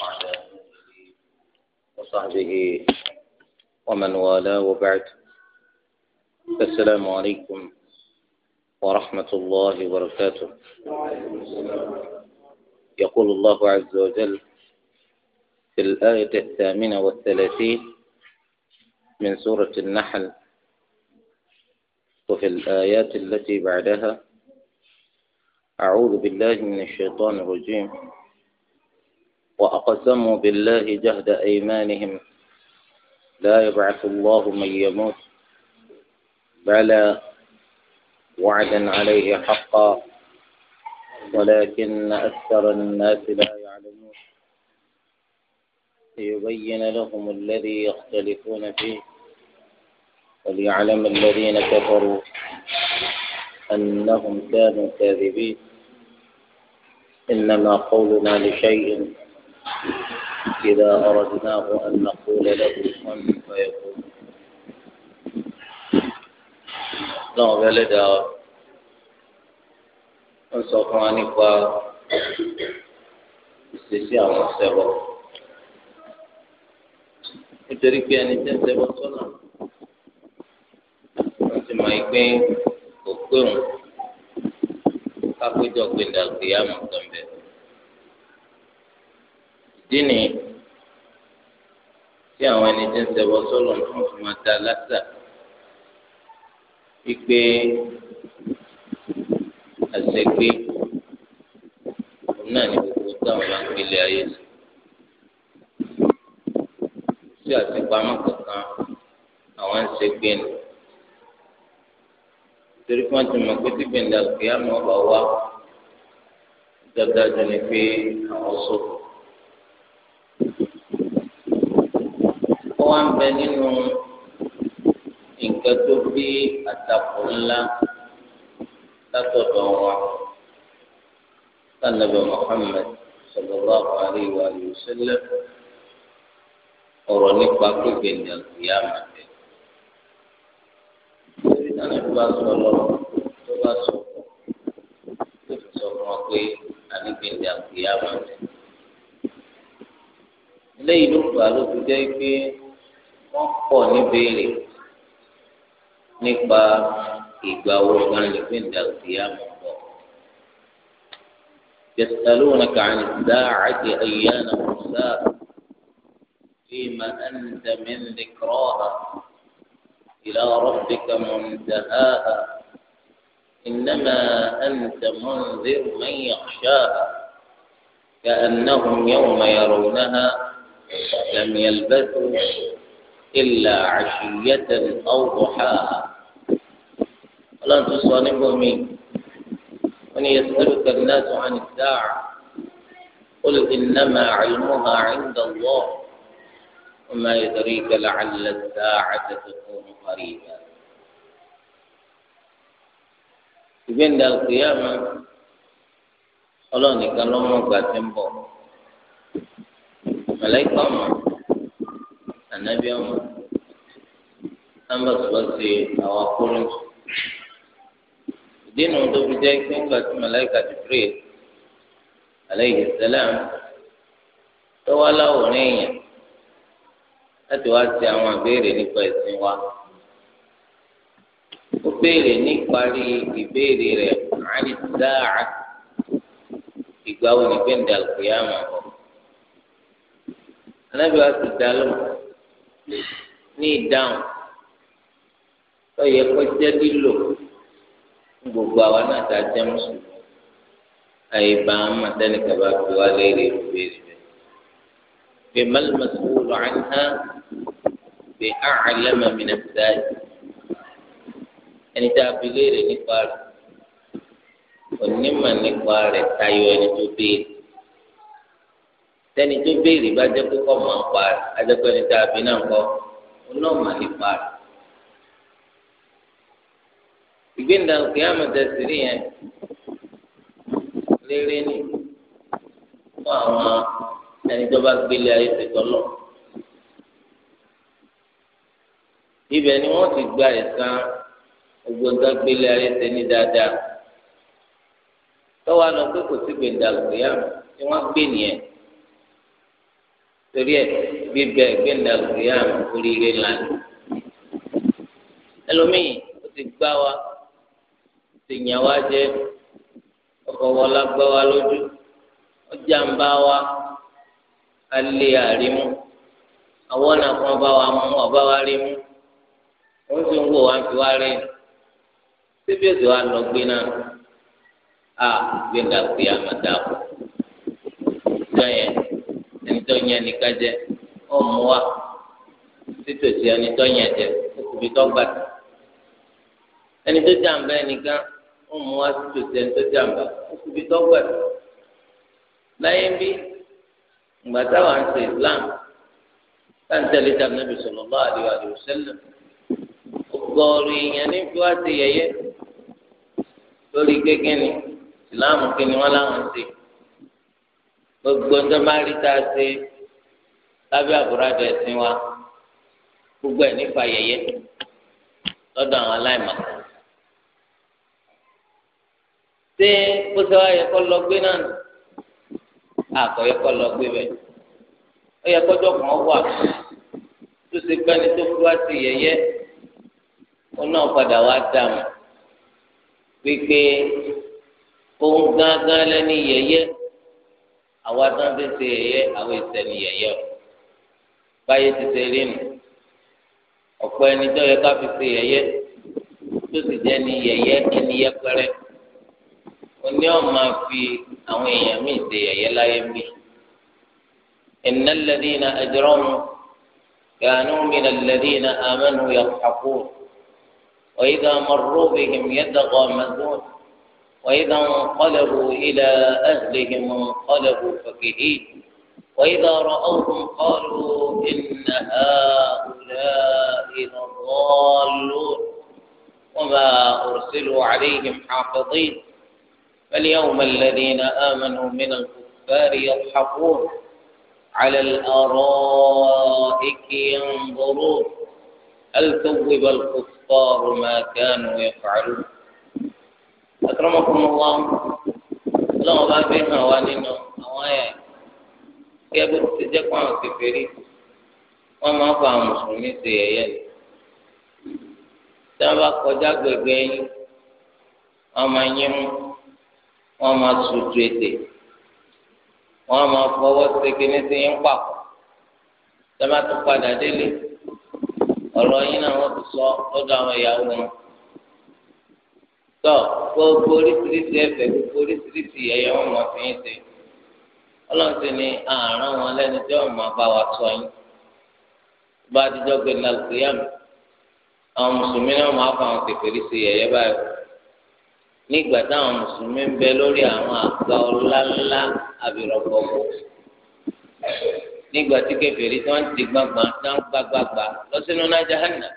وعلى آله وصحبه ومن والاه وبعد السلام عليكم ورحمة الله وبركاته يقول الله عز وجل في الآية الثامنة والثلاثين من سورة النحل وفي الآيات التي بعدها أعوذ بالله من الشيطان الرجيم وأقسموا بالله جهد أيمانهم لا يبعث الله من يموت بلى وعدا عليه حقا ولكن أكثر الناس لا يعلمون ليبين لهم الذي يختلفون فيه وليعلم الذين كفروا أنهم كانوا كاذبين إنما قولنا لشيء إذا أردناه أن نقول له كن فيكون náà bẹ́lẹ́dà ń sọ fún wa nípa ìṣesí àwọn ṣẹbọ nítorí pé ẹni tẹ́ ń ṣẹbọ sọ́nà wọ́n ti mọ̀ ẹ́ pé kò pé òun. kápẹ́jọ gbẹ̀dà gbéyàmù kan bẹ̀. ìdí ni tí àwọn ẹni tí ń sẹ́wọ́ sọ̀rọ̀ náà fi máa da lásà wípé àṣẹgbé òun náà ní gbogbo táwọn máa ń gbélé ayé sí. sí àṣepamọ́ kankan àwọn ń ṣègbè nù torí kí wọ́n ti mọ̀ pé tíbi ìlà òkè àmọ́ ọba wa dáadáa ni pé àwọn sọ. wọ́n ń bẹ nínú nǹkan tó bí àtàkùn ńlá látọ̀dọ̀ wọn sanabu Muhammad sallallahu alayhi wa sallam ọ̀rọ̀ nípa pípé ìlà òkè àmọ́ lánàá tó bá sọ lọ́rọ̀ tó bá sọ tó fi sọ fún ọ pé àníkèjà kì í àmà rẹ̀. eléyìí ló fà ló fi jẹ́ pé wọ́n pọ̀ níbèrè nípa ìgbà wo gan lè fi ìjà kì í àmà pọ̀. يسألونك عن الساعة أيان مرساها فيما أنت من ذكراها إلى ربك منتهاها إنما أنت منذر من يخشاها كأنهم يوم يرونها لم يلبثوا إلا عشية أو ضحاها ولا تصانبهم من يسألك الناس عن الساعة قل إنما علمها عند الله وما يدريك لعل الساعة تكون قريبا ìgbéǹde àlùkìyàmù ọlọ́run nìkan ló mọ ọgbà tí ń bọ̀ mọ̀lẹ́kọ̀ ọmọ ànábì ọmọ sábàtúbọ̀sì àwọn akóró ìdí nu tó fi jẹ́ pé ńgbà tí mọ̀lẹ́kà ti pèrè àlẹ́ ìgbésẹ̀ lẹ́hìn tó wá láwòrán èèyàn láti wá ti àwọn àbéèrè nípa ẹ̀sìn wa. ó béèrè níparí ìbéèrè rẹ̀ àní dáa ìgbà wo ni gbẹ̀ǹdà àlùkìyàmà bọ̀. anábì wa ti dá lóhùn ní ìdáhùn tó yẹ kó jẹ́ lílò fún gbogbo àwa náà tá a jẹ́ mùsùlùmí. àyè bá a máa dẹ́nìkan bá fi wá léèrè ìbéèrè rẹ̀. فما المسؤول عنها بأعلم من السائل ẹni tá a fi léèrè nípa rẹ̀ onímọ̀ nípa rẹ̀ tayọ ẹni tó béèrè tẹni tó béèrè bá jẹ́ pé kọ́ máa ń pa rẹ̀ ajẹ́pẹ́ ẹni tá a fi náà kọ́ onímọ̀ nípa rẹ̀ ìgbéǹda òkè àmọ̀tẹ́sí nìyẹn léèrè ni fún àwọn ẹni tó bá gbélé ayé ṣètò lọ. ibẹ̀ ni wọ́n ti gba ẹ̀san gbogbo nǹkan gbélé ayé ṣe ní dáadáa tọ́wọ́ àná pé kò sí gbẹ̀ndàlùkìyà tí wọ́n gbé nìyẹn torí ẹ bíbẹ gbẹ̀ndàlùkìyà oríire lánàá ẹlòmíì ó ti gbá wa ó ti yàn wá jẹ ọkọ̀ wọlá gbá wa lójú ó jàǹbá wa alẹ́ àrímú àwọn ọ̀nà kan bá wa mú ọba wa rí mú wọ́n sì ń wò wá fi wá rí síbi ètò wa lọ gbé náà a gbẹ̀ngà pé a máa dà kú ìjọ yẹn ẹni tó yẹn nìkan jẹ ó mú wa títòsí ẹni tó yẹn jẹ ó kò fi tọ́gbà tì ẹni tó jàǹbá ẹnìkan ó mú wa títòsí ẹni tó jàǹbá ó kò fi tọ́gbà tì láyé ń bí ìgbà táwọn ń ṣe islam táǹtẹ̀lẹ́ tàbí nàbì sallallahu alaihi wa sallam ọgọ́rù èèyàn ní fi wá ṣe yẹ̀yẹ́ lórí gẹ́gẹ́ ni islam kí ni wọ́n láwọn ṣe gbogbo ọjọ́ máa rí tá a ṣe lábẹ́ àbúradà ẹ̀sìn wa gbogbo ẹ̀ nípa yẹ̀yẹ́ lọ́dọ̀ àwọn aláìmọ̀ ṣé kó sọ lọ gbé náà àkọyẹ kọ lọ gbé bẹ ó yẹ kọjọ kan wà tó ṣe gbẹni tó fi wá sí yẹyẹ ó náà padà wá dààmú pípé òun gángan lẹni yẹyẹ àwa tán fi ṣe yẹyẹ àwọn ìṣẹ̀lẹ̀ yẹyẹ o báyé ti ṣe rí nu ọ̀pọ̀ ẹni tó yẹ ká fi ṣe yẹyẹ tó sì jẹ ni yẹyẹ ẹni yẹpẹrẹ. oní ọmọ fi àwọn èèyàn míì ṣe ẹ̀yẹ láyé mi إن الذين أجرموا كانوا من الذين آمنوا يضحكون وإذا مروا بهم يتغامزون وإذا انقلبوا إلى أهلهم انقلبوا فكهين وإذا رأوهم قالوا إن هؤلاء لضالون وما أرسلوا عليهم حافظين فاليوم الذين آمنوا من الكفار يضحكون على الأرائك ينظرون هل ثوب الكفار ما كانوا يفعلون أكرمكم الله لو غابنا وانينا أوايا kẹ́bù كيف jẹ́ kó وما kékeré wọ́n máa fa àwọn mùsùlùmí ṣe ẹ̀yẹ́ kọjá gbẹ̀gbẹ́ yín yín mú Wọn máa tutu ètè Wọn máa fọwọ́ ṣèkéne sí yín papọ̀ tó padà délé ọ̀rọ̀ yín náà wọ́n ti sọ lọ́dọ̀ àwọn ìyàwó wọn tọ́ gbogbo oríṣiríṣi ẹ̀fẹ̀ gbogbo oríṣiríṣi ẹ̀yẹ wọn máa fi yín ṣe ọlọ́ọ̀sìn ni àárọ̀ wọn lẹ́ni tí wọ́n máa bá wa sọ yín bá a ti jọ gbé lálùkìyàmù àwọn mùsùlùmí náà máa fa àwọn nígbà táwọn mùsùlùmí ń bẹ lórí àwọn àga ọláńlá àbírọ̀pọ̀pọ̀ nígbà tí kèfèrí tí wọ́n ti gbàgbà tí wọ́n gbàgbàgbà lọ́sínú náà jahanna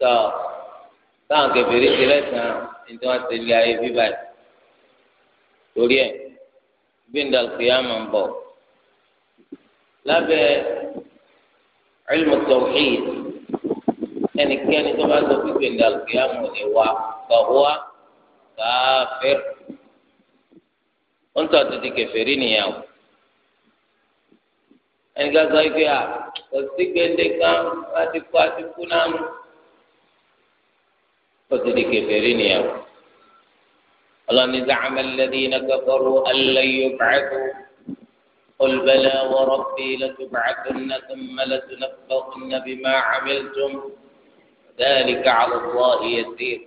tó táwọn kèfèrí ti lẹ́sàn-án ní tí wọ́n ti lé ayé bíbá yìí torí ẹ̀ gbẹ̀ndà kìyàmà ń bọ̀ lábẹ́ ilmu tawhid. ẹnikẹ́ni tó bá sọ pípé ìdàlùkìyàmù ni wà fọwọ́ káfíìr Wọ́n tọ́ ti di kẹfẹ́rí nìyẹn o ẹnikẹ́ni sọ pé à kò sí gbẹ̀ndé kan ti kó àti kú náà nù ó ti di kẹfẹ́rí nìyẹn o ọlọ́ni zàcàmẹ́ lẹ́dínà kẹfọ́rọ́ aláyọ̀ bàtú olùbẹ̀lẹ̀ wọ́rọ́ bíi lẹ́tọ̀ bàtú nàtúmẹ́lẹ́tọ̀ nàfọ̀ọ́ nàbí má àmìlẹ́tọ̀. ذلك على الله يسير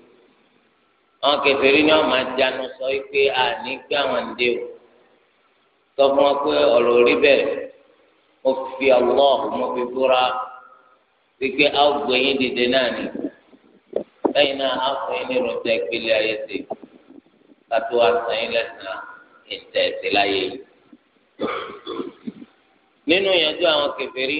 àwọn kèfèrí ni wọn máa jánu sọ pé àní gbé àwọn ǹdẹ o sọ fún wọn pé ọ̀rọ̀ orí bẹ́ẹ̀ mo fi Allah mo fi búra wípé a ó gbẹ̀yìn dìde náà ni lẹ́yìn náà a fún yín ní ìrọ̀tẹ́ ìpìlẹ̀ ayé ti kátó wa sàn yín lẹ́sàn-án ìtẹ̀síláyé yìí nínú ìyànjú àwọn kèfèrí.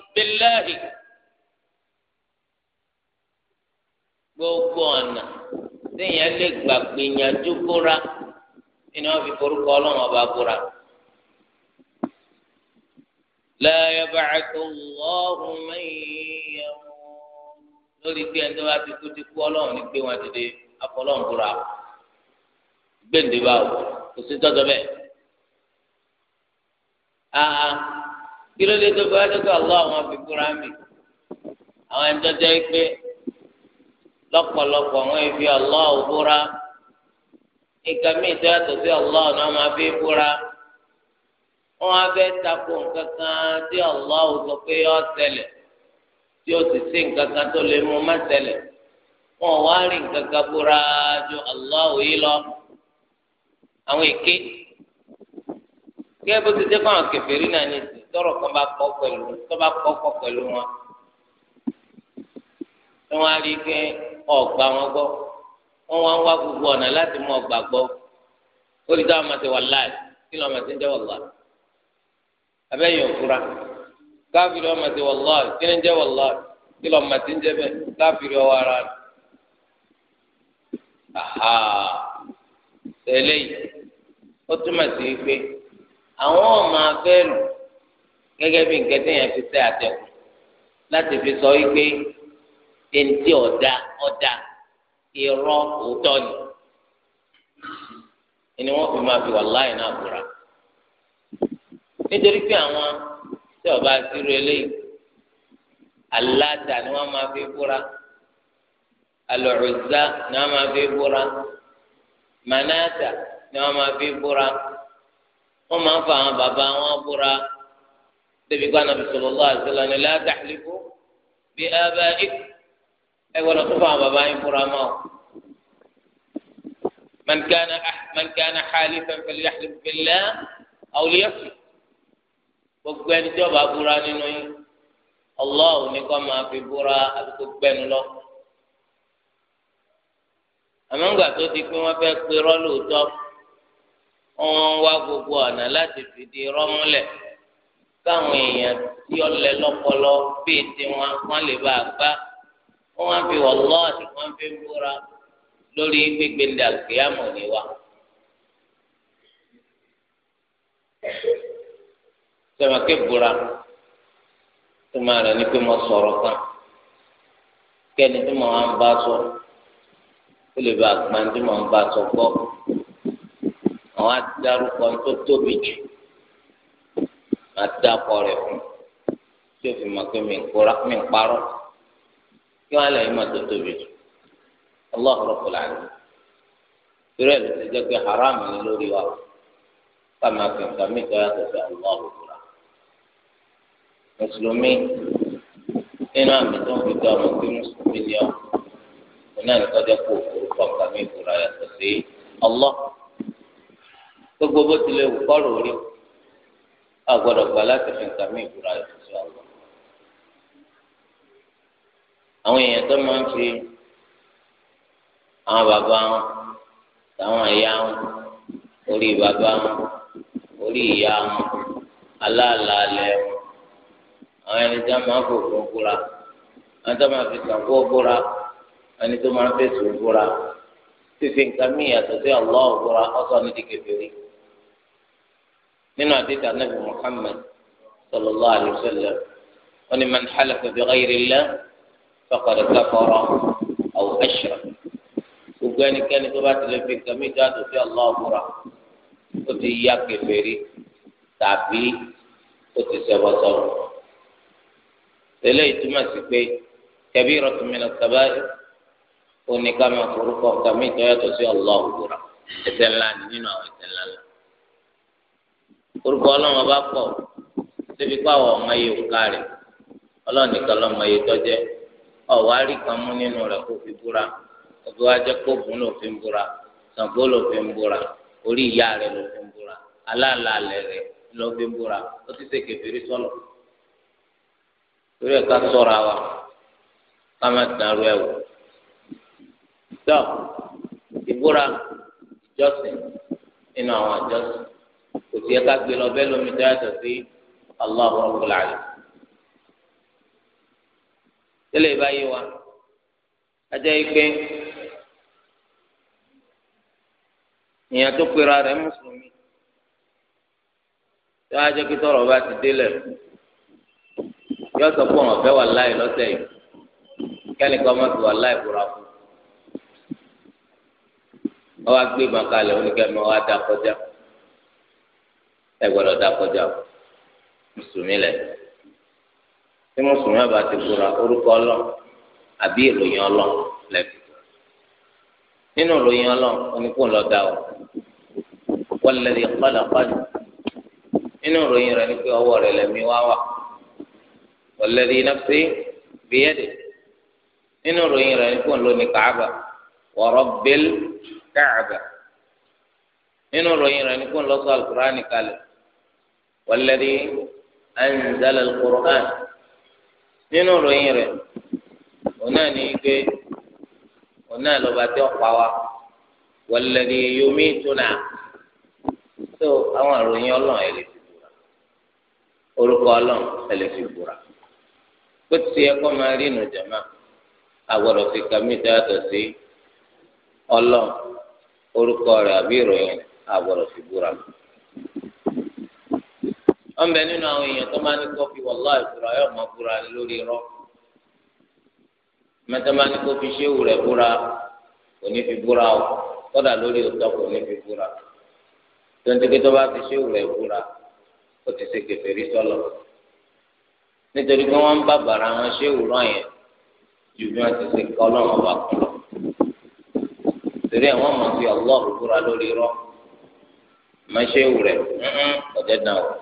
billahi gbogbo ọ̀nà téèyàn lè gbà gbìyànjú búra ni wọ́n fi forúkọ ọlọ́run ọba búra. la yab'athu Allahu man lórí pé ẹni tó bá ti kú ti kú ọlọ́run ní pé wọ́n ti di afọlọ́run búra gbèǹdé báwo kò sí tọ́jọ́ bẹ́ẹ̀. kí ló dé tó bá dé tó àlọ́ àwọn fìkúra mi àwọn ẹni tó jẹ́ pé lọ́pọ̀lọpọ̀ àwọn bụra, àlọ́ òbúra nǹkan míì tó yàtọ̀ sí àlọ́ ọ̀nà máa fi búra wọn ndị fẹ́ tako nǹkan kan tí pé yọ tí sí nǹkan kan tó lè mú má wọn wá rí nǹkan kan ju lọ àwọn èké kí ẹ bó ti tọrọ kan bá kọ pẹlú tó bá kọ kọ wọn tí wọn á rí pé ọgbà wọn wọn wá ń wá gbogbo ọ̀nà láti mú ọgbà gbọ́ ó lè dá wọn máa kí ń abẹ́yẹn òfura káfíìrì ọmọ ti kí ni ń kí ń gẹ́gẹ́ bí nǹkan téèyàn fi sẹ́ àtẹ̀kù láti fi sọ wípé tẹ̀ǹtì ọ̀dà ọ̀dà irọ́ òótọ́ ni ẹni wọ́n fi máa fi wà láì náà búra nítorí pé àwọn tí ọba síro eléyìí aláta ni wọ́n máa fi búra alọ̀rọ̀zá ni wọ́n máa fi búra manata ni wọ́n máa fi búra wọ́n máa fa àwọn bàbá wọn búra débi gba nàbì sallallahu alaihi wasallam ni la tahlifu bi aba'ikum ẹ gbọ́dọ̀ tó fún àwọn bàbá yín fúnra mọ́ man kana ah, man kana halifan falyahlif billah aw liyasmut gbogbo ẹni tí ọba búra nínú yín ọlọ́ọ̀ ní kọ́ máa fi búra àti gbẹnu lọ. àmọ́ tó di pé wọ́n fẹ́ pe rọ́ lóòótọ́ wọ́n wá gbogbo ọ̀nà láti fìdí rọ́ múlẹ̀ káwọn èèyàn tí ọlẹ lọpọlọ bíi tiwọn wọn lè bá a gbá wọn wá fi wọlọ́ọ̀sì wọn fi ń búra lórí gbégbé dàgbéyàmọ̀ ni wa. sọmọkẹ́ búra tó máa rẹ̀ ní pé mo sọ̀rọ̀ kan kẹ́ni tí mo máa ń bá sọ ó lè bá a gbá tí mo máa ń bá sọ gbọ́ àwọn á tó tóbi jù máa dákọ rẹ̀ fún tí o fi mọ̀ pé mi ń kóra mi ń parọ́ kí wọ́n á lẹ́yìn tó tóbi jù Allahu Rabbul Alamin torí ẹ̀ ló ti jẹ́ pé haram ni lórí wa ká máa fi nǹkan mi tó yàtọ̀ sí Allahu kúrà mùsùlùmí nínú àmì tó ń fi dá ọmọ pé mùsùlùmí ni ọ òun náà nìkan jẹ́ kó orúkọ nǹkan mi kúrà yàtọ̀ sí Allah gbogbo bó tilẹ̀ wù kọ́ lórí o a gbọ́dọ̀ gba láti fi nǹkan mí ìbúra ìfúnṣẹ àwọn àwọn èèyàn tó máa ń fi àwọn bàbá wọn táwọn ẹ̀yà wọn orí bàbá wọn orí ìyá wọn aláàlálẹ̀ wọn àwọn ẹni tó máa ń fòfò búra àwọn tó máa fi sàǹkó búra ẹni tó máa ń fèsò búra fífi nǹkan mí ìyàtọ̀ sí ọlọ́ọ̀ búra ní ti kékeré nínú àdéhùn anábì muhammed sallallahu alayhi wa sallam wọn ni man halafa bi ghayri Allah faqad kafara aw ashraka gbogbo ẹnikẹ́ni tó bá tilẹ̀ fi nǹkan mi dáàdó sí ọlọ́ọ̀bùrà ó ti yá kèfèrí tàbí ó ti ṣẹbọ sọ̀rọ̀ tẹ́lẹ̀ ìtumọ̀ sí pé kabiratu min al-kaba'ir ó ní ká máa forúkọ nǹkan mi ńlá nínú àwọn ẹ̀ṣẹ̀ ńlá ńlá. orúkọ ọlọ́run ọba pọ̀ síbi pàwọ̀ ọmọ yìí ò rẹ̀ ọlọ́run nìkan yìí tọ́jẹ́ ọ̀wá rí kan mú nínú rẹ̀ kó fi búra wa jẹ́ kó bùn búra wa ká má tó ìbúra ìjọsìn nínú àwọn àjọsìn. kò sí ẹka gbé lọ bẹ́ẹ̀ lómi tó yàtọ̀ sí Allahu Rabbul Alamin. tẹ́lẹ̀ báyìí wa ajá yìí pé ìyẹn tó pera rẹ̀ mùsùlùmí tó a jẹ́ kí tọrọ bá ti délẹ̀ yọ sọ pé ọ̀nà ọ̀fẹ́ wà láì lọ́sẹ̀ yìí kẹ́nìkan má ti wà láì kóra fún un. wọ́n wá gbé ìbọn kalẹ̀ oníkẹ́mi wọ́n á da kọjá. ẹ gbọ́dọ̀ o mùsùlùmí lẹ tí mùsùlùmí ọba ti búra orúkọ ọlọ àbí ìròyìn ọlọ lẹbi nínú ìròyìn ọlọ oníkó lọ dá o wọlẹlẹ kọlọkọlọ nínú ìròyìn rẹ ni pé rẹ lẹmí wá wà wọlẹlẹ nínú ìròyìn rẹ ni pé ní kàába wa والذي أنزل القرآن nínú ìròyìn rẹ̀ ọ̀nà ni pé ọ̀nà lọ́ba tí ó pa wá wọlẹ́ni yomi tuna tó àwọn ìròyìn ọlọ́run ẹ̀ lè fi búra orúkọ ọlọ́run ẹ̀ lè fi búra bó ti yẹ kó máa rí inú jàmá àgbọ̀dọ̀ fi kàmí dáàtọ̀ sí ọlọ́run orúkọ rẹ̀ àbí ìròyìn rẹ̀ fi búra lọ wọn bẹ nínú àwọn èèyàn tó máa ní kó fi wàllá ìfura yóò máa búra lórí irọ́ mẹ́ta máa ní kó fi ṣéwù rẹ̀ búra kò ní fi búra o kódà lórí òótọ́ kò ní fi búra tontigi tó bá fi ṣéwù rẹ̀ búra ó ti ṣe kèfèrí sọlọ nítorí pé wọn bá bàrà wọn ṣéwù rán yẹn ju bí wọn ti ṣe kọ lọrùn ọba kan lọ torí ẹ wọn mọ fi ọlọ́ọ̀rù búra lórí irọ́ mọ ṣéwù rẹ̀ ọ̀jẹ̀ dàn wọ́n.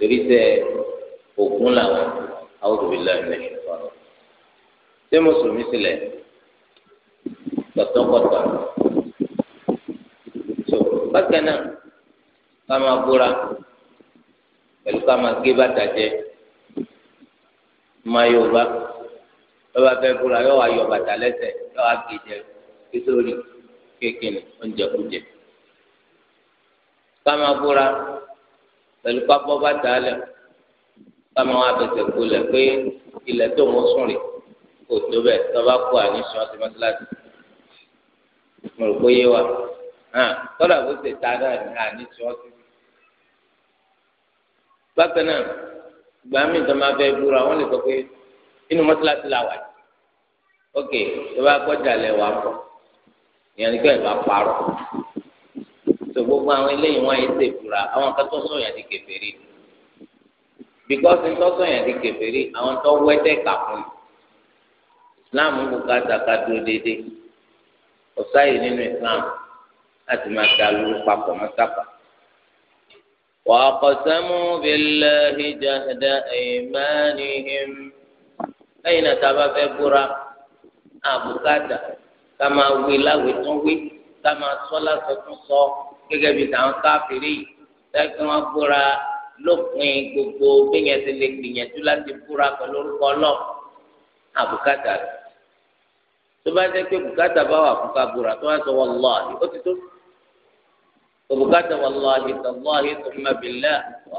torí tẹ ògún làwọn àwọn òbílẹ̀ ẹ̀ ṣùgbọ́n ṣé mùsùlùmí sílẹ̀ tọ̀tọ̀kọ̀tọ̀ so bákan náà ká máa búra pẹ̀lú ká máa gé bàtà jẹ máa yóò bá lọ́ba fẹ́ búra yóò wá yọ bàtà lẹ́sẹ̀ yóò wá gé jẹ kíkórì kékeré oúnjẹ kújẹ ká máa búra pẹ̀lú pápọ́ bàtà lẹ̀ báwọn wá bẹ̀sẹ̀ kú lẹ̀ pé ilẹ̀ tó ń sùn rè kò tó bẹ̀ tọ́ba kú àníṣan ti mọ́tíláṣí mo rò pé yé wa tọ́lá bó ṣe ta náà ní àníṣan ti. bákan náà ìgbà míì tó máa fẹ́ búra wọ́n lè sọ pé inú mọ́tíláṣí la wà ok tó bá kọjá lẹ̀ wà pọ̀ ìyẹn ní kẹ́ parọ́ tó gbogbo àwọn eléyìí wọn yìí ṣèbúra àwọn kan tó sọyàn di kèfèrí bíkọ́sì tó sọyàn di kèfèrí àwọn tó wẹ́dẹ́ kàkún islam ń bùkà dàka dúró déédéé ọ̀sáyè nínú islam láti máa da lóru papọ̀ mọ́sáfà. وأقسموا بالله جهد أيمانهم أين تبقى برا أبو كذا كما ولا وتوي كما صلى ستوصى gẹ́gẹ́ bí táwọn káfíìrì tẹ́kí wọ́n búra lópin gbogbo bíyẹn ti lè gbìyànjú láti búra pẹ̀lú orúkọ ọlọ́ àbùkátà rẹ̀ tó bá jẹ́ pé bùkátà bá wà fún kábúra tó wá sọ wàláhì ó ti tó òbùkátà wàláhì tàláhì tùmà bìlá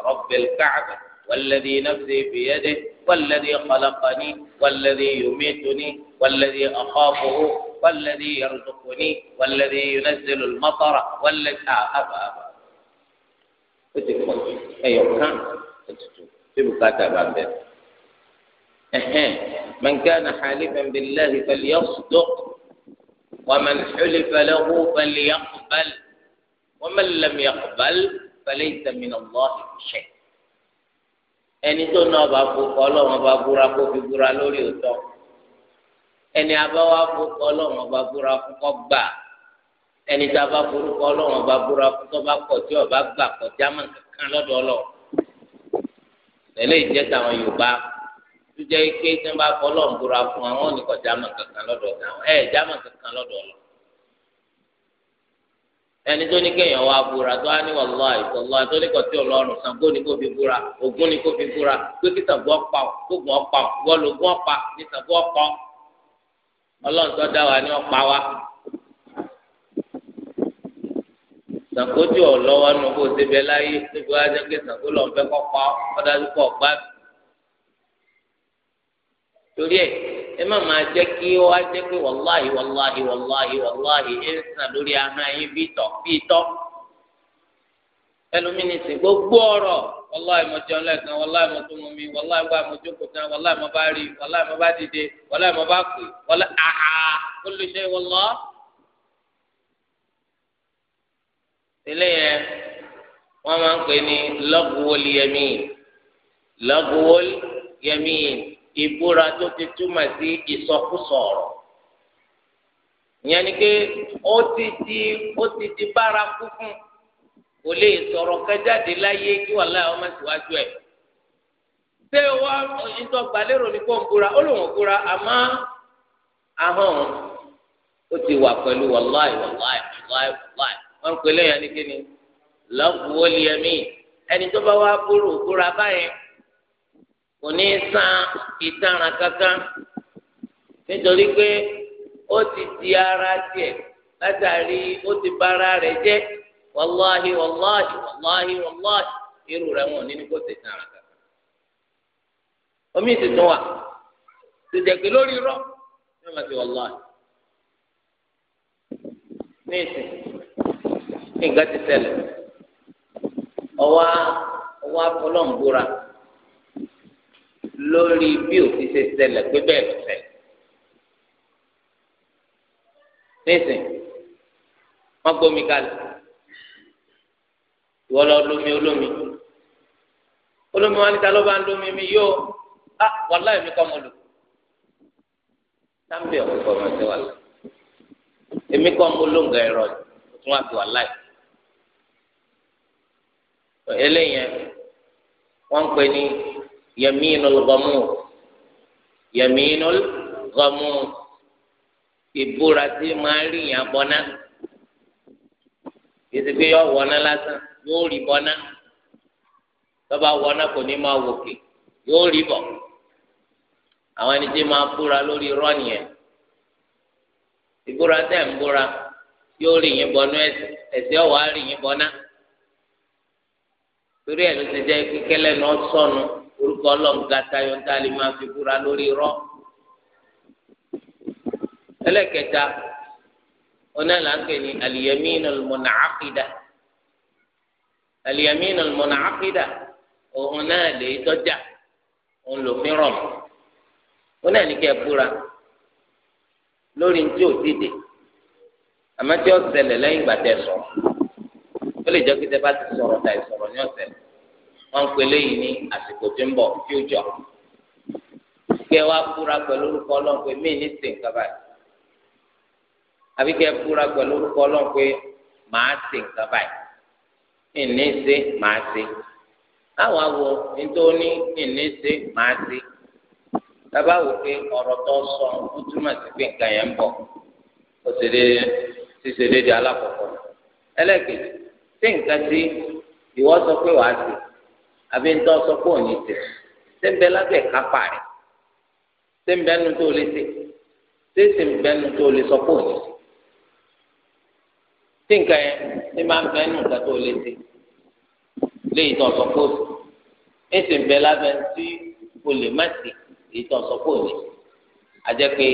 rabbil káàbà wàlẹ́dì nàfṣe bìyẹ́dẹ́ wàlẹ́dì kọlọ́kọ́ni wàlẹ́dì yòmẹ́tòní wàlẹ́dì ọ̀kọ́fọ̀ọ́. والذي يرزقني والذي ينزل المطر والذي آه أبا أبا من كان حالفا بالله فليصدق ومن حلف له فليقبل ومن لم يقبل فليس من الله شيء ẹni tó náà bá kó kọ́ lọ́wọ́n bá búra kó fi búra lórí òótọ́ ẹni abáwá forúkọ ọlọ́run ọba búra fún kọ́ gbà ẹni tá a bá forúkọ ọlọ́run ọba búra fún tó bá kọ̀ tí ọba gbà kọ̀ jámà kankan lọ́dọ̀ ọlọ́ tẹ̀lé ìjẹ́ táwọn yorùbá tó jẹ́ pé tí wọ́n bá fọ ọlọ́run búra fún àwọn ò ní kọ̀ jámà kankan lọ́dọ̀ táwọn ẹ̀ jámà kankan lọ́dọ̀ ọlọ́ ẹni tó ní kéèyàn wá búra tó á ní wàllá ìtọ́lá tó ní kọ̀tí ọlọ́run Ṣàngó ni kò fi búra Ògún ni kò fi búra pé kí Ṣàngó ọ̀pá gbogbo ọ̀pá wọ́ọ̀lù gbọ́ ọ̀pá ní Ṣàngó ọ̀pá ọlọ́run tó dá wa ní ọ̀pá wa sàkójú ọlọ́wọ́ nu kó o ṣe bẹ láyé níbi wá jẹ́ pé sàkó lọ́n fẹ́ kọ́ pa ọ́dájú pọ̀ gbá. torí ẹ ẹ má máa jẹ́ kí ó wá jẹ́ pé wàláhì wàláhì wàláhì wàláhì ẹ ń sàn lórí ahọ́n yín bí tọ́ bí tọ́ ẹlòmínì gbogbo ọ̀rọ̀ wàláì mo jẹun lẹ́ẹ̀kan wàláì mo tó mu mi wàláì gba mo jókòó tán wàláì mo bá rí wàláì mo bá dìde wàláì mo bá pè wàláì àhà ó lè ṣe wàlá. eléyẹn wọn máa ń pè ní lọ́gùwọ́l yẹmíìn lọ́gùwọ́l yẹmíìn ìbúra tó ti túmọ̀ sí ìsọkúsọ ọ̀rọ̀ ni pé ó ti di ó ti di bárakú fún un. o lè sọ̀rọ̀ kájáde láyé kí wàhálà ọmọ síwájú ẹ̀ ṣé wá ìtọ́ gbalérò ní kó ń búra ó lòun búra àmọ́ ahọ́n ó ti wà pẹ̀lú wàláì wàláì wàláì wàláì wọ́n ń pè lẹ́yìn anìkíni lọ́kùwó liẹ́mí ẹni tó bá wá búrò búra báyẹn kò ní san ìtanràn kankan nítorí pé ó ti di ara tiẹ̀ látàrí ó ti bara rẹ̀ wàláhi wàláhi wàláhi wàláhi irú rẹ̀ wọn ní ní kó ṣe tàn án omi tuntun wa lórí irọ́ ní ọmọ ti wàláhi ní ìsìn ní nǹkan ti lórí bí òfin ṣe pé bẹ́ẹ̀ ló ṣẹlẹ̀ ní ìsìn ìwọ lọ lómi olómi olómi wọn níta ló bá ń lómi mi yóò á wàláì mi kọ́ mo lò sáńpì ọ̀pọ̀ ọmọ ẹ̀sẹ̀ wàláì èmi kọ́ mo ló ń gẹ ẹ̀rọ yìí tún wà fi eléyẹn wọn ń pè ní yaminul ghamur yaminul ghamur ìbúra tí máa rí yàn bọ́ná kìí ṣe pé yọ wọ́ná lásán. yóò rí bọ́ná tọ́ba wọná kò ní máa wòkè yóò rí bọ̀ àwọn ẹni tí máa búra lórí rọ nìyẹn ìbúra tẹ̀ ń búra yóò rí yín bọ́ná ẹ̀sẹ̀ rí yín bọ́ná torí ẹ̀ ló ti jẹ́ kíkẹ́lẹ́ náà sọnù orúkọ ọlọ́ọ̀gá tayọ̀ tá lè máa fi búra lórí ẹlẹ́kẹta ọ̀nà là ń al-yamin al-mun'aqida òun náà lè tọ́jà òun lò mí rọ̀ òun náà ní kẹ́ ẹ búra lórí ntí ò dìde àmọ́ tí ó ṣẹlẹ̀ lẹ́yìn ìgbà tẹ́ sọ ó lè jẹ́ kí tẹ́ bá ti sọ̀rọ̀ tà ìsọ̀rọ̀ ní ọ̀sẹ̀ wọ́n ń pè léyìn ní àsìkò tí ń bọ̀ tí ó jọ kí ẹ wá búra pẹ̀lú orúkọ ọlọ́run mí ní sè nǹkan báyìí àbí kí ẹ búra pẹ̀lú orúkọ ọlọ́run màá sè nǹkan báyìí ìní ṣe màá ṣe àwọn awo nítorí ìní ṣe màá ṣe tábà wò pé ọ̀rọ̀ tó sọ ó túmọ̀ sí pé nǹkan yẹn ń bọ̀ ó ṣe déédéé ṣíṣe déédéé alákọ̀ọ́kọ́ ẹlẹ́kejì ṣé nǹkan tí ìwọ sọ pé wàá ṣe àbí ntọ́ sọ pé òní ṣe ṣé ń bẹ lábẹ́ kápá rẹ̀ ṣé ń bẹ́nu tó lè ṣe ṣé ń bẹ́nu tó lè sọ pé òní ṣe tí nǹkan yẹn ní máa ń bẹ nínú nǹkan tó lé sí léyìí tó ń sọ pé ó sì ń bẹ lábẹ́ tí o lè má sí èyí tó ń sọ pé ò ní ajẹ́ pé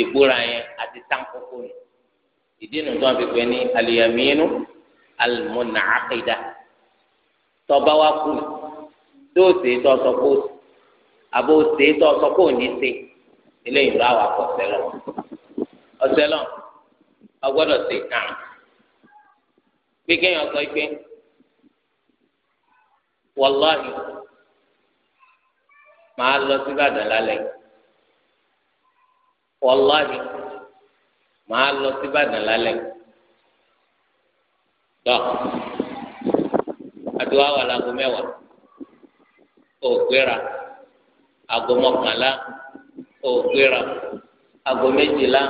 ìgbóra yẹn àti táǹkókó ni ìdí nu tó ń fi pè ní aliyamínú alimọ̀nà àkìdá tọba wa kú tó ṣe tó sọ pé ó àbò ṣe tó sọ pé ò ní ṣe eléyìí ń bá wa kọ̀ sẹ́lọ̀ ọ̀sẹ̀lọ̀ ọgbọ́dọ̀ ṣe kàn án pé kéèyàn sọ pé wàláhì màá lọ sí Ìbàdàn lálẹ́ wàláhì màá lọ sí Ìbàdàn lálẹ́ tọ́ àdúrà wà láago mẹ́wàá ò gbéra aago mọ́kànlá ò gbéra aago méjìlá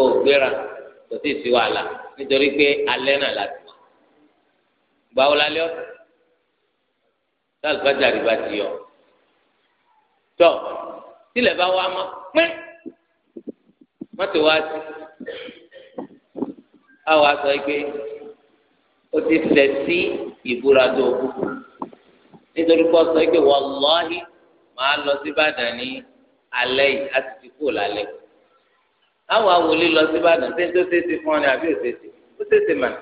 ò kò sì sí wàhálà nítorí pé alẹ́ náà láti gbàwó la ọ̀sẹ̀ tá àlùfáàjà rí bá ti yọ tọ́ tílẹ̀ bá wá mọ́ pín mọ́tò wá sí àwọn aṣọ ẹgbẹ́ ó ti tẹ̀ sí ìbúra tó kú nítorí pé ọsọ ẹgbẹ́ wàláhì máa lọ sí Ìbàdàn ní alẹ́ yìí á sì ti kú lálẹ́ àwọn awòlé lọ sí Ìbàdàn ṣé tó fún ọ ni àbí òṣèṣe ó ṣeé ṣe màá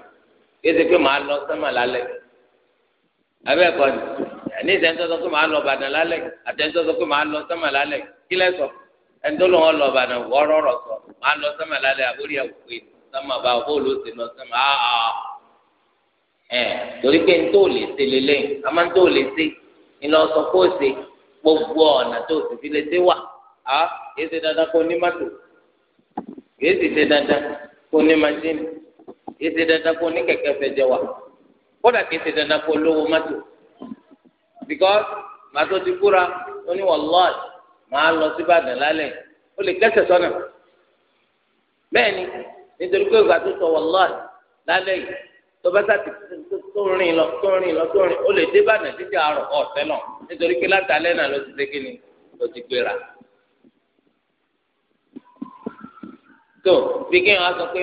kéde pé màá lọ sẹ́mà lálẹ́ abẹ́ ẹ̀kọ́ ni ní ìtẹ́ńtọ́sọ pé màá lọ Ìbàdàn lálẹ́ àtẹ́ńtọ́sọ pé màá lọ sẹ́mà lálẹ́ kí lẹ́ sọ ẹ̀ńtọ́ ló ń lọ Ìbàdàn wọ́ọ́rọ́rọ́ sọ màá lọ sẹ́mà lálẹ́ àbórí ẹ̀ wò pé sẹ́mà bá bóòlù ó ti lọ sẹ́mà áà ẹ̀ torí pé ntó lè ṣe lélẹ́yìn àmọ́ ntó lè ṣe ìlọ sọ kó ṣe gbogbo ọ̀nà tó sì fi lè ṣe wà á kì í ṣe dandan kó ní kìí ṣe dandan kó ní kẹ̀kẹ́ fẹjẹ wa kódà kìí ṣe dandan kó lówó mọ́tò because màtó ti kúra ó ní wàlláì màá lọ sí Ìbàdàn lálẹ́ ó lè kẹ́sẹ̀ sọ́nà bẹ́ẹ̀ ni nítorí pé ìgbà tó sọ wàlláì lálẹ́ yìí tó bá sàtì tó rìn lọ tó rìn lọ tó rìn ó lè dé Ìbàdàn títí àárọ̀ ọ̀sẹ̀ lọ nítorí pé látàlẹ́ náà ló ti ṣe kí ni ló ti gbéra. tó bí kéèyàn á sọ pé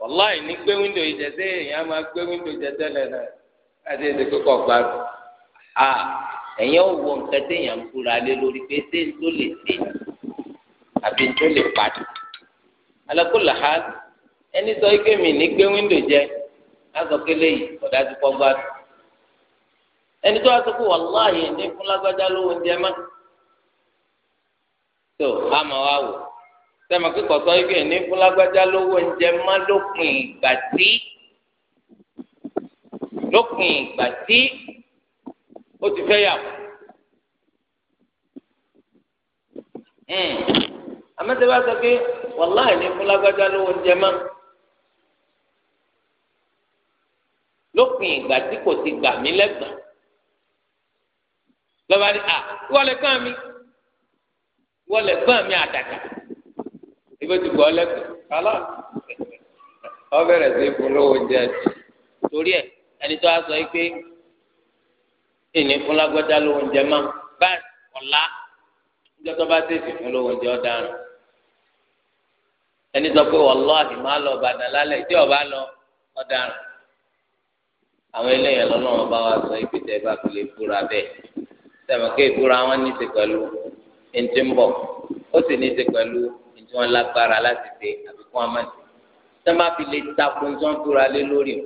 wàláì ní gbé wíńdò yìí jẹ sẹ èèyàn máa gbé wíńdò jẹ tẹ́lẹ̀ náà láti ẹsẹ kíkọ gbà tó a ẹ̀yìn òwò nǹkan téèyàn ń kúra lé lórí pé ṣé tó lè ṣe àbí tó lè padà alákòlà ha ẹni sọ ike mi ní gbé wíńdò jẹ lásọkélé yìí ọ̀dà ti kọ́ gbà tó ẹni tó wá sọ pé wàláì ní fún lówó ń jẹ má tó a máa wá wò. sẹ́mi kíkọ̀ sọ ibi ẹ̀ní fún lágbájá lówó oúnjẹ má lópin ìgbà tí lópin ìgbà tí ó ti fẹ́ yàwó. Hmm. àmọ́tẹ́ bá sọ pé wàláì ní fún lágbájá lówó oúnjẹ má lópin ìgbà tí kò ti gbà mí lẹ́gbàá lọ́ba ni à wọlé gbọ́n mi wọlé gbọ́n mi àdàkà. ibi tí gbọ́ lẹ́sẹ̀ kálá wọ́n bẹ̀rẹ̀ sí polówó jẹ torí ẹ̀ ẹni tó a sọ yìí pé ìní fún lágbọ́já lówó oúnjẹ máa báyìí ọ̀la níjọ́ tó bá tètè fún lówó oúnjẹ ọ̀daràn ẹni sọ pé wàláhì máa lọ ọ̀bàdàn lálẹ́ tí ọba lọ ọ̀daràn àwọn eléyìí lọ́lọ́run bá wa sọ ibi tẹ́ bá fi lè búra bẹ́ẹ̀ sẹ́wọ̀n kí ìbúra wọn ní ti pẹ̀lú ẹni tí ń bọ̀ ó sì ní ti pẹ̀lú wọn lágbára láti ṣe àbí kí wọn má ṣe tí wọn bá fi lè takun tí wọn túra lé lórí o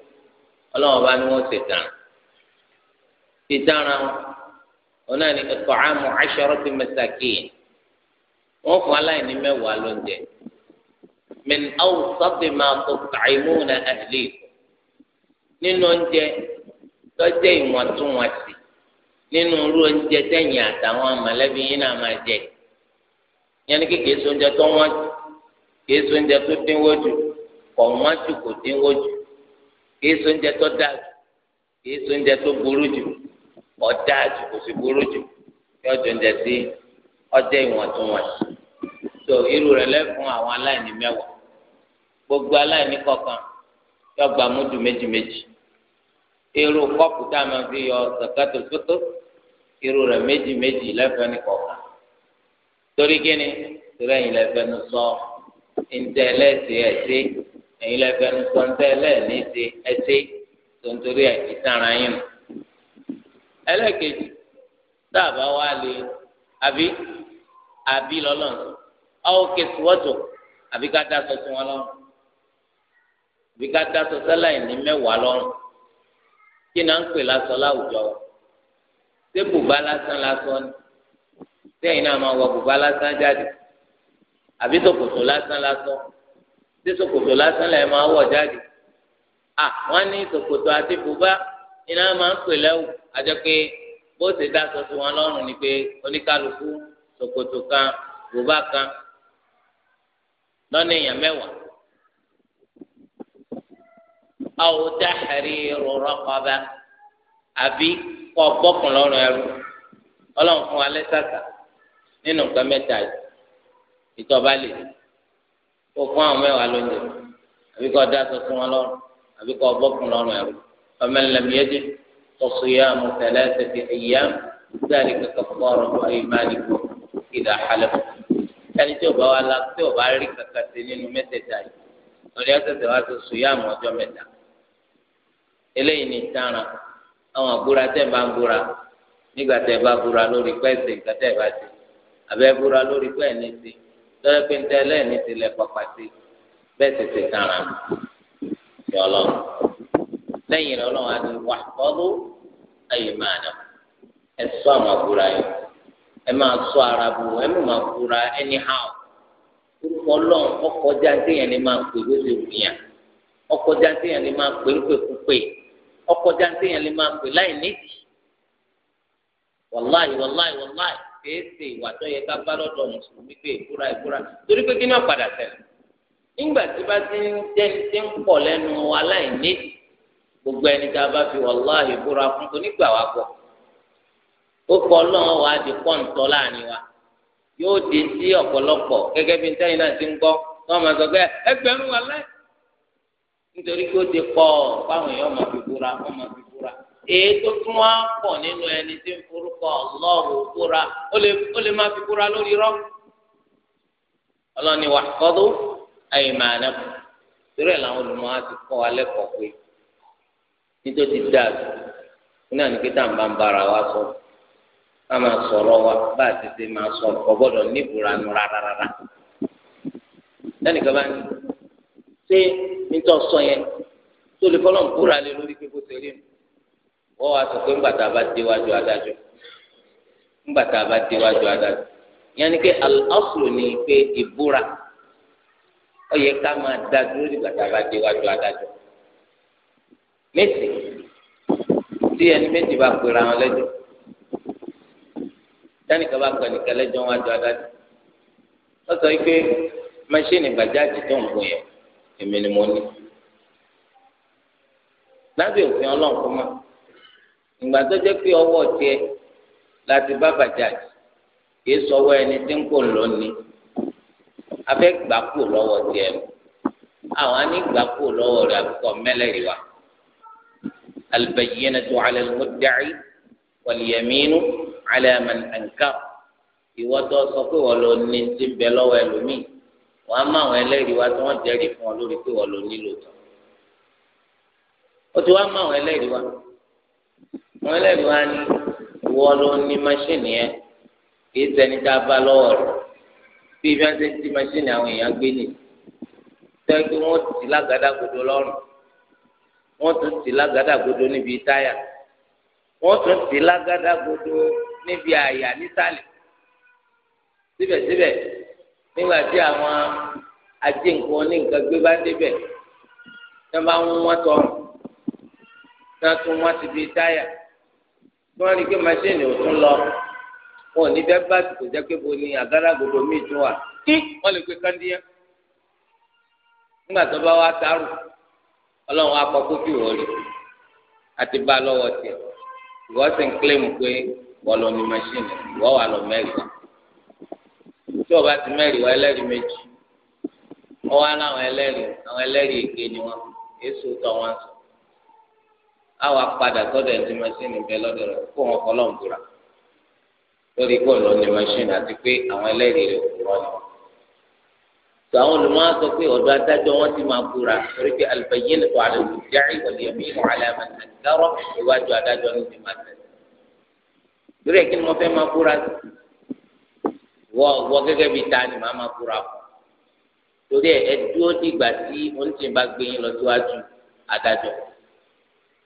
Ọlọ́run bá ní wọn ṣe dára ṣe dára wọn náà ní ẹ̀kọ́ àmọ́ asharati masakin wọn fún aláìní mẹ́wàá lóúnjẹ min awsati ma tut'imuna ahlikum nínú oúnjẹ tọ́jú ìwọ̀ntúnwọ̀nsì nínú irú oúnjẹ tẹ̀yìn àtàwọn mọ̀lẹ́bí yín náà máa jẹ yẹn ní kékeré sóúnjẹ tó wọ́n jù kéé sóúnjẹ tó dínwó jù kọ̀ wọ́n jù kò dínwó jù kéé sóúnjẹ tó dáa jù kéé sóúnjẹ tó burú jù ọ̀dá jù kò sì burú jù sí ìwọ̀ntúnwọ̀nsì tó gbogbo aláìní kọ̀ọ̀kan yọ gba múdù méjìméjì irú kọ́pù tá a máa fi yọ zakatul fitr irú rẹ̀ méjì méjì torí kíni torí ẹ̀yin lẹ fẹnu sọ ntẹ ẹlẹsẹ ẹsẹ ẹ̀yin lẹ fẹnu sọ ntẹ ẹlẹsẹ ẹsẹ tó ń torí ẹ ìtara yín ẹlẹ́kejì dáàbà wa lè àbí àbí lọ́lọ́n ọ́ kẹsì wọ́tò àbí ká dá wọn lọ́rùn àbí ká dá sọ ní mẹ́wàá lọ́rùn kí náà ń pè lásán láwùjọ sébùbá lásán lásán ni sẹ́yìn náà máa wọ bùbá lásán jáde àbí ṣòkòtò lásán lásán tí ṣòkòtò lásán lẹ máa wọ jáde à wọn ní ṣòkòtò àti bùbá iná máa ń pè lẹ́wù àjọ pé bó ṣe dá aṣọ sí wọn lọ́rùn ni pé oníkálukú ṣòkòtò kan bùbá kan lọ́nà èèyàn mẹ́wàá awo dahari rọrọ kọba àbí kọ bọkùn lọ́rùn ẹrú Ọlọ́run fún alẹ sàkà nínú nǹkan mẹ́ta yìí ìtọ́ba lè kó fún àwọn mẹ́wàá lóúnjẹ àbí kó dá aṣọ sí wọn lọ́rùn àbí kó bọ́kùn lọ́rùn ẹ̀rù faman lam yajid fasiyamu thalathati ayyam dhalika kaffaratu aymanikum idha halaftum ẹni tí ò bá wa la tí ò bá rí kankan sí nínú mẹ́tẹ̀ẹ̀ta yìí lórí ẹsẹ̀sẹ̀ wá sí sùyàmù ọjọ́ mẹ́ta Abe egwura lórí pé ẹni ti ọrịa pé níta ẹlẹ́ẹ̀ni ti lẹ̀ pàpà sí bẹ́ẹ̀ sì ti tàn lẹ́yìn ọlọ́run ti wà fọ́lú ẹ̀yìn máa nà ẹ sọ àwọn yìí sọ ara bu, ẹ anyhow orúkọ ọlọ́run ọkọ̀ jáde yẹn ni máa pè ló wù yàn yẹn ni máa pè yẹn kìí ṣe ìwà tó yẹ ká bá lọ́dọ̀ mùsùlùmí pé ìbúra ìbúra torí pé kí náà padà ṣẹlẹ̀ nígbà tí bá ti ń jẹ́ni tí ń pọ̀ lẹ́nu aláìní gbogbo ẹni tá a bá fi wàláhì búra fún kò nígbà wá pọ̀ kọ́ di pọ́ǹtọ́ láàrin wa yóò dé sí ọ̀pọ̀lọpọ̀ gẹ́gẹ́ bí náà ti ń gbọ́ wọ́n máa sọ pé ẹgbẹ̀rún nítorí ó ti pọ̀ fáwọn èyí tó tún wá pọ̀ nínú ẹni tí ń forúkọ ọlọ́run kúra ó lè ó lè má fi kúra lórí rọ́ ọlọ́ni wà kọ́dú ẹ̀yìn máa nà kù torí ẹ̀ làwọn olùmọ̀ á ti kọ́ alẹ́ kọ̀ pé nítorí ti dà sí náà ní kí tá à ń bá ń bára wa sọ ká máa sọ̀rọ̀ wa bá a ti ṣe máa sọ̀rọ̀ kọ́ gbọ́dọ̀ níbura nu rárá rárá bá ń ṣe nítorí sọ yẹn tó lè fọlọ́n kúra lé lórí pé kó ṣe mi wọ́n wá sọ pé ńgbàtà bá déwájú adájọ́ ńgbàtà bá déwájú adájọ́ ìyẹn ni pé al-aslu ni pé ìbúra ó yẹ ká máa dá dúró nígbàtà bá déwájú adájọ́ méjì tí ẹni méjì bá pera wọn lẹ́jọ́ tẹnika bá pẹ nìkan lẹ́jọ́ wọn adjọ́ adájọ́ wọ́n sọ pé mẹṣíìnì bàjáàjì tó ń gùn yẹn èmi ni mo ní lábẹ́ òfin ọlọ́run kọ́ máa ìgbà tó jẹ́ pé ọwọ́ tiẹ̀ láti bá bajaj kì í sọwọ́ ẹni tí ń kò lọ ni abẹ́ gbà kú lọ́wọ́ tiẹ̀ àwọn á ní gbà kú lọ́wọ́ rẹ̀ àbíkọ mẹ́lẹ̀rì wa albayyinatu ala al-mudda'i wal yaminu ala man ankar ìwọ tó sọ pé wọ́n lọ ní ti bẹ lọ́wọ́ ẹlòmíì wọ́n á máa wọn ẹlẹ́rìí wa tí wọ́n jẹ́rìí fún ọ lórí pé wọ́n lọ nílò tán ó ti wá máa wọn ẹlẹ́rìí wa wọn lẹ́nu wá ní ìwọ ló ní máṣíìnì yẹn kì í ṣẹni tá a bá lọ́wọ́ rẹ̀ bí bí wọ́n ṣe ti máṣíìnì àwọn èèyàn gbé nì sẹ́yìn pé wọ́n ti lágàdàgodo lọ́rùn wọ́n tún ti lágàdàgodo níbi táyà wọ́n tún ti lágàdàgodo níbi àyà nísàlẹ̀ síbẹ̀síbẹ̀ nígbà tí àwọn ajé nǹkan oníǹkan gbé bá débẹ̀ tí wọ́n bá ń wọ́n tọrùn tí wọ́n tún wọ́n ti fi táyà wọ́n rí i machine ò tún lọ wọn ò ní fẹ́ bá àsìkò jẹ́ pé bo ni àgádágodo míì tún wà wọ́n lè pe kandiyẹ nígbà tó bá wá tààrù ọlọ́run á kọ́ kó fi rọ̀lì àti bá a lọ́wọ́ tiẹ̀ ìwọ sì ń kílẹ̀mù pé bọ́ọ̀lù ni machine ìwọ wà lọ mẹ́rin tí o bá ti mẹ́rin wá ẹlẹ́rìí méjì wọ́n wá láwọn ẹlẹ́rìí àwọn ẹlẹ́rìí èké ni wọ́n èso tọ́ wọn sọ àwọn apadà sọ́dọ̀ ẹni tí machine bẹ lọ́dọ̀ rẹ̀ kó wọn kọ́ lọ́n búra lórí kó lọ ní machine àti pé àwọn ẹlẹ́rìí rẹ̀ kò rọ́ ni wọn. tó àwọn olùmọ̀ sọ pé ọ̀dọ̀ adájọ́ wọn ti máa búra torí pé alùpàyé lè kọ́ àlọ́ wọlé ẹ̀mí ìmọ̀ àlàmàtà dárọ́ ìwájú adájọ́ ní ti máa tẹ̀. lórí ẹ̀ ni mo fẹ́ máa búra wọ wọ gẹ́gẹ́ bíi ta ni màá máa búra fún torí ẹ̀ ẹ dìgbà tí oníṣẹ́ bá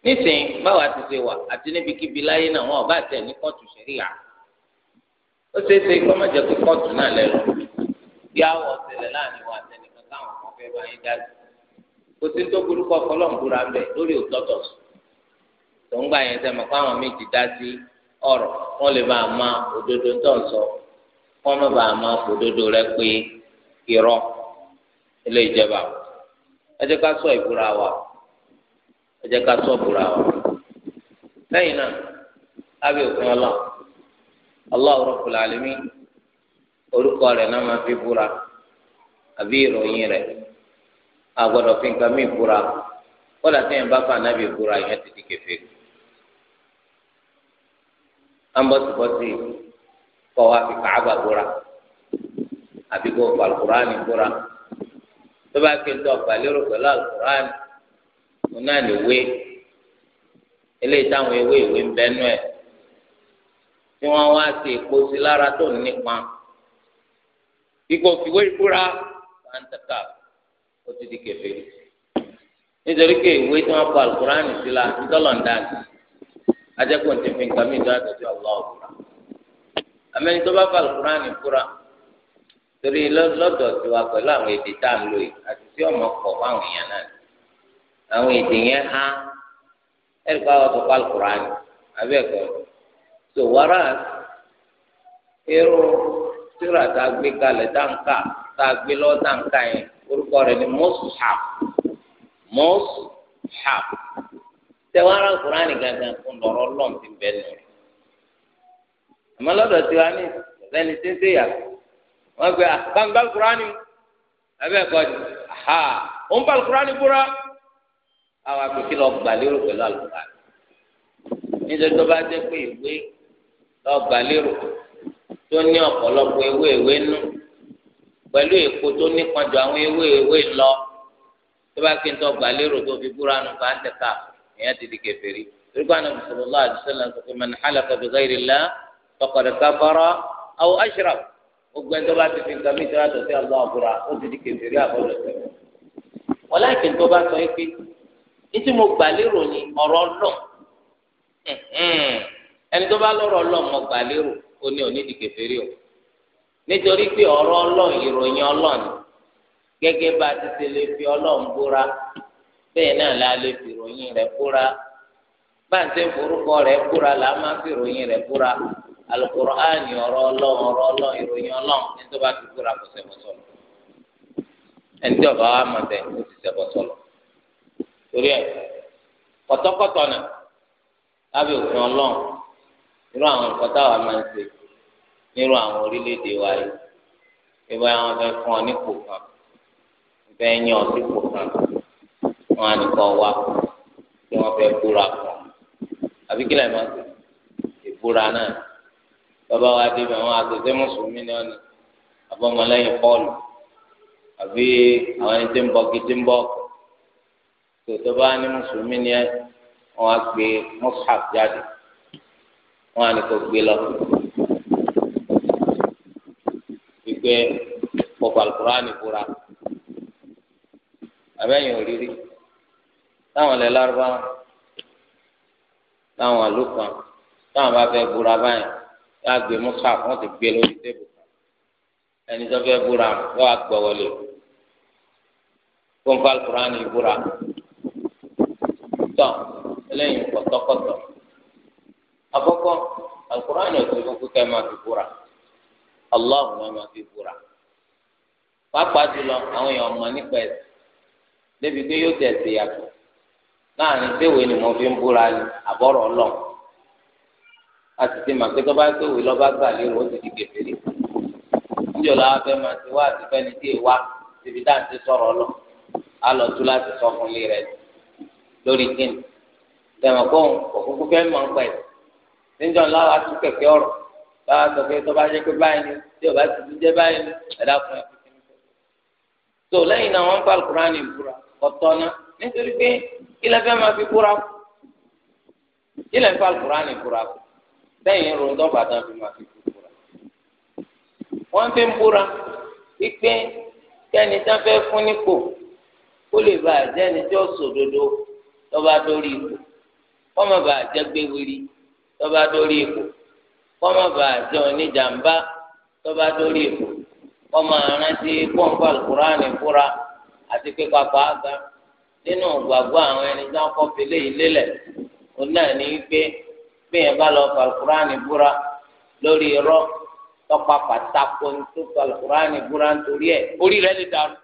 nísìnyí báwa ti ṣe wà àti níbikíbi láyé náà wọn ò bá tẹ̀ ní kóòtù ṣẹ̀ríà ó ṣeé ṣe kó má jẹ́ pé kóòtù náà lẹ́nu bí àwọ̀ ọ̀sẹ̀lẹ̀ láàrin wa àtẹnìkan táwọn kan bá yín dájú tó lórí tó ń gbà yẹn a òdodo tó ń sọ wọn má òdodo rẹ pé ilé ẹ wa ẹ jẹ́ ká sọ́ọ̀bùra wa lẹ́yìn náà lábẹ́ òfin ọlọ́run ọlọ́run Rabbul Alamin orúkọ na náà máa fi búra àbí ìròyìn rẹ̀ fi nǹkan mí búra tí yẹn bá fà nábì búra yẹn ti di kẹfẹ́ ambọ̀sibọ́sì wa fi kàába búra àbí kò fà wọn náà lè wé eléyìí táwọn ewé ìwé ń bẹnu ẹ tí wọn wá sí epo sí lára tó nípa ipò fìwé ìbúra máa ń tẹka ó ti di kẹfẹ nítorí pé ìwé tí wọn kọ alukóraní sí la ń tọ́lọ̀ ń dání ajẹ́kọ̀ọ́ ti fi nǹkan mi dán àtẹ̀jọ́ ọlọ́ọ̀bùra amẹ́ni tó bá kọ alukóraní búra torí lọ́dọ̀ tiwa pẹ̀lú àwọn èdè tá à ń lò yìí àti tí ọmọ kọ̀ fáwọn èèyàn náà àwọn èdè yẹn há ẹni pa àwọn sọpá alukurani abẹ́ ẹ̀kọ́ tó wàrà irú tíra tá a gbé kalẹ̀ tá tá a gbé lọ́wọ́ tá yẹn orúkọ rẹ̀ ni mọ́sùhàf mọ́sùhàf tẹ̀wọ́n alukurani gangan fún lọ́rọ́ lọ́n ti bẹ̀ nù rẹ̀ àmọ́ lọ́dọ̀ tiwa ní lẹ́ni tí ń sèyà wọ́n gbé àbámbá ah, alukurani abẹ́ ẹ̀kọ́ ha òun bá alukurani búra àwọn akpèké lọ gbà lérò pẹ̀lú àlùkò nítorí tó bá dé pé ìwé lọ gbà lérò tó ní ọ̀pọ̀lọpọ̀ ewé ìwé nú pẹ̀lú èkó tó nípọn ju àwọn ewé ìwé lọ tó bá kí n tó gbà lérò tó fi búra nù bá ń tẹ̀ka ìyẹn ti di kèfèrí torí pé Ànábì sallallahu alaihi wasallam sọ pé man halafa bi ghayri Allah faqad kafara aw ashraka gbogbo ẹni tó bá ti fi nǹkan mìíràn tó ti àlọ́ àbúrà ó ti di kèfèrí àbọ̀lọ̀ tẹ̀ wọ́n tó bá sọ é nítí mo gbà lérò ni ọ̀rọ̀ lọ ẹni tó bá lọ́rọ̀ lọ mo gbà lérò ó ní onídìí kèfèrí o nítorí pé ọ̀rọ̀ Ọlọ́run ìròyìn Ọlọ́run gẹ́gẹ́ bá ti ṣe lè fi Ọlọ́run búra bẹ́ẹ̀ náà la lè fi ìròyìn rẹ̀ búra bá ń ṣe forúkọ rẹ̀ búra là á máa fi ìròyìn rẹ̀ búra Al-Qur'ani ọ̀rọ̀ Ọlọ́run ọ̀rọ̀ Ọlọ́run ìròyìn Ọlọ́run ní tó bá ti búra kò ṣẹbọ sọlọ ẹni tí ọba wa mọ bẹ́ẹ̀ ó ti ṣẹbọ sọlọ torí ẹ kọtọkọtọ náà lábẹ́ òfin Ọlọ́run irú àwọn nǹkan táwa máa ń ṣe nírú àwọn orílẹ̀-èdè wa yìí ìwé àwọn fẹ́ fún ọ nípò kan fẹ́ yan ọ sípò kan wọn á nìkan wá tí wọ́n fẹ́ búra kan àbí kílẹ̀ máa ṣe ìbúra náà bàbá wa dé bẹ̀ wọ́n àtẹ̀tẹ̀ mùsùlùmí ni wọ́n ní àbọ̀mọlẹ́yìn pọ́ọ̀lù àbí àwọn ẹni tí ń bọ́ kí tí ń bọ́ ọ̀kọ̀ tòótọ́ bá ní mùsùlùmí ni ẹ wọn á gbé mọ́sáàf jáde wọn á ní kó gbé lọ wípé ọ̀pọ̀ alukóraani búra abẹ́yìn òrírí táwọn ilẹ̀ lárúbáwá táwọn àlùkàn táwọn bá fẹ́ búra báyìí yóò gbé mọ́sáàf wọ́n ti gbé lórí tébù ẹni tó fẹ́ búra yóò gbọ́ wọlé kó n fa búra. tọ lẹ́yìn pọtọkọtọ àkọ́kọ́ alukur'an yóò tó kẹ máa fi búra allah máa fi búra pàápàá jùlọ àwọn èèyàn ọmọ nípa ẹsẹ débi pé yóò láàrin ni mo fi ń búra ọlọ ti pé lọ́ba gbà lérò ó ti di níjọ máa ti wá àti fẹ́ni tí lórí kíni tẹmọkọ́n òkúkú fẹ́ mọ̀ nípa ẹ̀ níjọ́ ńlá wa tún kẹ̀kẹ́ ọ̀rọ̀ báwa sọ pé tọ́ba jẹ́ pé báyìí ni tí ọba ti ti jẹ́ báyìí ni ẹ̀dá fún ẹ̀ fún ẹ̀ tó lẹ́yìn náà wọ́n ń pa alukurani ìbúra ọ̀tọ̀ náà nítorí pé ilẹ̀ fẹ́ máa fi búra kù ilẹ̀ ń pa alukurani ìbúra kù lẹ́yìn irun dọ́gba náà fi máa fi búra wọ́n fi ń búra wípé kẹ́ni tá fẹ́ fún nípò kó lè bàa jẹ́ni tí ó sòdodo tọ́ba dórí ipò kọ́mọ bàá jẹ́ gbéwìrì tọ́ba dórí ipò kọ́mọ bàá jẹ́ oníjàmbá tọ́ba dórí ipò kọ́mọ arántí pọ́ńpà kúránì fúra àti pípa pàága nínú gbàgbọ́ àwọn ẹni tí wọ́n kọ́ fìlẹ̀ yìí lélẹ̀ òun náà ní pé bẹ́ẹ̀ bá lọ fàlùkùránì búra lórí irọ́ tọ́pa pàtàkó tó fàlùkùránì búra nítorí ẹ̀ orí rẹ̀ lè dàrú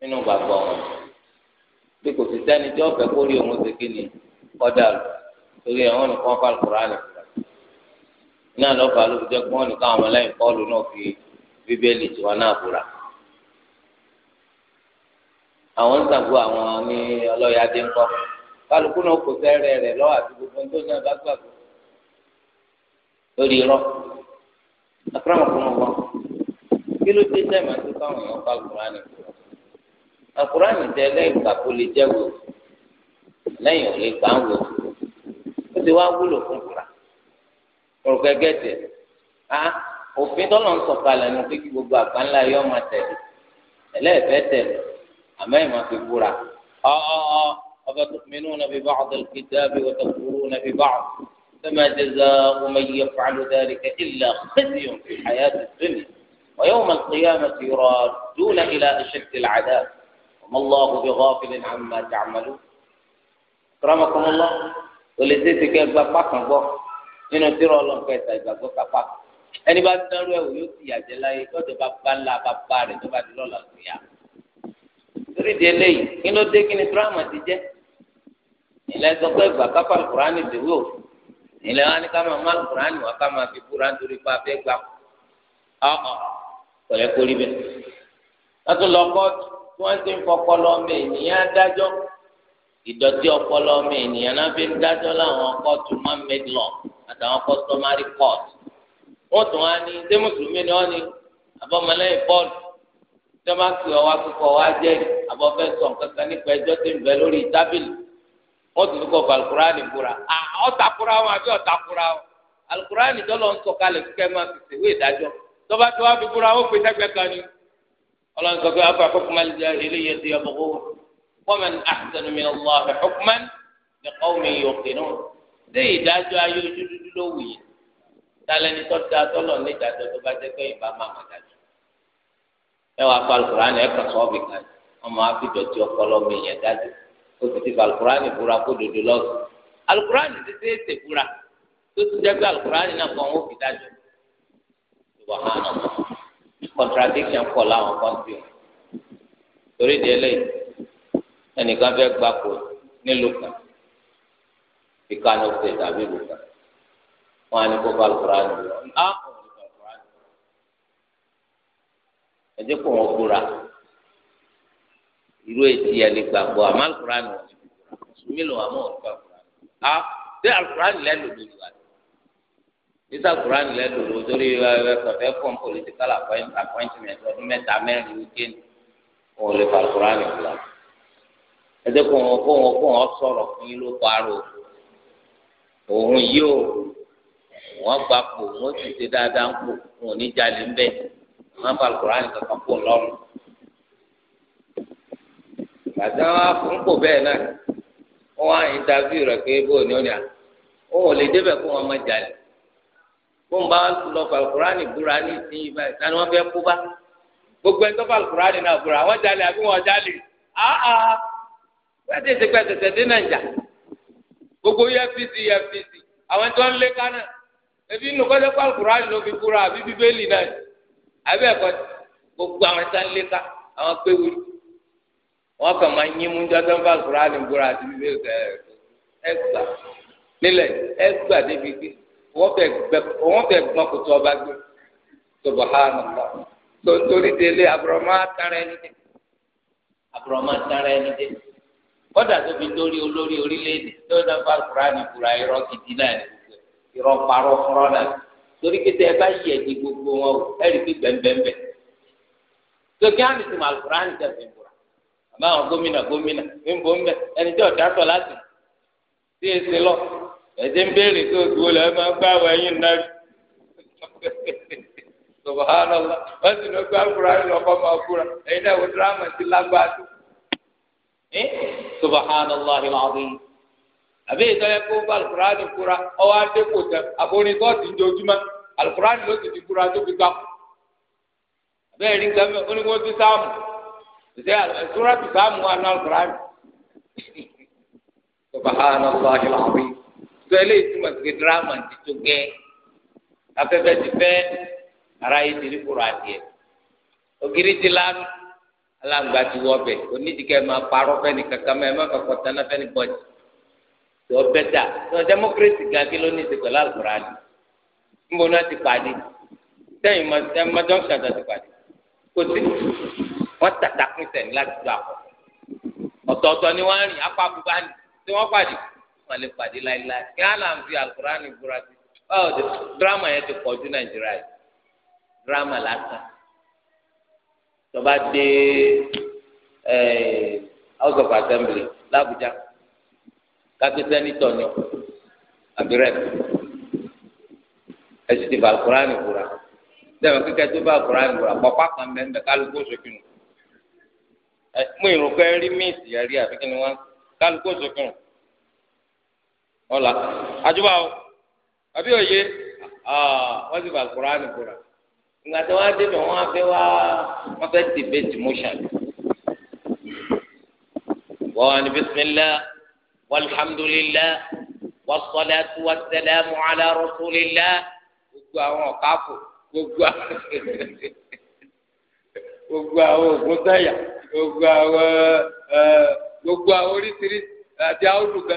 nínú gbàgbọ́ wọn bí kò sì sẹ́ni tí ọ̀fẹ́ kórè òun ṣe ni kọ́dà lò torí ẹ̀ wọ́n nìkan fà lùkùrá nì náà lọ́fà ló fi jẹ́ pé wọ́n nìkan àwọn lẹ́yìn Pọ́ọ̀lù náà fi bíbélì tiwọn náà búra àwọn ń sàgbó àwọn ní ọlọ́yàdé ńkọ́ kálukú náà kò sẹ́rẹ̀ rẹ̀ lọ́wọ́ àti gbogbo tó ní ọba gbàgbọ́ lórí irọ́ akérèmọ̀kùnrin wọn kí ló dé sẹ́mi àti káwọn èèyàn bá gbọ́ra nìkan. àkùránì tẹ lẹ́yìn kàkó lè jẹ́ wò lẹ́yìn ò lè gbà wò ó ti wá wúlò fún kura òrùka gẹ́tẹ̀ á òfin tọ́lọ̀ ń sọ̀kalẹ̀ nù kí gbogbo àgbáńlá yọ ọmọ tẹ̀lé ẹlẹ́ẹ̀fẹ́ tẹ̀lé àmọ́ ìmọ̀ fi kura ọ ọ kuru ẹ ọ̀ọ́ أفتؤمنون ببعض الكتاب وتكفرون ببعض فما جزاء من يفعل ذلك إلا خزي في الحياة الدنيا ويوم القيامة يرادون إلى أشد العذاب ọmọ ọlọ́ọ̀kú bí ọ́ọ́fìlì náà máa dà àmàlú. kọ́mọkọ́mọlọ́ ò lè ṣe ti kẹ́ gba pákan gbọ́ nínú tírọ̀ ọlọ́ọ̀kọ́ ẹ̀ta ìgbàgbọ́ kápá. ẹni bá dárú ẹ̀wò yóò ti yàjẹ́ láyé lọ́dọ̀ bá bá ńlá bá bá rẹ̀ tó bá di lọ́la tó yá. torí di eléyìí kí ló dé kí ni dírámà ti jẹ́? ilẹ̀ sọ pé ìgbà kápá alukurani dèwé o ilẹ̀ wa ni ká máa má alukurani wa ká máa fi búra nítorí pé a fẹ́ gbà ọ̀ ọ̀ kọ̀lẹ́kọ̀rí bẹ́ẹ̀. látún lọ kóòtù tí wọ́n ti ń fọpọlọ ọmọ ènìyàn dájọ́ ìdọ̀tí ọpọlọ ọmọ ènìyàn náà fi ń dájọ́ láwọn kóòtù man made law àtàwọn customary court wọ́n tún wá ní ṣé mùsùlùmí ni wọ́n ní àbọ̀mọlẹ́yìn bọ́ọ̀lù tí wọ́n bá pè ọ́ wá kíkọ́ wá jẹ́ àbọ̀fẹ́ sọ̀ kankan nípa ẹjọ́ tí ń bẹ lórí tábìlì wọ́n tún kọ́ alukurani búra ọ̀tàkùrà wọn àbí ọ̀tàkùrà wọn alukurani tọ́lọ́ ń sọ kalẹ̀ kíkẹ́ máa fi ṣèwé ìdájọ́ tọ́ba tí wọ́n fi búra ó fi sẹ́gbẹ́ kan ni ọlọ́run sọ pé afa hukma al-jahiliyyati yabghun wa man ahsanu min Allahi hukman li qawmin yuqinun ṣé ìdájọ́ ayé ojú dúdú ló wù yìí tálẹ́ni tó da tọ́lọ̀ ní ìdájọ́ tó bá jẹ́ pé ìbá máa máa dájọ́ ẹ wàá pa alukurani ẹ kàn sọ́ọ̀bì kan ọmọ afidọ̀tì ọpọlọ mi yẹn dájọ́ ó sì ti fa alukurani búra kó dodo lọ́sùn alukurani ti ṣe é ṣe búra tó ti jẹ́ pé alukurani náà kàn contradiction pọ̀ láwọn kọ́ńtì o torí ìdí ẹlẹ́yìn ẹnìkan fẹ́ gbapò nílùú kan ìkànnì ọ̀sẹ̀ tàbí ìlú kan wọn á ní kó bá lùkúrá nù lọ á ẹ jẹ́ kó wọn búra irú ètí ẹ gbàgbọ́ àmọ́ lùkúrá nù mí àmọ́ òun gbàgbọ́ á dé àlùkúrá nù lẹ́nu lòdì wá nígbà kúránì lẹ́dọ̀ ló torí ẹ̀kọ́tẹ́ fún political appointment ọdún mẹ́ta mẹ́rin wíkẹ́ndì wọn ò lè fa kúránì gbà ẹ jẹ́ kó wọn kó wọn kó wọn sọ̀rọ̀ fún yín ló parọ́ òun yìí o wọn gba kó wọn sì ṣe dáadáa ń kó wọn ní jalè ń bẹ wọn fa kúránì kankan kó lọ́rùn gbàtà fún kò bẹ́ẹ̀ náà wọn wá interview rẹ̀ pé bóyá ni ó ní à wọn ò lè débẹ̀ kó wọn má jalè kó n bá lọ falkurani búra ní ìsinyìí báyìí sani wọn fẹ́ kú bá gbogbo ẹni tó falkurani náà búra wọn jalè àbí wọn jalè áá bẹ́ẹ̀ tètè pẹ́ tètè dé nàìjà gbogbo efcc efcc àwọn tó ń lé kánà ebi nù kọ́sẹ́ falkurani ló fi búra àbí bíbélì náà àbí ẹ̀kọ́ gbogbo àwọn tó ń lé ká àwọn pé wuli wọn kàn máa yín mú jọ́sẹ́ falkurani búra àti bíbélì ẹ̀ ẹ̀ gbà nílẹ̀ ẹ̀ gbà débi gbé wọ́n fẹ́ gbọ́n kó tó ọba gbé tọba ha nàlá tontori délé aburoma tara ẹni dé aburoma tara ẹni dé kódà tó fi dórí olórí orílẹ̀-èdè tó náà bá kúránì kúrá irọ́ gidi náà ní gbogbo irọ́ parọ́ fúnrọ́ náà torí kété ẹ bá yẹ di gbogbo wọn o ẹ̀rí fi bẹ́ẹ̀nbẹ́ẹ̀nbẹ́ tókí á nìsí ma kúránì tẹ̀sí kúrá àbá àwọn gómìnà gómìnà ń bọ́ ń bẹ ẹni tí ọ̀dà sọ láti sí èsì lọ ẹ̀jẹ̀ ń béèrè tó dúró lẹ́ máa gbá àwọn ẹ̀yìn náà subhanallah wọ́n sì lọ gbá kura ní ọkọ̀ máa kura ẹ̀yin náà wọ́n dírámà àbí ìtọ́lẹ̀ kó bá ní ọwọ́ tẹ ní ló ti di tó fi gbà kú bẹ́ẹ̀ ní sáàmù sáàmù ní ní sọ eléyìí túmọ̀ sí pé dírámà ti tó gẹ́ afẹ́fẹ́ ti fẹ́ ara yìí ti rí kúrò adìẹ ògiri ti lánú alágbá ti wọ ọbẹ̀ onídìgẹ́ máa parọ́ fẹ́ni kankan mẹ́ ẹ má kọ́kọ́ tán náà fẹ́ni bọ́ọ̀dì tó ọbẹ̀ dà tó dẹ́mọ́kírésì gan kí ló ní ti pẹ̀lú àlùkò rà ní nbọ pàdé sẹ́yìn mọ́jọ́sí àti àti pàdé kò sí wọ́n tàtàkùn sẹ́yìn láti gbà ọ̀tọ̀ọ̀tọ̀ ni wọ́n rìn apá àbúgbá ni tí wọ́n pàdé kù wọn lè pàdé láéláé kí àlà ń fi alukurani búra sí ọ dírámà yẹn ti pọ̀ ju nàìjíríà yìí dírámà lásán tọba dé house of assembly làbújá kápẹ́ sẹ́nitọ̀ ni àbírẹ̀ ẹ̀sìn ti fa alukurani búra dẹ́wọ̀n kíkẹ́ tó bá alukurani búra pọ̀pá kan bẹ́ẹ̀ bẹ́ẹ̀ kálukú sókè nù mú ìrùkọ́ ẹ̀rí míìsì ẹ̀rí àbíkí ni kálukú sókè nù ọ̀la àjùbà o àbí òye ah, wọ́n sì bá kúránì kúrà ìgbà tí wọ́n á débẹ̀ wọ́n á fẹ́ wá wọ́n fẹ́ dìbẹ́tì mọ́ṣán wọ́n ní bisimilá walhamdulilá wasalatu wasalamu ala rasulilá gbogbo àwọn ọ̀káfò gbogbo àwọn gbogbo àwọn ògùn gbogbo àwọn eh, gbogbo àwọn oríṣiríṣi àti àwọn olùgbà.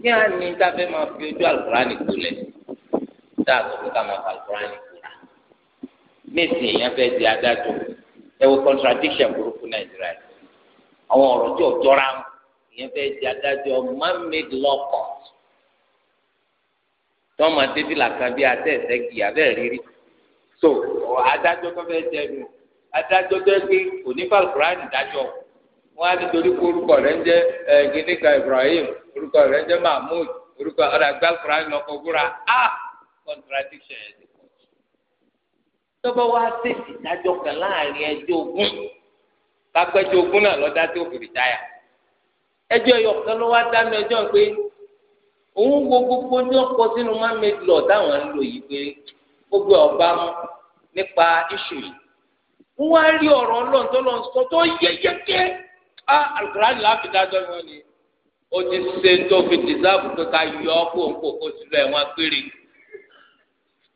ní àní káfẹ́ máa fi ojú alukurani kulẹ̀ tá a sọ pé ká máa fa alukurani kura nísìnyí èèyàn fẹ́ di adájọ́ ẹ wo contradiction burúkú nàìjíríà àwọn ọ̀rọ̀ tí ò jọra èèyàn fẹ́ di adájọ́ man-made law court tọ́mọ débi làkàn bí atẹ́ ẹ̀sẹ̀ kì í abẹ́ rírí so adájọ́ tó fẹ́ jẹ́ nu adájọ́ tó fẹ́ pé kò ní fa alukurani dájọ́ o. wọn á nítorí pé orúkọ rẹ ń jẹ gidika Ibrahim orúkọ rẹ ń jẹ Mahmood orúkọ ọ̀rẹ́ agbákùnrin àyìnbó ọkọ̀ búra á contradiction ti tọ́bọ̀ wá láàrin ẹjọ́ ogun náà lọ́dá tó fi rìtáyà. ẹjọ́ ló pé òun wo gbogbo ní sínú táwọn ń pé gbogbo ọba nípa a ah, alukurani láti dájọ́ ni wọ́n ní o ti ṣe tó fi dìsáàbù tó ká yọ ọ́ pòǹpò kó sílẹ̀ ẹ̀wọ̀n péré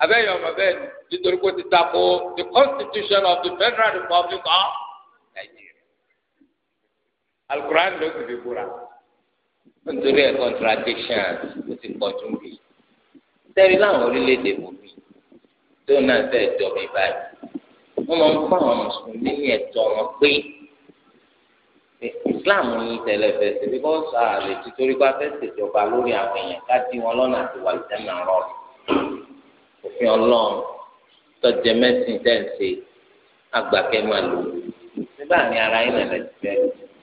abẹ́yẹ ọmọ bẹ́ẹ̀ nítorí kó ti tako the constitution of the federal republic of Nigeria alukurani ló ti fi búra nítorí ẹ̀ contradiction ló ti pọ̀ tún bí sẹ́rí láwọn orílẹ̀-èdè bòmí tó náà fẹ́ jọ bí báyìí wọ́n máa ń kọ́ àwọn mùsùlùmí ní ẹ̀tọ́ wọn pé islam yìí tẹ̀lé fẹsẹ̀ bí wọ́n sọ àlè títorí bá fẹ́ ṣèjọba lórí àwọn èèyàn ká dín wọn lọ́nà àti wà lùtẹ́ náà rọ òfin ọlọ́run tọ́jẹ mẹ́sìn tẹ̀ ń ṣe àgbàkẹ́ máa lò nígbà ní ara yín nàlẹ́ ti fẹ́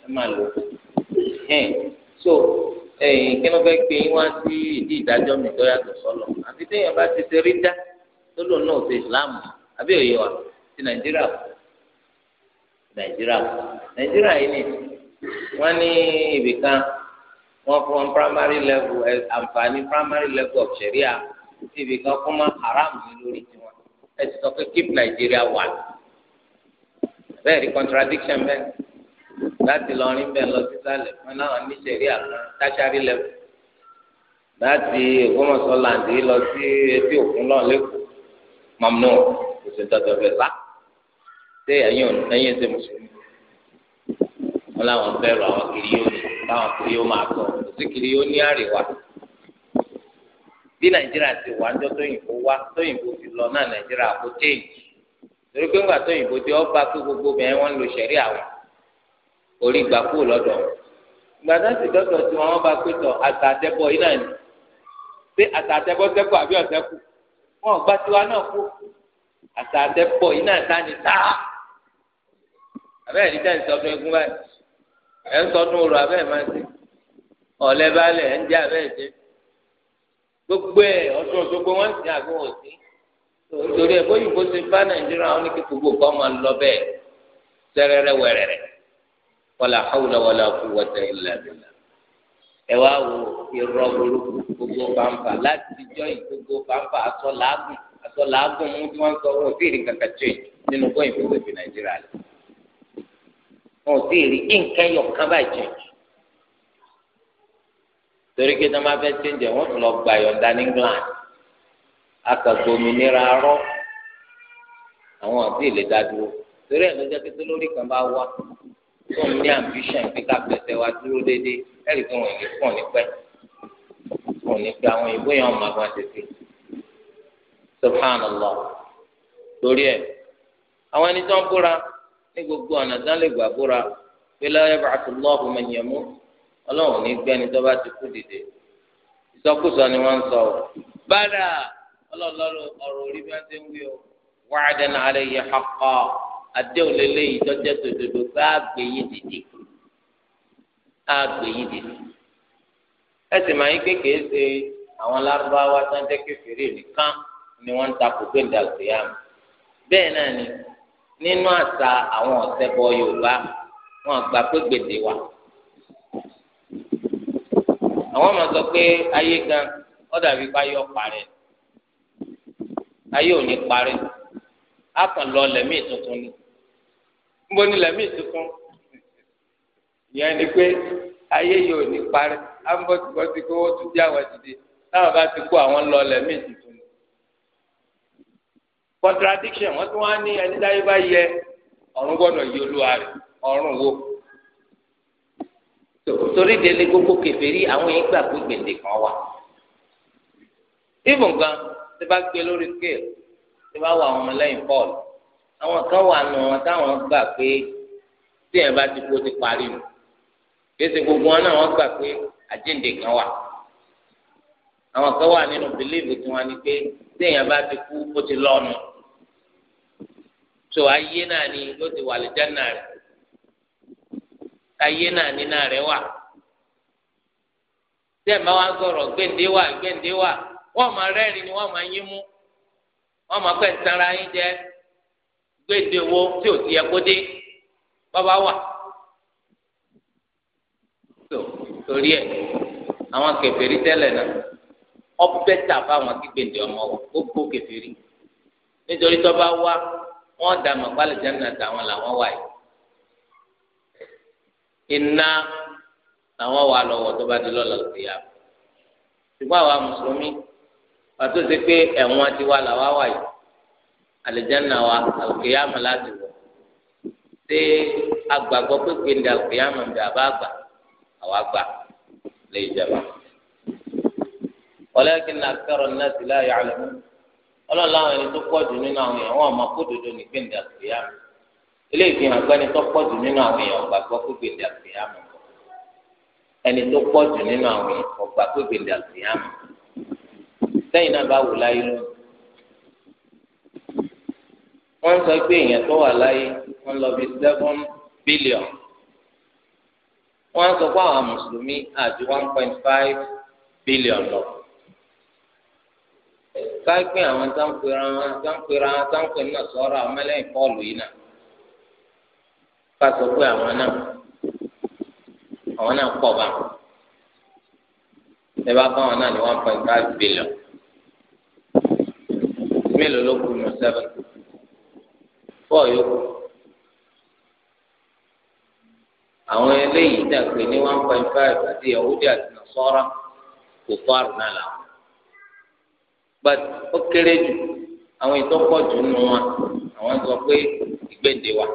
ẹ máa lò ẹ̀ẹ́n so ẹ̀yìn kí ló fẹ́ gbé yín wá sí ìdí ìdájọ́ mi tó yàtọ̀ sọ́lọ̀ àfi téèyàn bá ti ṣe rí dá tó lòun náà ṣe islam àbí òye wa ti nàìjíríà nàìjíríà nàìjíríà yìí nìyí wọ́n ní ibìkan wọ́n fún primary level àǹfààní primary level of sharia tí ibìkan kún mọ́ haram ní lórí tiwọn ẹ ti sọ pé keep Nigeria one. bẹ́ẹ̀ ni contradiction bẹ́ẹ̀ láti lọrin bẹ́ẹ̀ lọ sísàlẹ̀ wọn náà ní sharia kan tertiary level láti Ògbómọ̀ṣọ́ làǹdí lọ sí etí òkun náà lẹ́kọ̀ọ́ mamnu kò sí dọ́dọ̀ bẹ́ẹ̀ bá ṣé ẹ̀yin ò ẹ̀yin ṣe mùsùlùmí wọn làwọn bẹ̀rù àwọn kiri yóò ní báwọn kiri yóò máa sọ kò sí kiri yóò ní àríwá bí nàìjíríà ti wà ń jọ tóyìnbó wá tóyìnbó ti lọ náà nàìjíríà kò téèjì torí pé ńgbà tóyìnbó ti ọba pé gbogbo bẹ́ẹ̀ wọ́n ń lo sẹ̀rí àwọn orí gbà kú lọ́dọ̀ ìgbà náà sì dọ́dọ̀ tí wọ́n bá pé tọ̀ àtàtẹ́bọ̀ yìí náà ni pé àtàtẹ́bọ̀ sẹ́kù àbí ọ̀sẹ́kù wọn ò tiwa náà kú àtàtẹ́bọ̀ yìí náà ta ni táà àbẹ́rẹ́ ní tẹ́ǹsì ọdún egun báyìí ẹ ń sọdún orò abẹ́ ẹ̀ máa ń ṣe ọ̀lẹ́ balẹ̀ ẹ̀ ń jẹ́ abẹ́ ẹ̀ ṣe gbogbo ẹ̀ ọdún ọ̀ṣọ́gbó wọ́n ń sin àgbọ̀n òsì nítorí ẹ̀ bóyìnbó ṣe bá nàìjíríà wọn ní kí gbogbo kan máa ń lọ bẹ́ẹ̀ sẹ́rẹ́rẹ́ wẹ̀rẹ̀rẹ̀ wala hawla wala quwwata illa billah ẹ wá wo irọ́ burúkú gbogbo pàmpà láti jọ ìgbogbo pàmpà aṣọ làágùn aṣọ làágùn mú tí wọ́n sọ wọn ò sí ìrìn kankan change nínú bóyìnbó ṣe fi nàìjíríà lọ wọn ò tí ì rí nǹkan ẹyọ kan báyìí jẹ torí pé tọ́mọ afẹ́ ṣe ń jẹ wọ́n tún lọ gba yọ̀ǹda ní England akàgbòmìnira rọ àwọn àti ìlè dá dúró torí ẹ̀ ló jẹ́ pé lórí kan bá wá tó ń ní ambition pé ká fẹsẹ̀ wá dúró déédéé ẹ̀rí pé wọ́n ìlè pọ̀ ní pẹ́ pọ̀ ní pẹ́ àwọn ìwé yẹn ọmọ àgbọn tètè subhanallah torí ẹ̀ àwọn ẹni tó ń búra. ní gbogbo ọ̀nà tán lè gbà búra pé la yab'athu Allahu man yamut ọlọ́run ní gbẹ́ni tó bá ti kú dìde ìsọkúsọ ni wọ́n ń sọ ọ́ bàdà ọ̀rọ̀ orí bí ti ń wí o wa'dan alayhi haqqan àdéhùn lélẹ́yìí tòdodo bá dìde dìde ṣe àwọn nínú àṣà àwọn ọ̀sẹ̀bọ yorùbá wọn gbà pé gbèdè wà àwọn máa sọ pé ayé gan ó dàbí pé ayé ọ̀parẹ́ ayé ò ní parẹ́ á kàn lọ lẹ́mí tuntun ni níbo ni lẹ́mí tuntun ìyẹn ni pé ayé yìí ò ní parẹ́ á ń bọ́ síbọ́ sí pé ó tún jẹ́ àwọn ti di táwọn bá contradiction wọ́n tún wá ní ẹni dáyé bá yẹ ọ̀run gbọ́dọ̀ yí olúwa rẹ̀ ọ̀run wo torí délé gbogbo kèfèrí àwọn yẹn gbà pé gbèǹdé kan wà even gan tí bá gbé lórí scale tí bá wà àwọn ọmọlẹ́yìn Paul àwọn kan wà nù wọn táwọn gbà pé tí ẹ bá ti kó ti parí nù kéésì gbogbo wọn náà wọ́n gbà pé àjíǹde kan wà àwọn kan wà nínú believe tí wọ́n ní pé tí èèyàn bá ti kú ó ti lọ́nu. No so ayé náà ni ló ti wà lìjánà rẹ ayé náà ni náà rẹ wà tí ẹ̀ máa wá wa, gbẹ̀ǹdé wà gbẹ̀ǹdé wà máa ni wọ́n máa yín mú wọ́n máa pẹ̀ sanra yín jẹ gbẹ̀ǹdé wo tí ò ti yẹ kó dé So wà torí ẹ àwọn kèfèrí tẹlẹ náà ọbẹ̀ tà fáwọn kí gbẹ̀ǹdé ọmọ wọ gbogbo wọn dà mọ pálí jẹnà tàwọn làwọn wà yìí iná làwọn wà lọ́wọ́ tó bá di lọlọ sí ya ṣùgbọ́n àwa mùsùlùmí pàtó ṣe pé ẹ̀wọ̀n ti wà làwọn wà yìí àlìjẹnà wa àlùkìyàmù láti wọ ṣé agbàgbọ́ pépè ní àlùkìyàmù ń àbá àgbà àwa gbà lè jẹba walakin akthara an-nas la ya'lamun ọlọ́run láwọn ẹni tó pọ̀ jù nínú àwọn èèyàn wọn ọmọ kódodo ní gbẹ̀ǹdà kìíyà ilé ìfihàn gbẹ́ni tó pọ̀ jù nínú àwọn èèyàn ọgbà gbọ́ pé gbẹ̀ǹdà kìíyà mọ̀ ẹni tó pọ̀ jù nínú àwọn èèyàn ọgbà pé gbẹ̀ǹdà kìíyà mọ̀ sẹ́yìn náà bá wù láyé lónìí wọ́n sọ pé èèyàn tó wà láyé wọ́n lọ bí seven billion wọ́n sọ pé àwọn mùsùlùmí àti one point five billion lọ káyipé àwọn tó ń pera wọn tó ń pera wọn tó ń pè náà sọ̀rọ̀ àwọn mẹ́lẹ́yìn pọ́ọ̀lù yìí náà ká sọ pé àwọn náà àwọn náà pọ̀ bá ẹ bá bá náà ní one point five billion mélòó ló kù nù seven four yòókù àwọn eléyìí dàgbé ní one point five àti yahudi àti nasọ́ra kò fọ́ àrùn náà làwọn but ó kéré jù àwọn ètò pọ̀ jù nù wọn àwọn sọ pé ìgbéǹde wà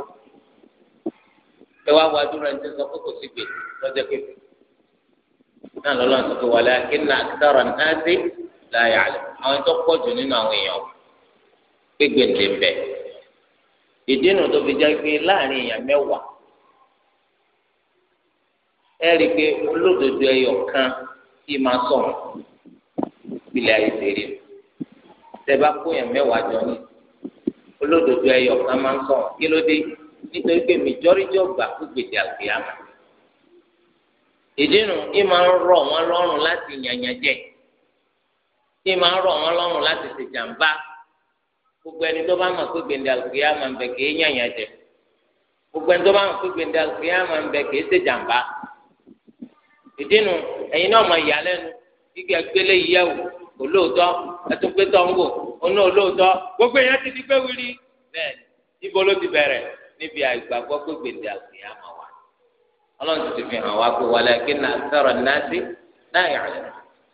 ẹ wá wá dúró ẹni tó sọ pé kò sí gbè lọ́jọ́ pé náà lọ́lọ́ sọ pé wàlẹ́ akínà sára náà dé láyé àlẹ́ àwọn ètò pọ̀ jù nínú àwọn èèyàn pé gbèǹde ń bẹ ìdí nu tó fi jẹ́ pé láàrin èèyàn mẹ́wàá ẹ rí i pé olódodo ẹyọ kan kí máa sọ̀rọ̀ ìpìlẹ̀ ayé tẹ̀bá kó yẹn mẹ́wàá jọ ni olódodo ẹyọ kan máa ń sọ̀rọ̀ kí ló dé nítorí pé mìjọ́ríjọ́ gbà kó gbèdé àgbéyàmà ìdí nu ì máa ń rọ̀ wọ́n lọ́rùn láti yànyàn jẹ ì máa ń rọ̀ wọ́n lọ́rùn láti ṣèjàmbá gbogbo ẹni tó bá mọ̀ pé gbèdé àgbéyàmà ń bẹ kì í yànyàn jẹ gbogbo ẹni tó bá mọ̀ pé gbèdé àgbéyàmà ń bẹ kì í ṣèjàmbá ìdí nu ẹ̀yin náà mọ̀ ìyàlẹ́nu olóòótọ́ ẹtún pé tọ́ ń wò gbogbo èèyàn ti di pé wíri bẹ́ẹ̀ ibo ló ti bẹ̀rẹ̀ níbi àgbàgbọ́ pé gbèdé wà ọlọ́run ti fi hàn wá pé wàlẹ́ kí náà yàrá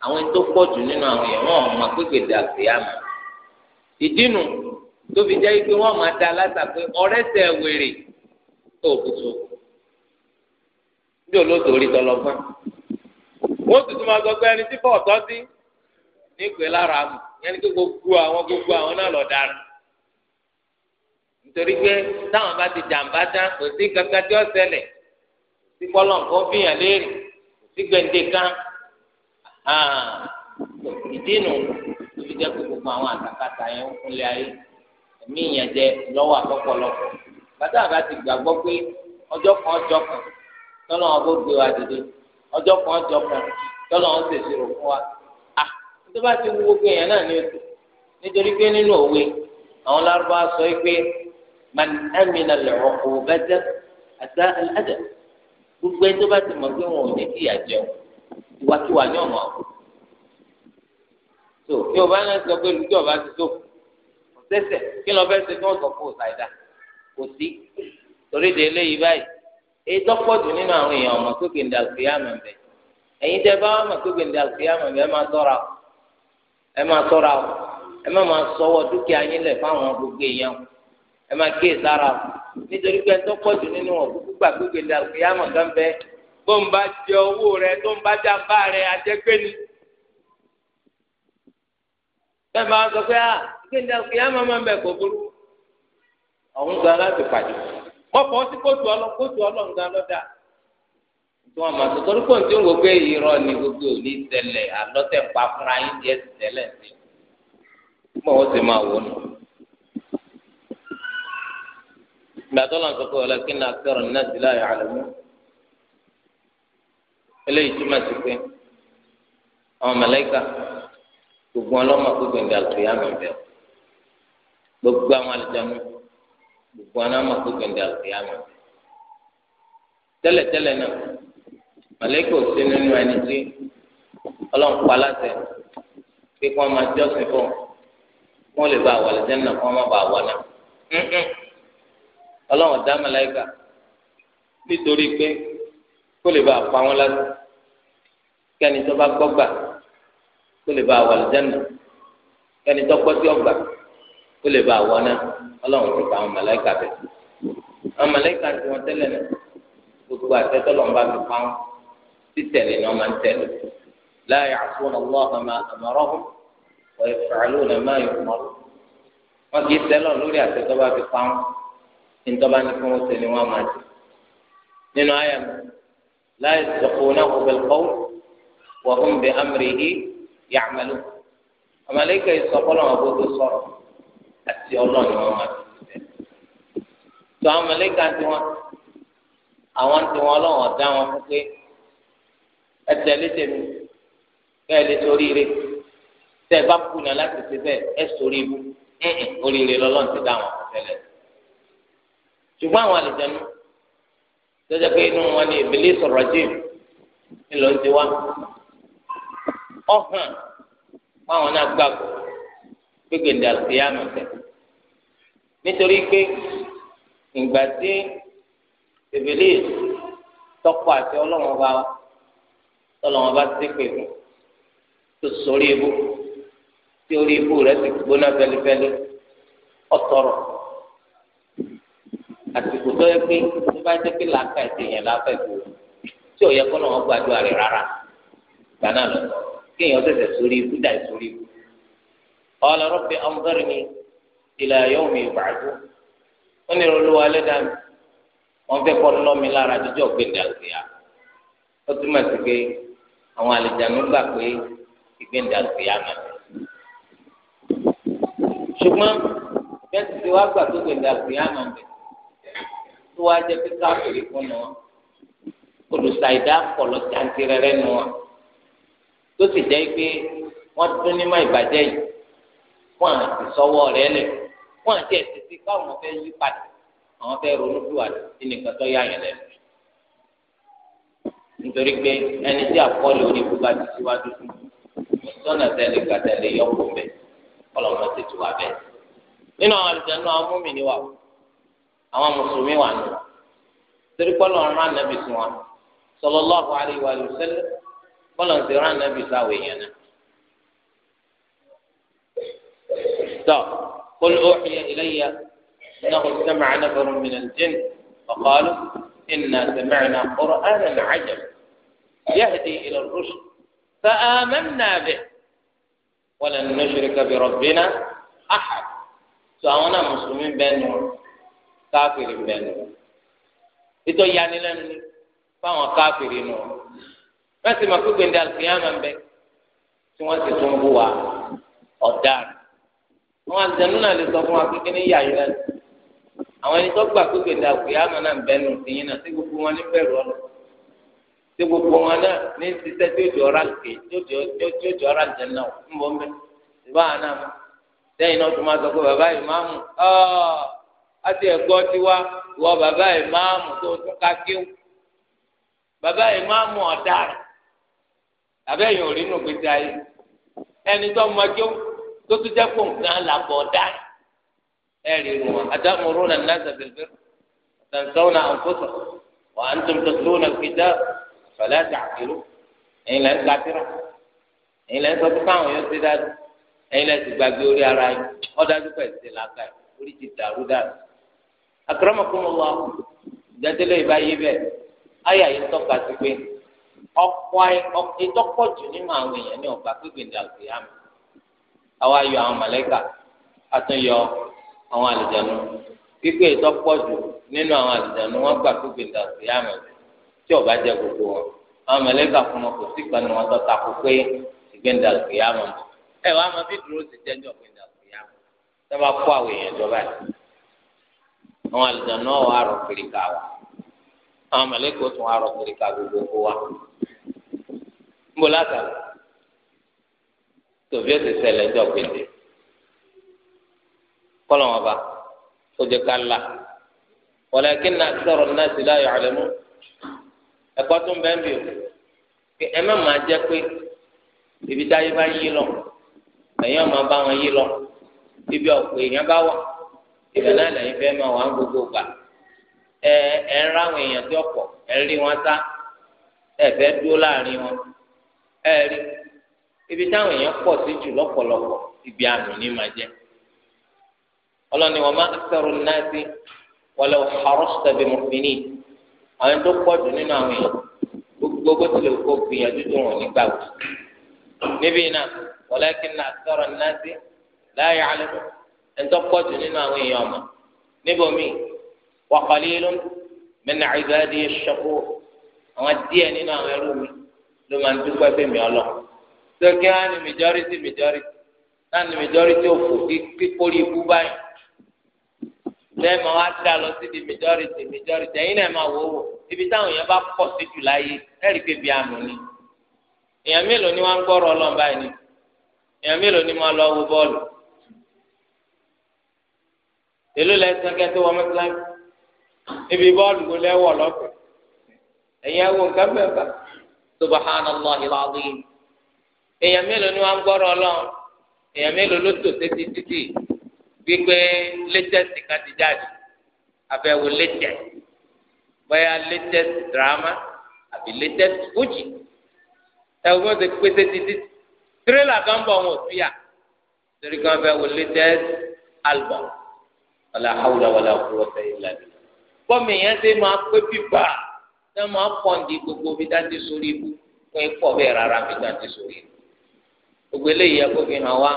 àwọn tó jù nínú àwọn èèyàn wọn ọmọ pé gbèdé ìdínú tóbi jẹ́ da aláta pé ọ̀rẹ́ wèrè tó kùtù orí fún sọ pé ẹni tí sí nípè lára mu yẹn kí gbogbo àwọn gbogbo àwọn náà lọ dára nítorí pé táwọn bá ti jàǹbá tán kò sí kankan tí ó ṣẹlẹ̀ sí kọ́lọ̀ nǹkan fìyàn léèrè kò sí kan ìdí nu àwọn àtàkàtà yẹn ń kúnlẹ̀ ayé ẹ̀mí yẹn jẹ lọ́wọ́ bàtà bá gbàgbọ́ pé ọjọ́ kan ọjọ́ kan wa dìde ọjọ́ kan ọjọ́ kan fún tó bá ti wú gbogbo èèyàn náà ní oṣù nítorí pé nínú òwe àwọn lárúbá sọ pé man amina lọrọ kò bẹjẹ àti ẹdẹ gbogbo ẹni tó bá ti mọ̀ pé wọn ò ní kí ìyà jẹun ìwàkiwà ní ọmọ so bí o bá náà sọ pé lùjọ bá ti tó ọsẹsẹ kí lọ fẹẹ ṣe kí wọn sọ fún ọsàìdá kò sí torí de eléyìí báyìí èyí tọ́pọ̀ jù nínú àwọn èèyàn ọmọ pé kèndé àlùfíà mọ̀ bẹ́ẹ̀ ẹ̀yin tẹ́ bá wà mọ̀ pé kèndé àlùfíà mọ̀ bẹ́ẹ̀ máa tọ́ra o. ẹ máa ṣọ́ra o ẹ má máa sọwọ́ dúkìá yín lẹ̀ fáwọn gbogbo èèyàn o ẹ máa kí ìsára o nítorí pé ẹtọ́ pọ̀ jù nínú wọn owó rẹ tó ń rẹ àjẹgbẹ́ ni. máa sọ pé máa ń kó burú gan láti pàdé tí wọn máa tó torí pọ̀ tí ń wo pé irọ́ ni gbogbo òní tẹ̀lẹ̀ àlọ́tẹ̀ pa fúnra yín díẹ̀ sí tẹ́lẹ̀ sí i mọ̀ wọ́n sì máa wò nù. ìgbà tó lọ́n sọ ọ̀la kí ni akẹ́rọ̀ náà ti láàyè àlùmọ́ eléyìí túmọ̀ sí pé àwọn mẹlẹ́kà gbogbo ọlọ́mọ gbogbo ìgbà tó yá mi bẹ̀rù gbogbo àwọn alìjánu gbogbo àwọn gbogbo ìgbà tó yá mi bẹ̀rù tẹ́lẹ̀tẹ́lẹ̀ náà mọ̀lẹ́kọ̀ sí nínú ẹni tí ọlọ́run pa láṣẹ pé kí wọ́n máa jọ́sìn fún kí wọ́n lè bá àwọn àlùjẹ́ náà kí wọ́n má bá àwọn náà ọlọ́run dá mọ̀lẹ́kà nítorí pé kó lè bá pa wọn láṣẹ kẹ́ni tó bá gbọ́ gbà kó lè bá àwọn àlùjẹ́ náà kẹ́ni tó gbọ́ sí ọgbà kó lè bá àwọn náà ọlọ́run ti pa àwọn mọ̀lẹ́kà bẹ̀ àwọn mọ̀lẹ́kà tí wọ́n tẹ́lẹ̀ náà gbogbo àtẹ́tọ́lọ́run bá fi pa wọn títẹ̀lé ni wọ́n máa ń tẹ̀lé la ya'suna Allaha ma amarahum wa yaf'aluna ma yu'marun wọn kì í tẹ́lọ̀ lórí àti tọ́ba fi pa wọn ní tọ́ba ní kí wọ́n ṣe ni wọ́n máa ṣe nínú àyà mi la yasbiqunahu bil qawl wa hum bi amrihi ya'malun ọmọlẹ́kẹ̀ ìsọ̀kọ́lọ̀ wọn sọ̀rọ̀ àti ọlọ́ọ̀ni wọn máa fi ẹtẹlẹ tẹmí bẹ́ẹ̀ lè sórí rẹ tẹ bá kùnà láti ṣe bẹ́ẹ̀ ẹ sórí ibú oríire lọlọrun ti dá àwọn àkọsẹlẹ ṣùgbọ́n àwọn àlejànú jẹjẹ pé inú wọn ni ìbílẹ̀ sọ̀rọ̀ jìm ńlọ ti wá ọ̀hún báwọn náà gbàgbọ́ gbégbé ndàlùfíà nù tẹ nítorí pé ìgbà tí ìbílẹ̀ tọkọ àti ọlọ́run bá wa tọ́lọ̀ wọn bá ṣépè fún tó sórí ibú tí orí ibú rẹ̀ ti gbóná fẹlifẹli ọ̀tọ̀rọ̀ àsìkò tó yẹ pé tó bá jẹ́ pé làákà ìdèyàn láfẹ́ kú tí ò yẹ kó lọ́wọ́ gbàdúrà rẹ̀ rárá gbaná lọ kéèyàn tẹ̀sẹ̀ sórí ibú dà sórí ibú. ọ̀la rọ́bì ọ̀nbẹ́rìnì ìlà yóò mi ìbàdú wọ́n ní olúwa lẹ́dàá mi wọ́n fẹ́ kọ́ lọ́mi lára jíjọ́ gbẹ̀dẹ̀ àgbẹ̀yà ó túmọ̀ sí pé àwọn àlejànú gbà pé ìgbéǹda ló yá mà ṣùgbọ́n bẹ́ẹ̀ ti wá gbà tó gbéǹda ló yá mà bẹ́ẹ̀ tó wá jẹ́ pé káfíìrì fún wọn olùsàìdá kọlọ jantirẹrẹ nu wọn tó sì jẹ́ pé wọ́n tún ní má ìbàjẹ́ yìí fún àti sọ́wọ́ rẹ̀ lẹ̀ fún àti ẹ̀sìn sí káwọn fẹ́ yí padà àwọn fẹ́ ronú bí wà nínú nǹkan tó yá yẹn lẹ́nu nítorí pé ẹni tí àkọọ́lẹ̀ oníbù bá ti síwájú fún sọ́nà tẹ́lẹ̀ gàtẹ́lẹ̀ yọ̀pọ̀ bẹ́ẹ̀ ọlọ́mọ ti tù wá bẹ́ẹ̀. nínú àwọn àlùjánu àwọn múmìnì wà àwọn mùsùlùmí wà nù wọn torí pọ́lọ̀ ń rán nàbì sí wọn sallallahu alaihi wa sallam pọ́lọ̀ ń ti rán nàbì sáwọ èèyàn náà. tọ́ قل أوحي إلي أنه استمع نفر من الجن فقالوا إنا سمعنا قرآنا عجبا يهدي إلى الرشد فآمنا به ولن نشرك بربنا أحد سوانا مسلمين بينهم كافرين بينهم ìtọ́ yanilẹ́nu ni fáwọn káfìrí nù wọ́n sì máa gbégbé ndé alùpùpù ń bẹ tí wọ́n sì tún bú wa ọ̀daràn àwọn àlùjẹ̀nu náà lè sọ fún wa kékeré ní yàyí lẹ́nu àwọn ẹni tó gbà gbégbé ndé alùpùpù náà ń bẹ nù sí yín náà sí gbogbo wọn ní bẹ̀rù ọlọ́ọ̀ tí gbogbo wọn náà ní tí ó di ọ̀rá lùkè tí ó di ọ̀rá lùjẹ́ náà ń bọ̀ ìbá náà náà tó máa sọ pé bàbá ìmáàmù àti ẹ̀gbọ́ tiwa wọ bàbá ìmáàmù tó tún ká kíw bàbá ìmáàmù ọ̀daràn àbẹ́yìn òrí nù gbèsè ayé ẹni tó mọ kíw tó tún jẹ́ kó nǹkan fẹlẹ àtàkìlú ẹ̀yin lẹ ń katira ẹ̀yin lẹ ń sọ pé káwọn yóò ṣe dáadáa ẹ̀yin lẹ ti gbàgbé orí ara yìí ọdájú pẹ ṣe làákà yìí orí ti dàrú dàrú. akramakumullah ìdádélé ìbá yé bẹ́ẹ̀ àyà yìí tọ́ka sí pé ọ̀pọ̀ ìtọkọjù nínú àwọn èèyàn ní ọgbà pípé ìdàgbé àmì àwa yọ àwọn mọlẹka àtúnyọ àwọn àlùjànnú pípé ìtọkọjù nínú àwọn àlùjànnú wọn gbà pípé ìdàgbé àmì tí ọba jẹ gbogbo wọn àwọn mẹlẹka fún wọn kò sí kan ní wọn tó takò pé ìgbéǹda lùkìyà mọ ẹ wàá mọ bí dúró ti jẹjọ ìgbéǹda lùkìyà mọ tí wọn bá kó àwọn èèyàn jọba yìí àwọn àlùjọ náà wà rọ kiriká wa àwọn mẹlẹka ó tún wà rọ kiriká gbogbo wa níbo láta tòbí ó ti ṣẹlẹ̀ ẹjọ kọlọ wọn bá ó jẹ ká la walakinna akthara an-nasi la ya'lamun ẹ̀kọ́ tó ń bẹ ń bì o pé ẹ má máa jẹ pé ibi táyé bá yí lọ lẹ́yìn ọmọ bá wọn yí lọ ibi ọ̀pọ̀ èèyàn bá wà ibẹ̀ náà lẹ́yìn fẹ́ máa wà ń gbogbo gbà ẹ ẹ ń ráwọn èèyàn tí ọ̀pọ̀ ẹ ń rí wọn sá ẹ fẹ́ dúró láàrin wọn ẹ rí ibi táwọn èèyàn pọ̀ sí jù lọ́pọ̀lọpọ̀ ibi àmì ní máa jẹ ọlọ́ni wọn máa ń sọ̀rọ̀ náà sí wọlé ọ̀hárọ́sítẹ̀bẹ̀mọ̀fínì àwọn tó pọ̀jù nínú àwọn èèyàn gbogbo bó tilẹ̀ kó gbìyànjú tó wọn nígbà wò níbí náà walakin náà sọ̀rọ̀ náà sí láàyè alẹ́ ẹ̀ńtọ́ pọ̀jù nínú àwọn èèyàn ọ̀mọ̀ níbo mi wa qalilun min ibadi ash-shakur àwọn díẹ̀ nínú àwọn ẹrú mi ló máa ń dúpẹ́ fún mi ọlọ́ sókè á ní majority majority náà ní majority òfò kíkórí ikú báyìí lẹ́ẹ̀mọ́ wá dá lọ sí di majority majority ẹ̀yin náà máa wò ó wò ibi táwọn èèyàn bá pọ̀ sí jù láyé ẹ̀rí pé bí àmì ni èèyàn mélòó ni wọ́n ń gbọ́rọ̀ ọlọ́run báyìí ni èèyàn mélòó ni wọ́n lọ wo bọ́ọ̀lù èló lẹ́sìn kẹ́tọ́ wọ́n mẹ́tíláì ibi bọ́ọ̀lù wo lẹ́wọ̀ lọ́fẹ̀ẹ́ ẹ̀yin ẹ̀wọ̀ nǹkan bẹ́ẹ̀ bá subhanallah al-azim èèyàn mélòó ni wọ́n ń gbọ́rọ̀ ọlọ́run èèyàn mélòó ló tò sétí títì wípé latest kan ti jáde abẹ́wò latest bóyá latest drama àbí latest fújì ẹ̀wọ́n wọ́n ti pété títí tírélà kan bọ̀ wọn ò sí à torí kan fẹ́ wò latest album wàlá hawla wàlá quwwata illa billah bọ́mì yẹn ti máa pé bíbà ṣé máa pọ̀ǹdì gbogbo bí dáńtí sórí ibú fún ipò bẹ́ẹ̀ rárá bí dáńtí sórí ibú gbogbo eléyìí ẹ̀kọ́ fi hàn wá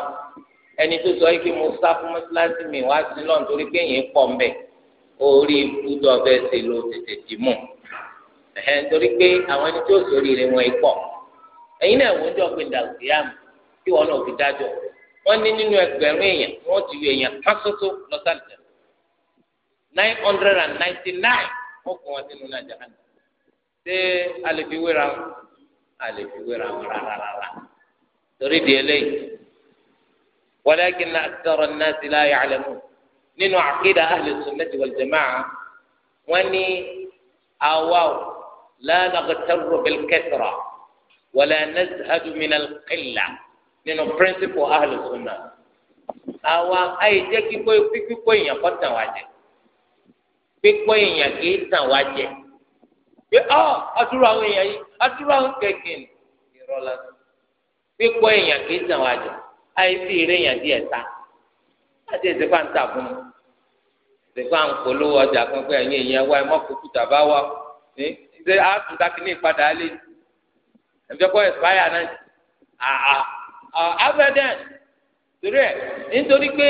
ẹni tó sọ yìí kí mo sá fún mọ́sálásí mi wá sí náà torí pé èyàn pọ̀ ń bẹ̀ orí ikú tó ọbẹ̀ ṣe ló tètè dì mú ẹ̀hẹ́ torí pé àwọn ẹni tó sórí rẹ̀ wọ́n pọ̀ ẹ̀yin náà wọ́n jọ pé dàgbéyàmù kí wọ́n náà fi dájọ́ wọ́n ní nínú ẹgbẹ̀rún èèyàn wọ́n ti yọ èèyàn kan ṣoṣo lọ́sàlùjẹ́ nine hundred and ninety nine wọ́n kọ́ wọn sínú náà jahannam ṣé alẹ́ fi wéra alẹ́ fi wéra rárá rárá torí di eléyìí walakin akthara an-nas la ya'lamun nínú àkídà ahli sunnati wal jama'a wọ́n ní àwa la naghtarru bil kathra wala nazhadu min al-qilla nínú píríncípù ahli sunna àwa àyè jẹ́ kíkó kíkó èèyàn kọ́ tàn wá jẹ kíkó èèyàn kì í tàn wá jẹ pé ọ adúrú àwọn èèyàn yìí adúrú àwọn kẹ̀kẹ́ ìrọ̀lá kíkó èèyàn kì í tàn wá jẹ àìsí ìrẹyìn díẹ̀ ta láti ẹsẹ̀ fà ń tà fún un ẹsẹ̀ fà ń polówó ọjà kan pé ẹ̀yin èèyàn wa ẹ mọ́ kókó tàbá wa ní ṣe àtúntà kìíní ìpadà á lé ẹ̀fẹ́ kọ́ ẹ̀fáyà náà àà abadan torí ẹ̀ nítorí pé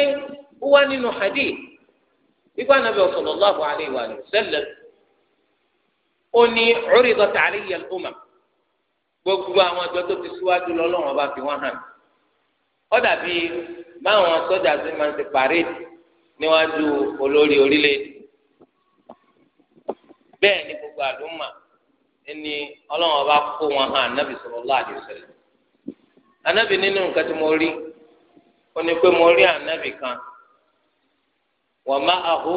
ó wá nínú hadith ikú anabi sallallahu alaihi wa sallam ó ní uridat alayya al-umam gbogbo àwọn ọjọ́ tó ti síwájú lọ́lọ́run ó dàbí báwọn sọ́jà sí máa ń ṣe parade níwájú olórí orílẹ̀-èdè bẹ́ẹ̀ ni gbogbo àdúmà ẹni ọlọ́run ọba kó wọn hàn ànábì sallallahu alaihi wasallam ànábì nínú nǹkan tí mo rí ó ní pé mo rí ànábì kan wa ma'ahu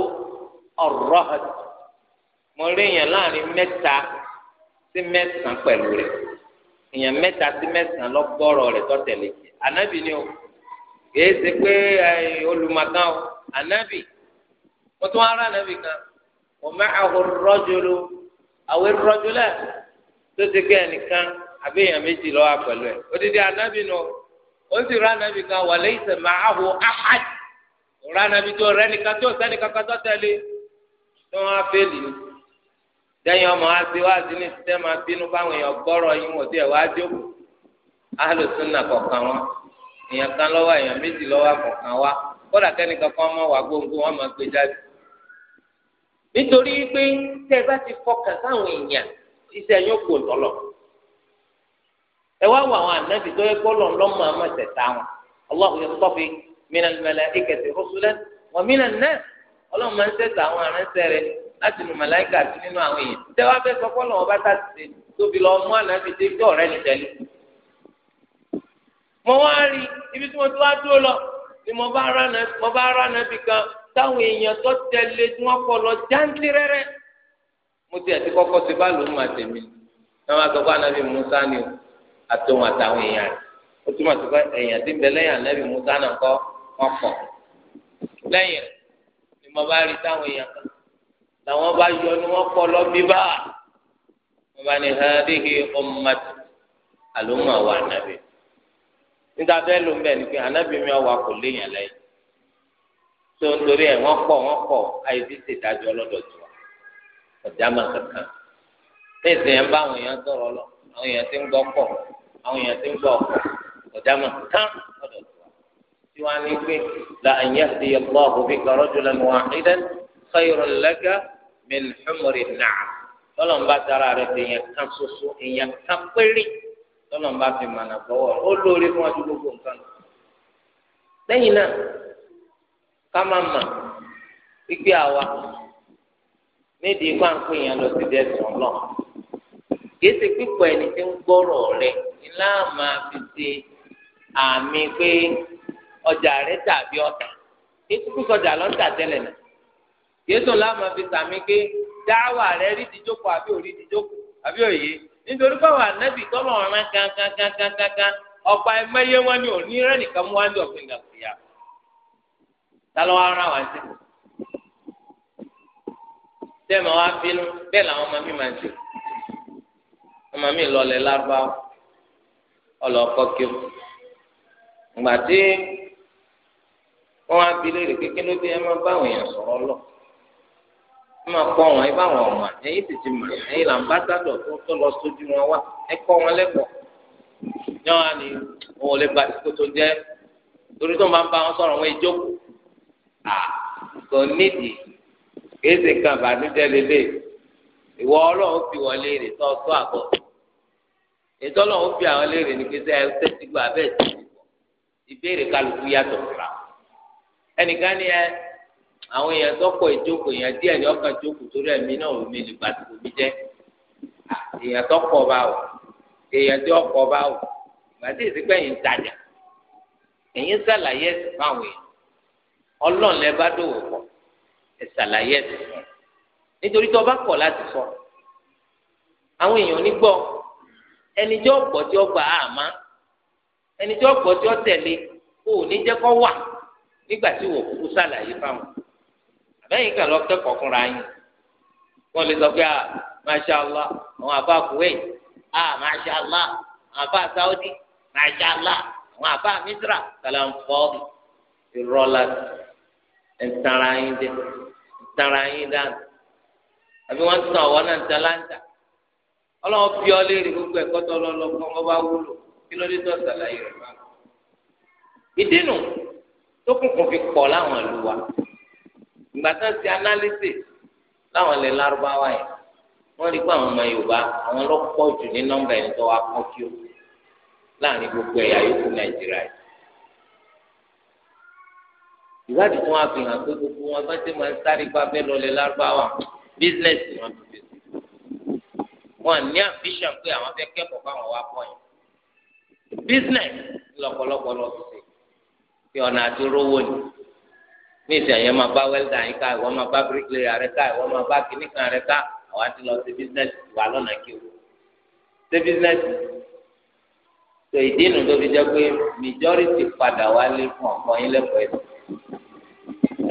ar-rahd mo rí èèyàn láàrin mẹ́ta sí mẹ́sàn-án pẹ̀lú rẹ̀ èèyàn mẹ́ta sí mẹ́sàn-án lọ́gbọ́rọ̀ rẹ̀ tọ́tẹ̀lé ànábì ni o kìí ṣe pé olùmọ̀kan o ànábì mo tún ara ànábì kan wa ma'ahu ar-rajulu aw ar-rajulan tó ti kẹ́ ẹnìkan àbí èèyàn méjì lọ́wọ́ pẹ̀lú ẹ̀ odidi ànábì nù o sì rà ànábì kan wa laysa ma'ahu ahad rà ànábì tó rẹ́nìkan tó sẹ́nìkan kan tọ́tẹ̀lé tí wọ́n á fẹ́ẹ́ lì lẹ́yìn ọmọ wa ti wá sí ní sísẹ máa bínú èèyàn gbọrọ yín wò sí ẹ wá jókòó alùsùn nà èèyàn kan lọ́wọ́ èèyàn méjì lọ́wọ́ kọ̀ọ̀kan wa kódà kẹ́ni kankan ọmọ wa gbogbo wọn máa gbé jáde. nítorí pé ẹ bá ti fọkàn sáwọn èèyàn yóò ẹ wá àwọn ànábì tó yẹ wọn máa ń àwọn láti nu màláìkà àti nínú àwọn èèyàn tẹ́wọ́ abẹ́ sọ fọ́lọ́ wọn bá tà sí tóbi lọ mú ànábì dé bí ọ̀rẹ́ ní tẹ́lẹ̀. mo wá rí ibi tí mo ti wá dúró lọ ni mo bá rà ànábì kan táwọn èèyàn tó tẹ̀lé tí wọ́n kọ lọ jáǹtì rẹ́rẹ́. mo ti ẹ̀sìn kọ́kọ́ ti bá lòun máa tẹ̀mí náà wá sọ fún ànábì Musa ni o àtòun àtàwọn èèyàn rẹ̀ o túmọ̀ sí pé èèyàn ti ń bẹ lẹ́yìn ànábì Musa náà kọ́ wọ́n kọ̀ lẹ́yìn ni mo bá rí táwọn èèyàn kan làwọn bá yọ ni wọ́n kọ́ lọ bíbá wọ́n bá ní hadihi ummati àlùmọ̀ wà nàbẹ̀ níta fẹ́ ló ń bẹ̀ ni pé ànábì mi wà kò léèyàn lẹ́yìn tó ń torí ẹ̀ wọ́n kọ̀ wọ́n kọ̀ àyèsí ṣèdájọ́ ọlọ́dọ̀ tó wa ọ̀dà máa kankan bẹ́ẹ̀ sì ń bá àwọn èèyàn sọ̀rọ̀ lọ àwọn èèyàn ti ń gbọ́ pọ̀ àwọn èèyàn ti ń gbọ́ ọ̀pọ̀ ọ̀dà máa kán ọ̀dọ̀ tó wa tí wọ́n á ní pé la an yahdiya Allahu bika rajulan wahidan khayrun laka min humri naam tọ́lọ́mbà tara rẹ̀ fi yẹn kan ṣoṣo ìyẹn kan péré tọ́lọ́mbà fi mànà bọ́wọ́ ó lórí fún ọdún gbogbo nǹkan. lẹ́yìn náà ká máa mà àwa nídìí pàǹpẹ́ yẹn lọ sí dẹ́sán lọ. fi ṣe àmì pé ọjà tàbí lọ́tà tẹ́lẹ̀ náà. kéésùn láàmú fi sàmì pé dáwà rẹ rí ìdíjókòó àbí òrí ìdíjókòó àbí òye nítorí báwa nẹ́bì tọ́lọ̀ ọ̀ràn kankankankankan ọ̀pá ẹ̀mẹ́yẹ wọn ni òní rẹ̀ nìkan mú wá ní ọ̀gbìn gàkúyà tálọ́ wá rán wá sí tẹ́ẹ̀mà wá bínú bẹ́ẹ̀ làwọn ọmọ mi máa ń ṣe ọmọ mi lọlẹ̀ lárúbáwá ọlọ́ọ̀kọ́ kí o ìgbà tí wọ́n á bi léèrè kékeré bí ẹ máa bá àwọn èèyàn sọ̀rọ̀ lọ́ọ̀ ẹ máa kọ́ wọn ẹ bá wọn ọmọ ẹ̀yin sì ti mọ̀ ẹ̀yin là ń bá sádọ tó tó lọ sójú wọn wá ẹ kọ́ wọn lẹ́kọ̀ọ́ yọ wá ní òun lè gba àsìkò tó jẹ torí tó ń bá ń bá wọn sọ̀rọ̀ wọn ìjókòó à kò nídìí kéésì kan bàtújẹ lélẹ̀ ìwọ Ọlọ́run fi wọn léèrè tó tó àbọ ètò Ọlọ́run fi àwọn léèrè ní kéésì ẹ tẹsí gbọ abẹ ìbéèrè kálukú yàtọ̀ síra ẹnìkan ni ẹ àwọn èèyàn tọkọ ìjókòó èèyàn díẹ̀ ní ọkàn ìjókòó torí ẹ̀mí náà omi lè gbàdúgbò mi jẹ èèyàn tọkọ bá wò èèyàn tí ọkọ bá wò gbàdé ìsìnkú ẹ̀yìn tajà ẹ̀yìn sàlàyé ẹ̀sìn fáwọn èèyàn ọlọ́run lẹ bá dòwò pọ̀ ẹ̀ sàlàyé ẹ̀sìn fún un nítorí tó bá kọ̀ láti sọ àwọn èèyàn ní ẹni tí ọ̀pọ̀ tí ó gbà á má ẹni tí ọ̀pọ̀ tí ó tẹ̀lé kò ní jẹ́ kó wà nígbà tí wò kúkú sàlàyé fáwọn lẹ́yìn kan lọ kẹ́kọ̀ọ́ fúnra yín wọ́n lè sọ pé ah masha allah àwọn àbá kuwait ah masha allah àwọn àbá saudi masha allah àwọn àbá misra kàlàǹfọ́ọ̀dù ìrọ́lá ntara yín dẹ ntara yín dànù àbí wọ́n tún àwọn náà ntara ń tà ọlọ́wọ́ fi ọ léèrè gbogbo ẹ̀kọ́ tó lọ lọ fún ọ wúlò kí ló dé tó ṣàlàyé rẹ̀ bá. ìdínú tó kùnkùn fi pọ̀ láwọn ìlú wa ìgbà tó ń ṣe analysis láwọn ilẹ̀ lárúbáwá yẹn wọ́n rí pé àwọn ọmọ yorùbá àwọn lọ́pọ̀ jù ní nọ́mbà ẹni tó wá kọ́ kí o láàrin gbogbo ẹ̀yà yòókù nàìjíríà yìí. ìwádìí tí wọ́n á fi hàn pé gbogbo wọn bá ti máa ń sáré gba bẹ́ẹ̀ lọ́lẹ̀ lárúbáwá Business, ni wọ́n ti fi sí. wọ́n ní àfihàn pé àwọn fẹ́ kẹ́kọ̀ọ́ fáwọn wá pọ̀ yẹn. bísínẹ́sì lọ́pọ̀lọpọ̀ lọ sí pé ọ̀nà àti rówó ni ní ìsìn àyẹ̀ máa bá wẹ́lda yín ká ìwọ máa bá bíríkìlẹ̀ rẹ ká ìwọ máa bá kìnnìkan rẹ ká àwọn àti lọ sí bísínẹ́sì wà lọ́nà kí o ṣe bísínẹ́sì tó ìdí inú tó fi jẹ́ pé majority padà wálé fún ọ̀pọ̀ yín lẹ́kọ̀ọ́ ẹ̀sìn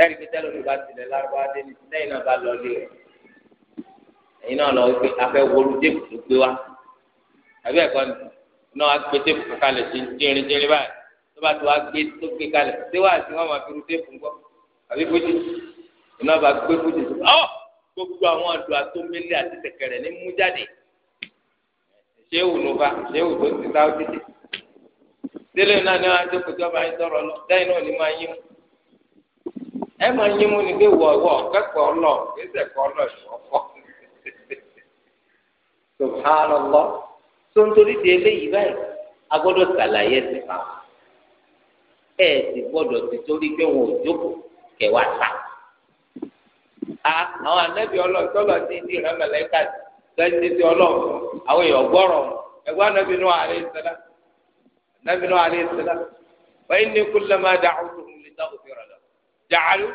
ẹ̀rí pé tẹ́lómi bá tilẹ̀ lárúbáwá dé ní sẹ́yìn náà bá lọ lé rẹ̀ ẹ̀yin náà lọ wípé afẹ́ wọlú dépù tó gbé wa àbí ẹ̀kọ́ náà wá gbé dépù kalẹ̀ jẹrin jẹrin báyìí tó bá tó wá gbé tó gbé kalẹ̀ tí wàá sí máa fi ru dépù ńkọ́ àbí fújì iná bá gbé fújì tó ọ gbogbo àwọn àdó àtọmẹlẹ àti tẹkẹrẹ ní mú jáde ṣéwù nùbà ṣéwù tó ti sáwọ́ títì délé náà ni wọn á dókòó tó bá yín sọ̀rọ̀ lọ dáì náà ni máa yín ẹ máa yín mú ni pé wọ̀ọ̀wọ̀ kẹ́kọ̀ọ́ lọ ẹsẹ̀ kọ́ lọ ìwọ̀kọ́ subhanallah tó ń torí di eléyìí báyìí a gbọ́dọ̀ ṣàlàyé ẹsẹ̀ fáwọn ẹ̀ sì gbọ́dọ̀ ti torí pé wọn ò jókòó. A ta a àwọn anabi ọlọ́tọ́lọ́ ti di ìrànlọ́lẹ́ka tẹ́tí ti ọlọ́run àwọn èèyàn gbọ́rọ̀ ẹ̀gbọ́n anabi nù alẹ́ sẹ́lá anabi nù alẹ́ sẹ́lá wọ́n ní kúlẹ̀ máa tó múlẹ̀ tá òfin rẹ̀ lọ. jàálù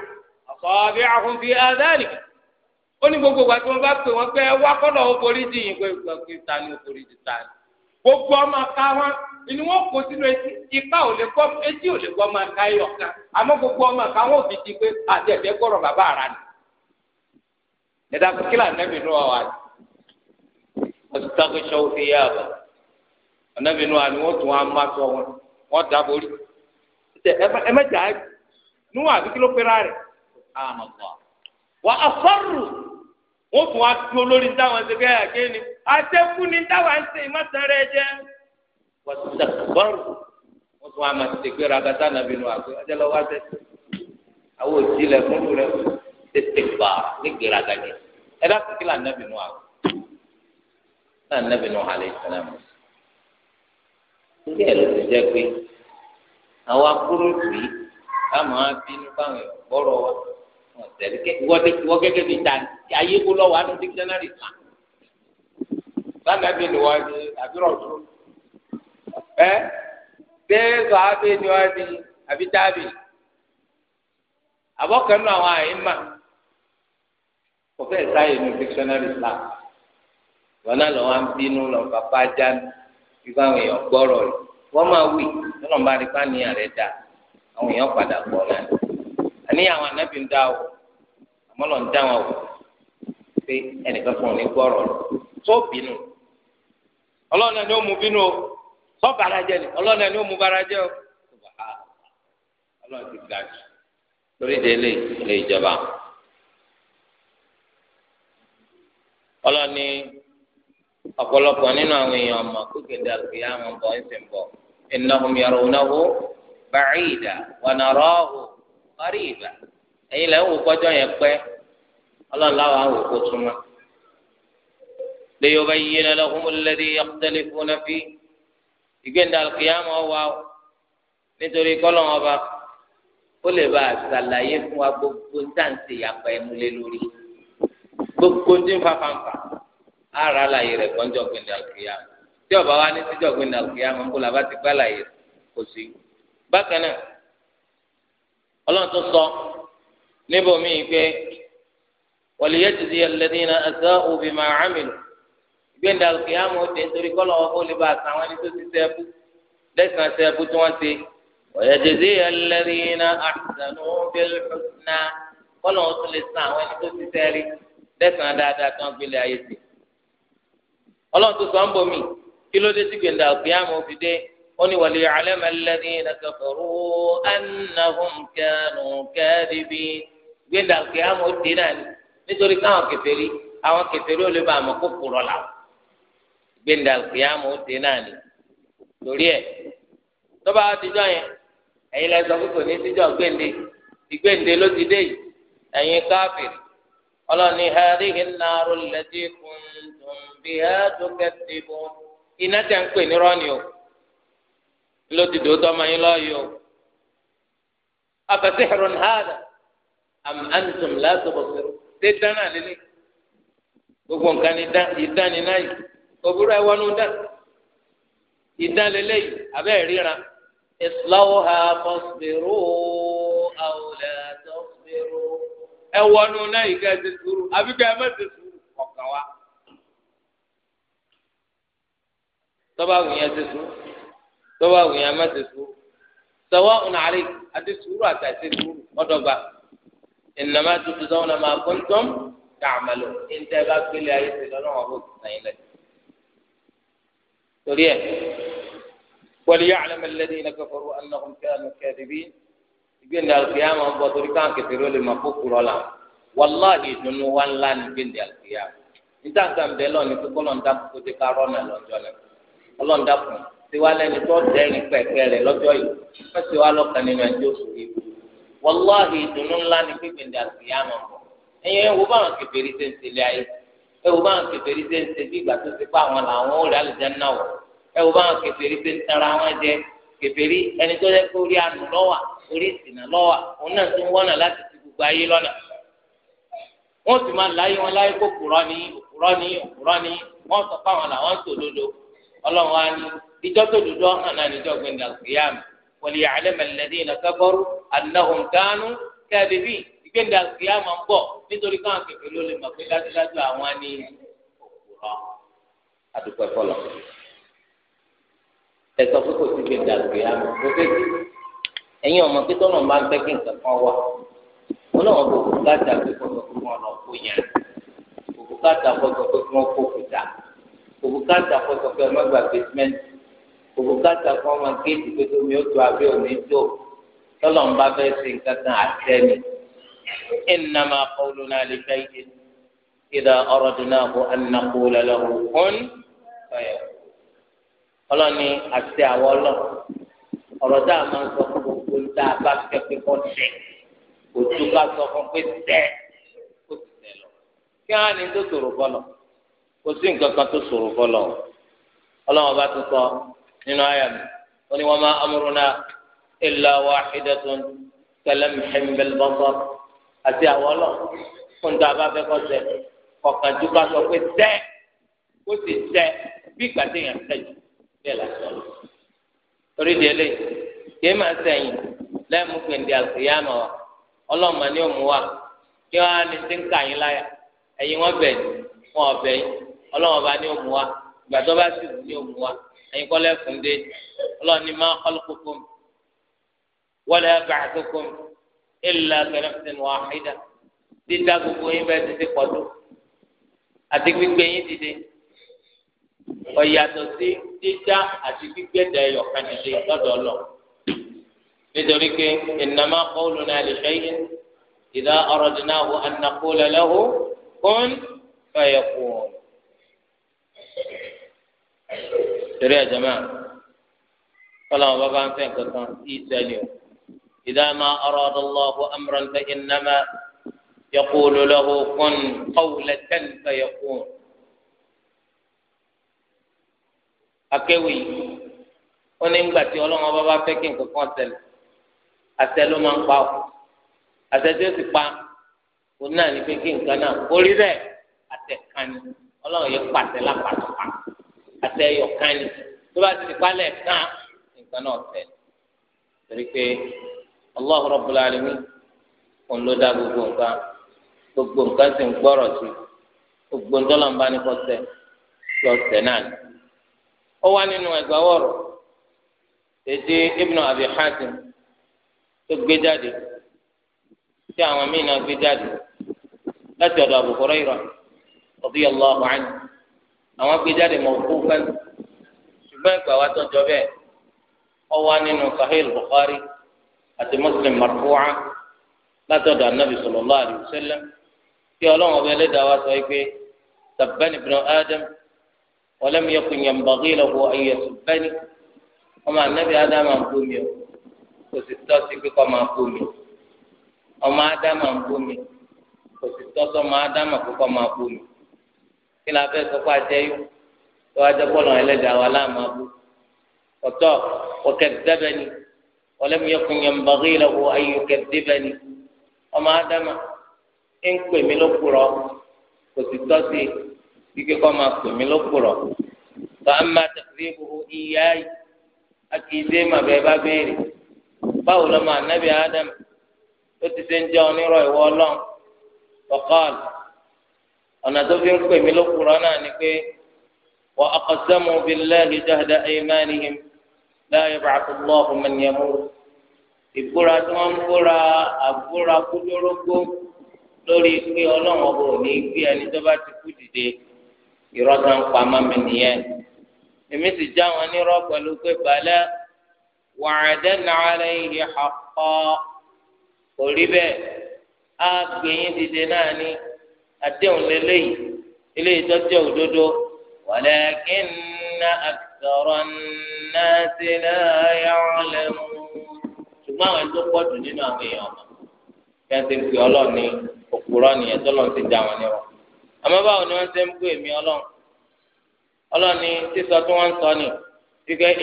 ọ̀sọ́bí àhùn fi gbogbo bá pè pé ó ta ni ó inú wọn kó sínú etí ipa ò lè kọ etí ò lè gbọ́ ọmọ ẹ̀ka ẹyọ kan àmọ́ gbogbo ọmọ wọn fi di pé àti gbọrọ bàbá ara ni nẹbi nù ọwà ni ọtí sọwọ yá nù wọn tún wọn sọ wọn wọn dábòrí ẹ mẹjà nù àbí rẹ wà á fọrù wọn tún wọn tún olórí ṣe wàtúndàkùbọ́rù wọ́n tún wá máa ti tẹ̀gbẹ́ ra gata nàbí nu àgbẹ̀ ọjọ́ lọ́wọ́ àtẹ àwọn òtí lẹ̀ fún fún rẹ tètè gbà ní gbèrà gàdé ẹ dá kìkì là nàbí nu àgbẹ̀ là nàbí nu àlẹ́ ìsàlámù torí ẹ̀ ló ti jẹ́ pé àwọn akúrò tì í káwọn abínú káwọn èèyàn wa wọn tẹ̀lé wọ́n gẹ́gẹ́ bíi ta ayé kó lọ́wọ́ àdúgbò dictionary kan lánàá bí ni àbí rọ̀ dúró. ẹ ṣé sọ̀hábì ni àbí tábì àbọ̀kẹ́nu àwọn àyínmà kò fẹ́ẹ̀ sáyé nu dictionary Islam wọn náà wa bínú lọ́wọ́ bàbá jáde fífa àwọn èèyàn gbọ́rọ̀ rẹ̀ wọ́n máa wí lọ́nà bá rí padà àníyàn o n o fún ní tó sọ barajẹ ni ọlọ́run náà ni ó mú barajẹ o ọlọ́run ti ga jù lórí de ilé ilé ìjọba ọlọ́run ni ọ̀pọ̀lọpọ̀ nínú àwọn èèyàn ọmọ kókèdè àgbéyà àwọn ọmọ ẹ̀sìn bọ̀ innahum yarawnahu ba'ida wa narahu qariba ẹ̀yin lẹ́yìn wò kọjọ́ yẹn pẹ́ ọlọ́run láwọn àwọn òkú túmọ̀ lè yọba yíyẹn lọ́kùnrin lẹ́dí yọ̀kútẹ́lẹ́fọ́nà fi ìgbéǹda kìyàmù ọwà o nítorí kọ́lọ́n ọba ó lè bá àṣàlàyé fún wa gbogbo dáǹtì ìyàpá ẹnu lé lórí gbogbo ní fàfàǹfà ara àlàyé rẹ̀ gbọ́njọ́ gbéǹda kìyàmù tí ọba wa ní tíjọ́ gbéǹda kìyàmù ńkó làbá ti gbá àlàyé kò sí bákan náà ọlọ́run tó sọ níbo míì pé wal yajzi alladhina asa'u bima 'amilu gbẹ̀ndà òkè àmọ́ òde nítorí kọ́lọ̀ wọn kó lè bá àtàwọn ẹni tó ti sẹ́ẹ̀bù lẹ́sàn-án sẹ́ẹ̀bù tí wọ́n ti ọ̀yẹ́dẹ́dẹ́ ẹlẹ́rìínà àtìsànú bẹ́ẹ̀ lọ́sùnà kọ́lọ̀ wọn tún lè san àwọn ẹni tó ti sẹ́ẹ̀rì lẹ́sàn-án dáadáa tán gbélé ayé sí. ọlọ́run tó sọ ń kí ló dé tí gbẹ̀ndà òkè àmọ́ òfi ó ní wàlẹ̀ alẹ́mọ̀ àwọn kèfèrí ó lè bá àmọ́ kó kúrọ̀ làwọn. gbẹ̀ndà kìyàmù ó dé náà ni torí ẹ̀ tọ́ba àtijọ́ yẹn ẹ̀yin lẹ sọ pé ní síjọ́ gbẹ̀ndé ló ti dé yìí ẹ̀yin káfíìrì ọlọ́ni hàríhì nàárò lẹ́tí kùntùn bí hàdùkẹ́ ti bọ́ iná tẹ̀ ń pè o ló ti dòótọ́ ọmọ yín o dáná gbogbo nǹkan yìí. òbúrò ẹ wọnú dán ìdánlélẹ́yìn abẹ́ ríra islawha fasbiru aw la tasbiru ẹ wọnú náà ìgbà ẹsẹ sùúrù àbíkẹ́ ẹ má ṣe sùúrù ọ̀kan wa tọ́ba wìyẹn ṣe sùúrù tọ́ba wìyẹn má ṣe sùúrù sawa'un alayk àti sùúrù àti àti sùúrù ọ̀dọ́gba innama tujzawna ma kuntum ta'malun ní tẹ́ bá gbélé ayé ti lọ́nà wọn bó ti lẹ́yìn torí ẹ̀ وليعلم الذين كفروا أنهم كانوا كاذبين ìgbéǹde àlùkìyàmù ọgbọ torí káwọn kẹfìrí olè máa kókó rọ la wàláhì ìdùnnú wa ńlá ní ìgbéǹde àlùkìyàmù níta nǹkan bẹ́ẹ̀ lọ ní kókó lọ́nà dákun kó dé ká rọ́nà lọ́jọ́ náà ọlọ́nà dákun tí wàá lẹ́ni tó dẹ́rìn pẹ̀pẹ́ rẹ̀ lọ́jọ́ yìí wọ́n ti wá lọ́kàn nínú ẹjọ́ sùn yìí wàláhì ìdùnnú ńlá ní ìgbéǹde àlùkìyàmù ọgbọ ẹ̀yin wo báwọn kẹfìrí ṣe ń ṣẹlẹ̀ ẹ wo báwọn kèfèrí ṣe ń ṣe bí ìgbà tó ṣe pa àwọn làwọn ò rí àlùjánnà wọ̀ ẹ wo báwọn kèfèrí ṣe ń tara wọn jẹ kèfèrí ẹni tó yẹ kó rí àánú lọ́wà orí ìsìnà lọ́wà òun náà tún wọ́nà láti ti gbogbo ayé lọ́nà wọ́n sì máa láyé wọn láyé kó kúrọ́ ní òkúrọ́ ní òkúrọ́ ní wọ́n sọ fáwọn làwọn ń sòdodo ọlọ́run wa ni ìjọ tó dodo hàn náà níjọ gbẹ̀ngàn kìyàmù gbẹ̀ndà kìlámà ń bọ̀ nítorí káwọn kẹfẹ́ ló lè mọ̀ pé dájúdájú àwọn ni òkúrọ̀ àdúgbò ẹ̀fọ́ lọ. ẹ pé kò sí gbẹ̀ndà kìlámà kò fẹ́ sí ẹ̀yin ọmọ pé tọ́nà máa ń fẹ́ kí nǹkan kan wà ọlọ́run kò kú káta pé kò sọ pé wọn lọ kó yẹn kò kú káta kò sọ pé wọn kó kúta kò kú káta kò sọ pé ọmọ gba basement kò kú káta kò ọmọ géètì pé tómi ó tó abẹ́ òní tó tọ́lọ̀ ń bá fẹ́ ṣe nǹkan kan àtẹ́ni. إنما قولنا لشيء إذا أردناه أن نقول له كن فيكون ọlọ́ni àti àwọn ọlọ́ ọ̀rọ̀ tá a máa ń sọ fún gbogbo tá a bá fẹ́ pé kọ́ tẹ̀ kò tún bá sọ tó sòrò fọlọ̀ kò sí nǹkan kan tó sòrò fọlọ̀ ọlọ́wọ́n bá tún sọ nínú àyà mi ó ní wa ma amruna illa wahidatun kalamhin àti àwọn ọlọ́run fún tó a bá fẹ́ kọ́ sẹ́ ọ̀kan tó bá sọ pé tẹ́ ó sì tẹ́ bí ìgbà tí èèyàn tẹ́ jù bẹ́ẹ̀ la sọ lọ. torí di eléyìí kí ẹ máa sẹ́yìn lẹ́ẹ̀mú gbèǹde àlùkìyàmọ̀ wa ọlọ́run mà ní òmù wa kí wọ́n á ní sí ń kà yín láyà ẹ̀yin wọ́n bẹ̀ yín wọ́n ọ̀bẹ̀ yín ọlọ́run ọba ní òmù wa ìgbà tó bá sì wù ní òmù wa ẹ̀yin kọ́lẹ́ fún dé ọlọ́run má khalqukum wala ba'thukum illa kẹlẹ́fẹ̀sìn wàhídà dídá gbogbo yín bẹ́ẹ̀ ti ti pọ̀jù àti gbígbé yín dìde ọ̀yàtọ̀ sí dídá àti gbígbé ẹ̀dá ẹ̀yọ̀kan dìde lọ́dọ̀ ọlọ́ nítorí pé innama qawluna li shay'in idha aradnahu an naqula lahu kun fayakun. torí ẹ̀jẹ̀ máa kọ́lá wọn bá bá ń fẹ́ nǹkan kan kí o. إذا ما أراد الله أمرا فإنما يقول له كن قولة فيكون akéwì ó ní ńgbà tí ọlọ́run ọba bá fẹ́ kí nǹkan kan ṣẹlẹ̀ àṣẹ ló máa ń pa ọ àṣẹ tí ó sì pa òun náà ní pé kí nǹkan náà orí bẹ́ẹ̀ àṣẹ kan ni ọlọ́run yóò pàṣẹ lápàtàpà àṣẹ ẹyọ kan ni tó bá ti palẹ̀ kan nǹkan náà ṣẹlẹ̀ torí pé Allahu Rabbul Alamin òun ló dá gbogbo nǹkan gbogbo nǹkan sì ń gbọ́rọ̀ sí gbogbo ńdọ́lọ́mbá ní kọ́sẹ̀ lọ sẹ̀ náà ni. ó wá nínú ẹgbà wọ̀rọ̀ èdè Ibn Abi Hatim tó gbé jáde tí àwọn míì náà gbé jáde láti ọ̀dọ̀ Abu Hurairah radiyallahu anhu àwọn gbé jáde mọ̀ kó fẹ́ ṣùgbọ́n ẹgbà wa tọ́jọ́ bẹ́ẹ̀ ó wá nínú Sahih Bukhari àti muslim marfu'a látọ̀dọ̀ anabi sallallahu alayhi wa sallam kí ọlọ́run ọba ẹlẹ́dàá wa sọ pé sabbani ibnu adam wa lam yakun yanbaghi lahu an yasubbani ọmọ anabi adam à ń bú mi o kò sì tọ́ sí pé kọ́ máa bú mi ọmọ adam à kò sì tọ́ sọ́mọ adam à máa bú kí la fẹ́ sọ pé àjẹyó tó wájú bọ́ọ̀lù ẹlẹ́dàá wa láàmú abú ọ̀tọ̀ ọ̀kẹ́ dẹ́bẹ̀ ni. ولم يكن ينبغي له أن يكذبني وما دام إن قم لقرا وستوسي يكي كما قم لقرا فأما تكذيبه إياي أكيدي ما بيبا بيري باو لما النبي آدم وتسنجوني روي والله فقال أنا تفين قم لقرا ناني وأقسموا بالله جهد أيمانهم لا يبعث الله من يموت ìbúra tí wọ́n ń búra àbúra lórógbó lórí pé ọlọ́run ọba ò ní gbé ẹni tó bá ti kú dìde ìrọ́ta ń pa mọ́mi nìyẹn èmi sì já wọn nírọ́ pẹ̀lú pé balẹ̀ bẹ́ẹ̀ á dìde náà ní àdéhùn lélẹ́yìí eléyìí tó jẹ́ òdodo ṣùgbọ́n àwọn tó pọ̀ jù nínú àwọn èèyàn ọ̀nà kẹ́ńtẹ́ pé ọlọ́ọ̀ni òkúrọ́ nìyẹn tó lọ́n ti dá wọn àmọ́ báwo ni wọ́n ṣe ń ọlọ́run sísọ tí wọ́n ń sọ ni tí wọ́n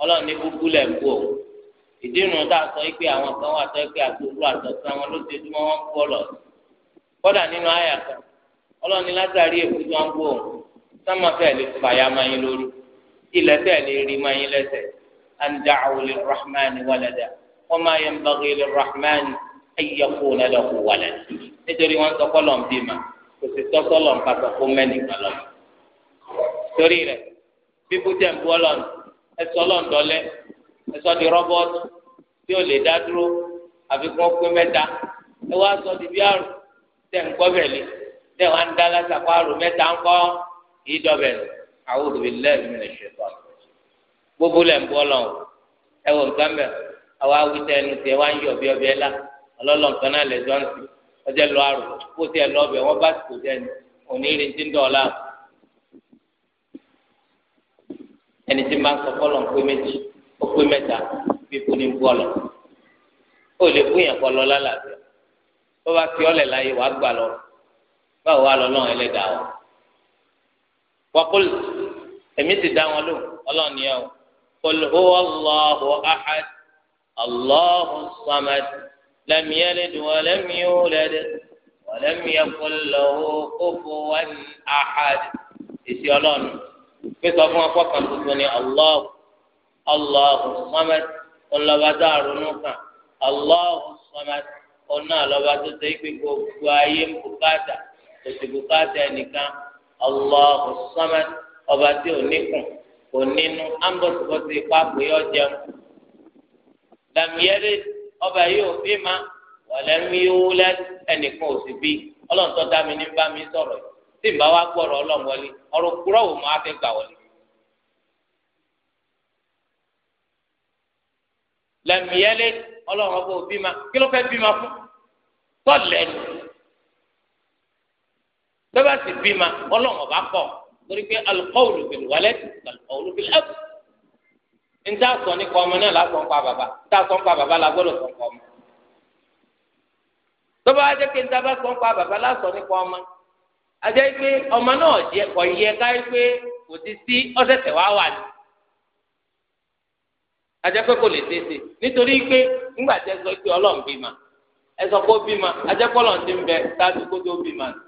o lẹ̀ ń ìdí ìrùn tá a sọ pé àwọn kan wà tó ọlọ́run ní látàrí èkó tí wọ́n ń bò ó sámà fẹ́ẹ̀ lè fàyà máa yín lórí ilẹ̀ fẹ́ẹ̀ lè rí máa yín lẹ́sẹ̀ an da'u lirrahman walada wa ma yanbaghi lirrahman an yakuna lahu walad nítorí wọ́n sọ kọ́ lọ́n bímọ kò sì tọ́ sọ́lọ́n pàtó kó mẹ́nìkan lọ. torí rẹ̀ bíbú tẹ̀ ń bú ọlọ́run ẹ̀sọ́ dọ́lẹ́ ẹ̀sọ́ di rọ́bọ́tù tí ó lè dá dúró àfikún pé mẹ́ta ẹ wá sọ di bí tẹ̀ ń gbọ́ bẹ̀lẹ́ tẹ wọn ń dá lásàkó àrò mẹ́ta ń kọ ìdọbẹ àwọn olùbílẹ ìmìlẹ ṣètò gbogbo lẹ ń bọ lọ ẹ wọ nǹkan bẹ àwọn awùtẹ ẹnu tiẹ wọn yọ bí ọbẹ la ọlọlọ nǹkan náà lẹ jọ ń sìn ọjọ lọ àrò kó tiẹ lọ bẹ wọn bá sùkò dẹni òní ìrètí ń dọ̀ọ́lá ẹni tí máa ń sọ fọlọ ń pé méjì ó pé mẹ́ta fífún ní bọ́ọ̀lù ó lè fún yẹn kọ́ lọ lálàáfíà tó bá fi ọ́lẹ̀ láyé wàá gbà lọ́rùn báwo wá lọ́lọ́run ẹlẹ́dàá o wọ́pọ̀l èmi ti dá wọn lò ọlọ́run ni ẹ o qul huwa Allahu ahad Allahu samad lam yalid wa lam yulad wa lam yakul lahu kufuwan ahad èsì ọlọ́run pé sọ fún ọkọ tuntun ni Allahu Allahu samad ọlọ́ba tá a samad ọ̀nà àlọ́ba tó ṣe é gbogbo ayé ń bùkátà tòṣìbùkátà ẹnìkan Allahu Samad ọba tí ò níkùn kò nínú ambọ̀sibọ̀sì pápẹ́ yọ jẹun làmìyẹ́rẹ́ ọba yóò bí ma wàlẹ́míwúlẹ́ ẹnìkan ò sì bí ọlọ́run tó dá mi ní bá mi sọ̀rọ̀ yìí tí n bá gbọ́rọ̀ ọlọ́run ọ̀rọ̀ kúrọ̀ wò máa fẹ́ gbà wọlé. lẹ́mìíyẹ́lé ọlọ́run ọba òbí ma kí ló fẹ́ bí ma fún tọ́lẹ̀ bẹ́ẹ̀ sì bímọ ọlọ́run ọba kọ̀ torí pé alukọ́wùlù bìlù wálẹ̀ alukọ́wùlù bìlù ẹ̀bù. ń tá a sọ nípa ọmọ náà lásán pa bàbá tá a sọ pa bàbá la gbọ́dọ̀ sọ pa ọmọ. tọ́ba ajẹ́ pé ń tá a bá sọ pa bàbá lásán nípa ọmọ ajẹ́ pé ọmọ náà jẹ kọ̀ yẹ ká pé kò ti sí ọ̀sẹ̀sẹ̀ wá wà ní. ajẹ́ pé kò lè tẹ̀sẹ̀ nítorí pé ńgbà tẹ́ sọ pé ọlọ́run bímọ ẹ sọ pé ó bímọ ajẹ́ pé ti ń bẹ sáájú kó tó bímọ nù.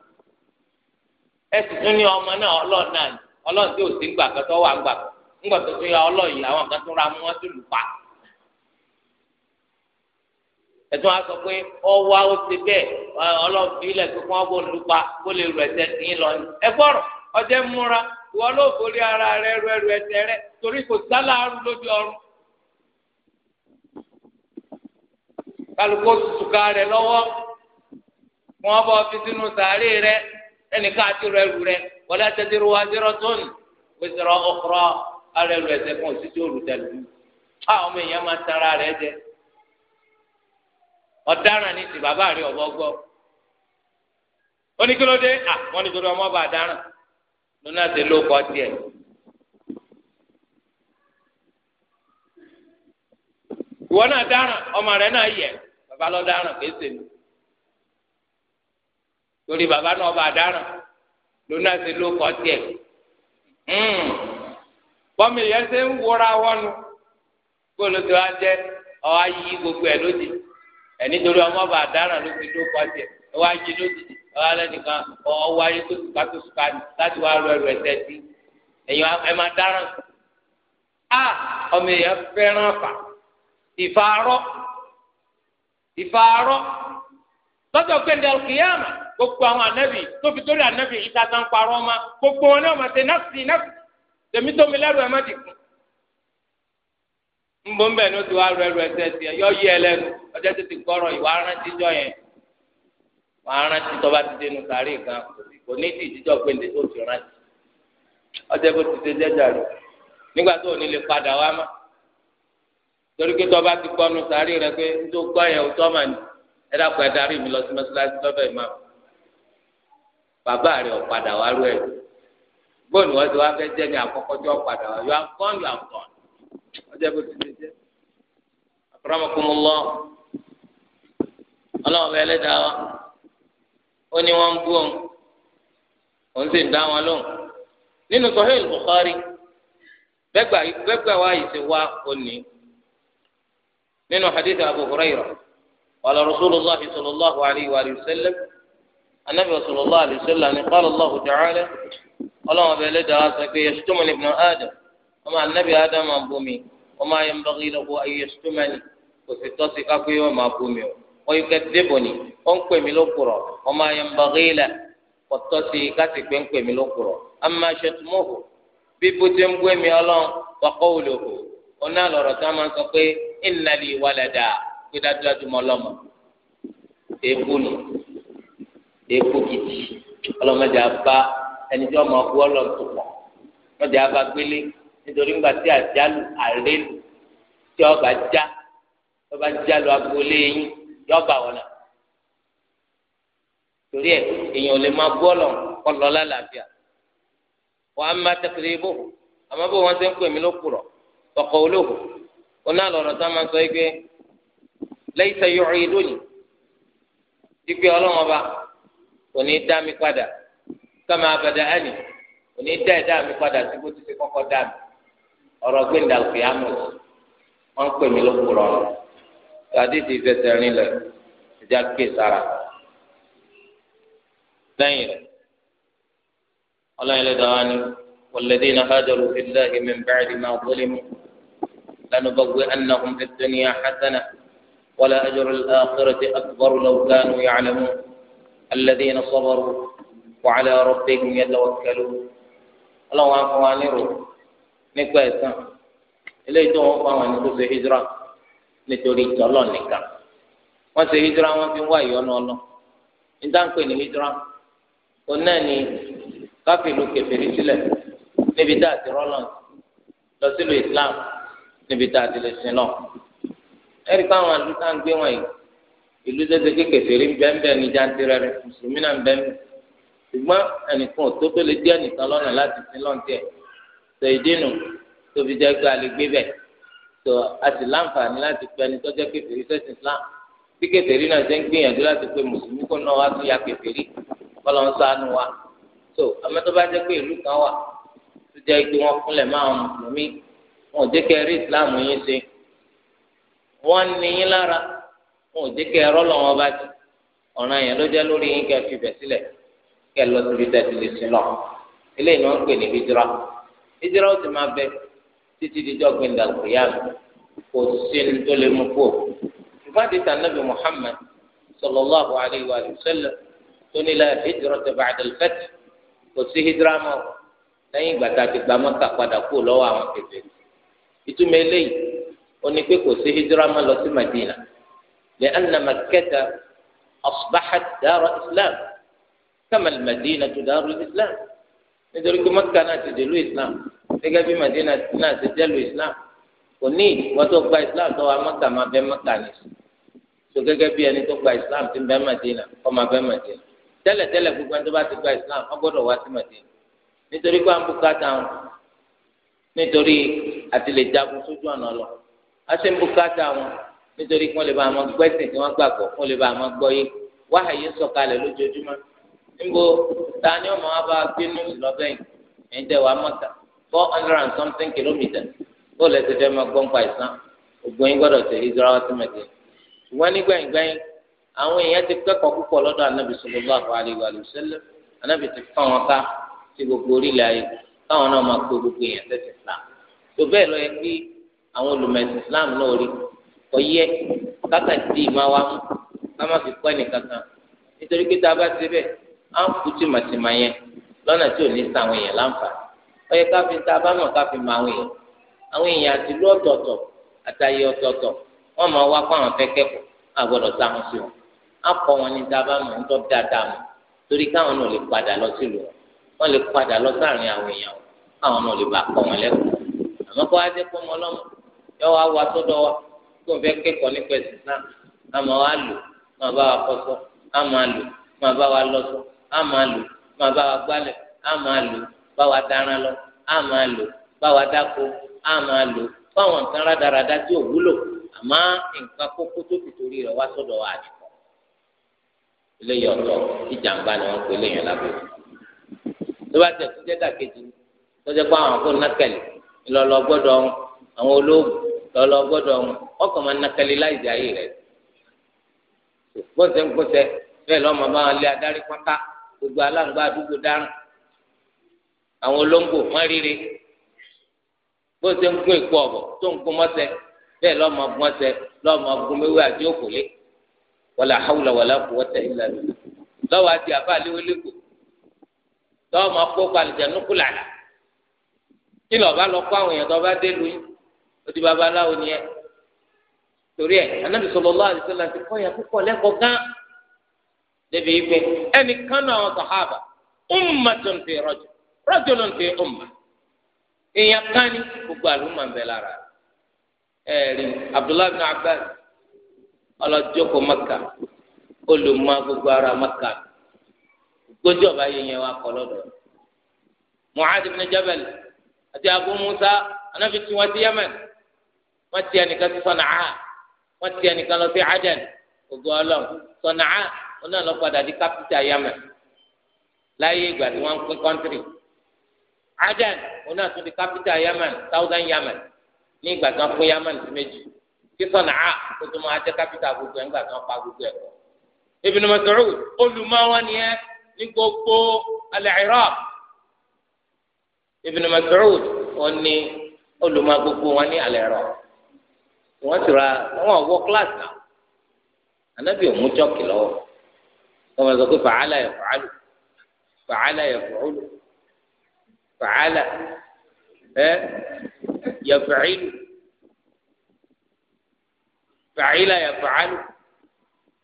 e sì tún ní ọmọ náà ọlọ́run náà ọlọ́run tí ò sí gbà kan tó wà gbà kan ńgbà tó tún ya ọlọ yìí àwọn kan ra mú wọn sí lù pa. ẹ̀tún wa sọ pé ọwọ́ ó ti bẹ́ẹ̀ ọlọ́run fi ilẹ̀ tó kún ọgbọ́n lù ara rẹ rú ẹrù ẹsẹ̀ rẹ torí kò lójú ọrùn. rẹ lọ́wọ́ ẹnìkan àti rẹ rù rẹ wọlé àtẹ̀tẹ̀rù wa zero tó nù wíṣọ̀rọ̀ ọkọ̀rọ̀ ara rẹ̀ ẹ̀sẹ̀ kan òsì tó olùdarí a ọmọ èèyàn máa tara rẹ̀ jẹ ọ̀daràn ni ti bàbá rẹ̀ ọ̀bọ gbọ́ oníkílódé à wọ́n ní gbọdọ̀ ọmọ bá daràn lónà tẹ ló kọ́ tiẹ̀. ìwọ náà daràn ọmọ rẹ náà yẹ bàbá lọ daràn kéésì ni. torí bàbá náà bá dáràn lónà sí ló kọ́ tiẹ̀ hmm. bọ́mì yẹn ṣe ń wọnú kó ló ti wá jẹ́ ọ̀ ayí gbogbo ẹ lójijì ẹ̀ nítorí ọmọ bá dáràn ló fi ló ẹwà jí lójijì ẹwà lẹ́nìkan ọwọ́ ayé tó tó sùkà láti wá lọ ẹrù sí ẹ máa dáràn. a ọmọ lọ́jọ́ gbẹ̀ndẹ̀ alkiyama gbogbo àwọn anabi tó fi anabi ìta tán parọ́ ọma gbogbo wọn náà ma ṣe nafsi nafsi tèmi lẹ́rù ẹ̀ má ti kù. ń bọ́ ń bẹ̀ ní o ti rẹ̀ rẹ̀ yọ yí ẹ lẹ́nu ọjọ́ ti gbọ́rọ̀ ìwà arántí jọ yẹn wà arántí ti dénú kárí kò ní ti ìdíjọ́ gbẹ̀ndẹ̀ tó ti rántí ti ṣe jẹ́jà rẹ̀ nígbà tó ní lè ẹ dàpọ̀ ẹ darí mi lọ sí mọ́sálásí lọ́dọ̀ ìmọ̀ bàbá rẹ̀ ọ̀padà wá rú ẹ̀ bóònù wọn ti wá fẹ́ jẹ́ ní àkọ́kọ́ tí ọ̀padà wá yọ àǹkọ́n yọ àǹkọ́n ọjọ́ bó ti jẹ́ bẹ́ẹ̀ lẹ́dàá wa ó ní wọ́n ń bú òun òun sì ń dá wọn lóhùn nínú wá yìí ti wá òní nínú hadith قال رسول الله صلى الله عليه وآله وسلم النبي صلى الله عليه وسلم قال الله تعالى اللهم بلد راسك يشتمني ابن آدم وما النبي آدم أبومي وما ينبغي له أن يشتمني وستوسك أبوي وما أبومي ويكذبني أنكوي ملوكرا وما ينبغي له وتوسك أتك أنكوي ملوكرا أما شتمه بيبوتم قومي الله وقوله ونالو رتاما سقي إن لي ولدا pé dájúdájú mọ lọmọ èkó ni èkó kìtì ọlọmọdé abá ẹni tí ọmọ ọkọ ọlọmọdé pọ ọmọdé abá gbélé nítorí ńgbà tí àjálù àrélu tí ọba já ọba jálù agboolé yín yọba wọnà torí ẹ èèyàn ò lè máa gbọ́ lọ lálàáfíà wọn á máa tẹkẹrẹ ibò àmọ́ bó wọn ṣe ń pè mí ló kùrọ̀ ọkọ̀ olóògùn ó náà lọ́rọ̀ tá máa sọ yìí pé laysa yu'iduni ìgbé ọlọ́run ọba kò ní dá mi padà kama bada'ani kò ní dá ẹ̀dá mi padà sí bó ti ṣe kọ́kọ́ dá mi ọ̀rọ̀ gbẹ̀ndà òkè àmì wọ́n pè mí ló kúrọ̀ ọ̀rọ̀ tàdí ti fẹsẹ̀ rìn lẹ̀ ìjà ké sára lẹ́yìn rẹ̀ ọlọ́run lè dáwà ní والذين هاجروا في الله من بعد ما ظلموا لنبوئنهم في الدنيا حسنة ولا أجر الآخرة أكبر لو كانوا يعلمون الذين صبروا وعلى ربهم يتوكلون الله عنكم وعنيرو نكوى إسان إليه توقف وأن تسي هجرة نتوري الله نكا wọ́n ṣe hijira wọ́n fi wá ìyọ́nú ọlọ́ níta ń pè ní hijira òun náà ni káfíìlú kẹfìrí sílẹ̀ níbi tá a ti rọ́lọ́ lọ sílùú Islam níbi tá a ti lè sin lọ́wọ́ ẹ̀rí káwọn àdúgbò ń gbé wọn yìí ìlú tó ṣe kékeré fèrè ń bẹ́ẹ̀ ní jantere rẹ mùsùlùmí náà ń bẹ́ẹ̀ ṣùgbọ́n ẹnìkan tó tó lè dí ẹnìkan lọ́nà láti sin lọ́ntẹ̀ tó ìdínú tó fi jẹ́ pé a lè gbé bẹ̀ tó a sì láǹfààní láti pe ẹni tó jẹ́ kékeré sẹ́sìn Islam bí kékeré náà ṣe ń gbìyànjú láti pe mùsùlùmí kó náà wá tó ya kékeré kọ́lọ́ ń sánú wa tó àmọ́ tó bá jẹ́ pé ìlú kan wà tó jẹ́ pé wọ́n fúnlẹ̀ máa mùsùlùmí wọn ò jẹ́ kẹ́rí Islam yín ṣe wọ́n ní yín lára wọn ò jẹ́ kẹ́ ẹ̀rọ lọ́wọ́ bá ti ọ̀ràn yẹn ló jẹ́ lórí yín kẹ́ fi bẹ̀ sílẹ̀ kẹ́ lọ síbi tẹ̀sí lè sin lọ eléyìí ni wọ́n ń pè ní hijira hijira ó ti máa bẹ títí dijọ́ gbẹ̀ndà kìyàmù kò sí ní tó lè mú kó ṣùgbọ́n tànàbí Muhammad sallallahu alayhi wa sallam tó ní la hijira tó ba'da al-fath kò sí hijira mọ́ lẹ́yìn ìgbà ti gbà Mẹ́kà padà kú lọ́wọ́ àwọn kẹfẹ́ ìtumọ̀ eléyìí oni pé kò sí hijira máa lọ sí madina lè anna makkata asbaḥat dara islam kamal madina tu dara islam nítorí pé makka náà ti dèlú islam gẹ́gẹ́ bí madina náà ti dèlú islam kò ní wọn tó gba islam tó wà makka máa bẹ makka ní so gẹ́gẹ́ bí ẹni tó gba islam ti bẹ madina kọ máa bẹ madina tẹ́lẹ̀tẹ́lẹ̀ gbogbo ẹni tó bá ti gba islam wọn gbọ́dọ̀ wá sí madina nítorí pé àǹbùkátà nítorí àti lè jagun sójú ọ̀nà ọlọ́ọ̀ àti ń bùkátà wọn nítorí kí wọ́n lè bá àwọn gbẹ́sìn tí wọ́n gbàgbọ́ kí wọ́n lè bá àwọn gbọ́ yé wáhàyè sọ̀kalẹ̀ lójoojúmọ́ níbo tani ọmọ wa bá gbénú lọ́bẹ̀yìn ẹ̀yin tẹ̀ wá mọ́ta four hundred and something kilometres ó lè ti fẹ́ máa gbọ́n pa ìsán ògùn yín gbọ́dọ̀ tẹ̀ ìzọ́ra tí mo ti ṣùgbọ́n nígbàgbẹ́yìn àwọn èèyàn ti kẹ́kọ̀ọ́ púpọ̀ lọ́dọ̀ anábì sallallahu alaihi wa sallam anábì ti fọ́n wọn ká ti gbogbo orílẹ̀ ayé káwọn náà máa pe gbogbo èèyàn tẹ̀sí àwọn olùmẹ̀sìn islam náà rí ọyẹ kákàtí máa wá mú ká má fi kọ́ ẹnìkankan nítorí pé tá a bá ṣe bẹ́ẹ̀ á ń kú tìmọ̀tìmọ̀ yẹn lọ́nà tí ò ní sa àwọn èèyàn láǹfààní ọyẹ ká fi tá a bá mọ̀ ká fi mọ àwọn èèyàn àwọn èèyàn àti ìlú ọ̀tọ̀ọ̀tọ̀ àtàyè ọ̀tọ̀ọ̀tọ̀ wọ́n máa wá fún àwọn fẹ́ kẹ́kọ̀ọ́ àgbọ̀dọ̀ sáwọn sí wọn á kọ́ wọn ní tá a bá mọ̀ yọ wá wá sọ́dọ̀ wa kó n fẹ́ kẹ́kọ̀ọ́ nípa ẹ̀sìn náà a máa lò máa bá wa kọ́sọ́ a máa lò máa bá wa lọ́sọ́ a máa lò máa bá wa gbálẹ̀ a máa lò bá wa dáná lọ a máa lò bá wa dáko a máa lò fáwọn nǹkan rádaràda tí ò wúlò àmọ́ nǹkan kókó tó ti torí rẹ̀ wá sọ́dọ̀ wa àdìpọ̀ eléyìí ọ̀tọ̀ ìjàmbá ni wọ́n pe eléyìí lábẹ́ tó bá tẹ̀ fún jẹ́dà kejì tó jẹ́ pé àwọn kò nákẹ́lì ńlọlọ gbọ́dọ̀ àwọn olóògùn lọlọ gbọ́dọ̀ wọn ọkàn máa nakali láìsí ayé rẹ gbọsẹ gbọsẹ bẹ́ẹ̀ lọmọ bá wọn lé adarí pátá gbogbo aláǹgbá àdúgbò dáràn àwọn olóńgbò wọn rírì gbọsẹ ń gún èkó ọbọ tó ń gún mọsẹ bẹ́ẹ̀ lọmọ gún ọsẹ lọmọ gún mẹwé àti òkòlé wàlà hàwùlà wàlà quwwata illa billah lọ́wọ́ àti àbá léwélégò lọmọ kó palìjà nùkúlàlà kí lọba lọ kó àwọn èèyàn tó bá dé lóyún. odi babaláwo ni ẹ torí ẹ anabi sallallahu alaihi ti kọ ya púpọ̀ lẹ́kọ̀ọ́ gán débi ipe ẹni kan náà sàhábà ummatun fi rajul rajulun fi umma èèyàn kan gbogbo àlùmọ̀ abdullahi bin maka gbogbo ara maka wà bin àti abu musa anabi yemen. wọ́n ti ẹnìkan sí sọ̀nàá wọ́n ti ẹnìkan lọ sí aden gbogbo ọlọ́run sọ̀nàá wọn náà lọ padà di kápítà yemen láyé ìgbà tí wọ́n ń pín kọ́ńtírì aden wọn náà tún di kápítà yemen southern yemen ní ìgbà tí wọ́n pín yemen sí méjì sí sọ̀nàá kó tó máa jẹ́ kápítà gbogbo ẹ̀ ńgbà tí wọ́n pa gbogbo ẹ̀ Ibn Mas'ud olùmọ̀wá ni ẹ ní gbogbo al-Iraq Ibn Mas'ud ó ní olùmọ̀ gbogbo wọn ní al-Iraq wọ́n ti ra wọ́n wọ kíláàsì náà anabi ò mú chọ́ọ̀kì lọ́wọ́ wọ́n máa sọ pé fàálà yẹ fàálù fàálà yẹ fàálù fàálà ẹ yẹ fàálù fàálà yẹ fàálù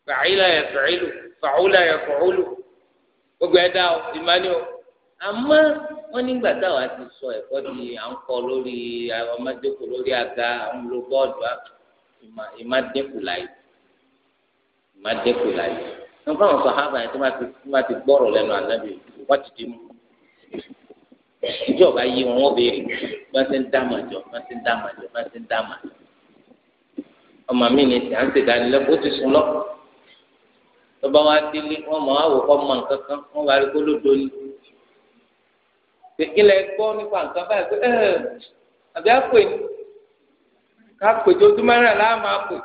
fàálà yẹ fàálù fàálà yẹ fàálù gbogbo ẹ dá o ìmánìí o àmọ́ wọn nígbà táwa ti sọ ẹ̀kọ́ di à ń kọ lórí ọmọdéko lórí aga àwọn lo bọọdù ìmádẹkù láì ìmádẹkù láì wọn bá wọn sọ hábà yẹn tó máa ti tó máa ti wọn ti di mú ìjọba yí wọn wọn béèrè wọn ti ń dá màjọ wọn ti ń dá màjọ wọn ti ń dá màjọ ọmọ mi ni à ń ṣèdánilẹ́kọ̀ọ́ ó ti sùn lọ tọba wa délé wọn mọ àwòkọ mọ nǹkan kan wọn wà á rí kó ló dóni ìkìlẹ̀ gbọ́ nípa nǹkan báyìí pé ẹ̀ àbí àpè ni kápè ojoojúmọ́ rẹ̀ láà máa pè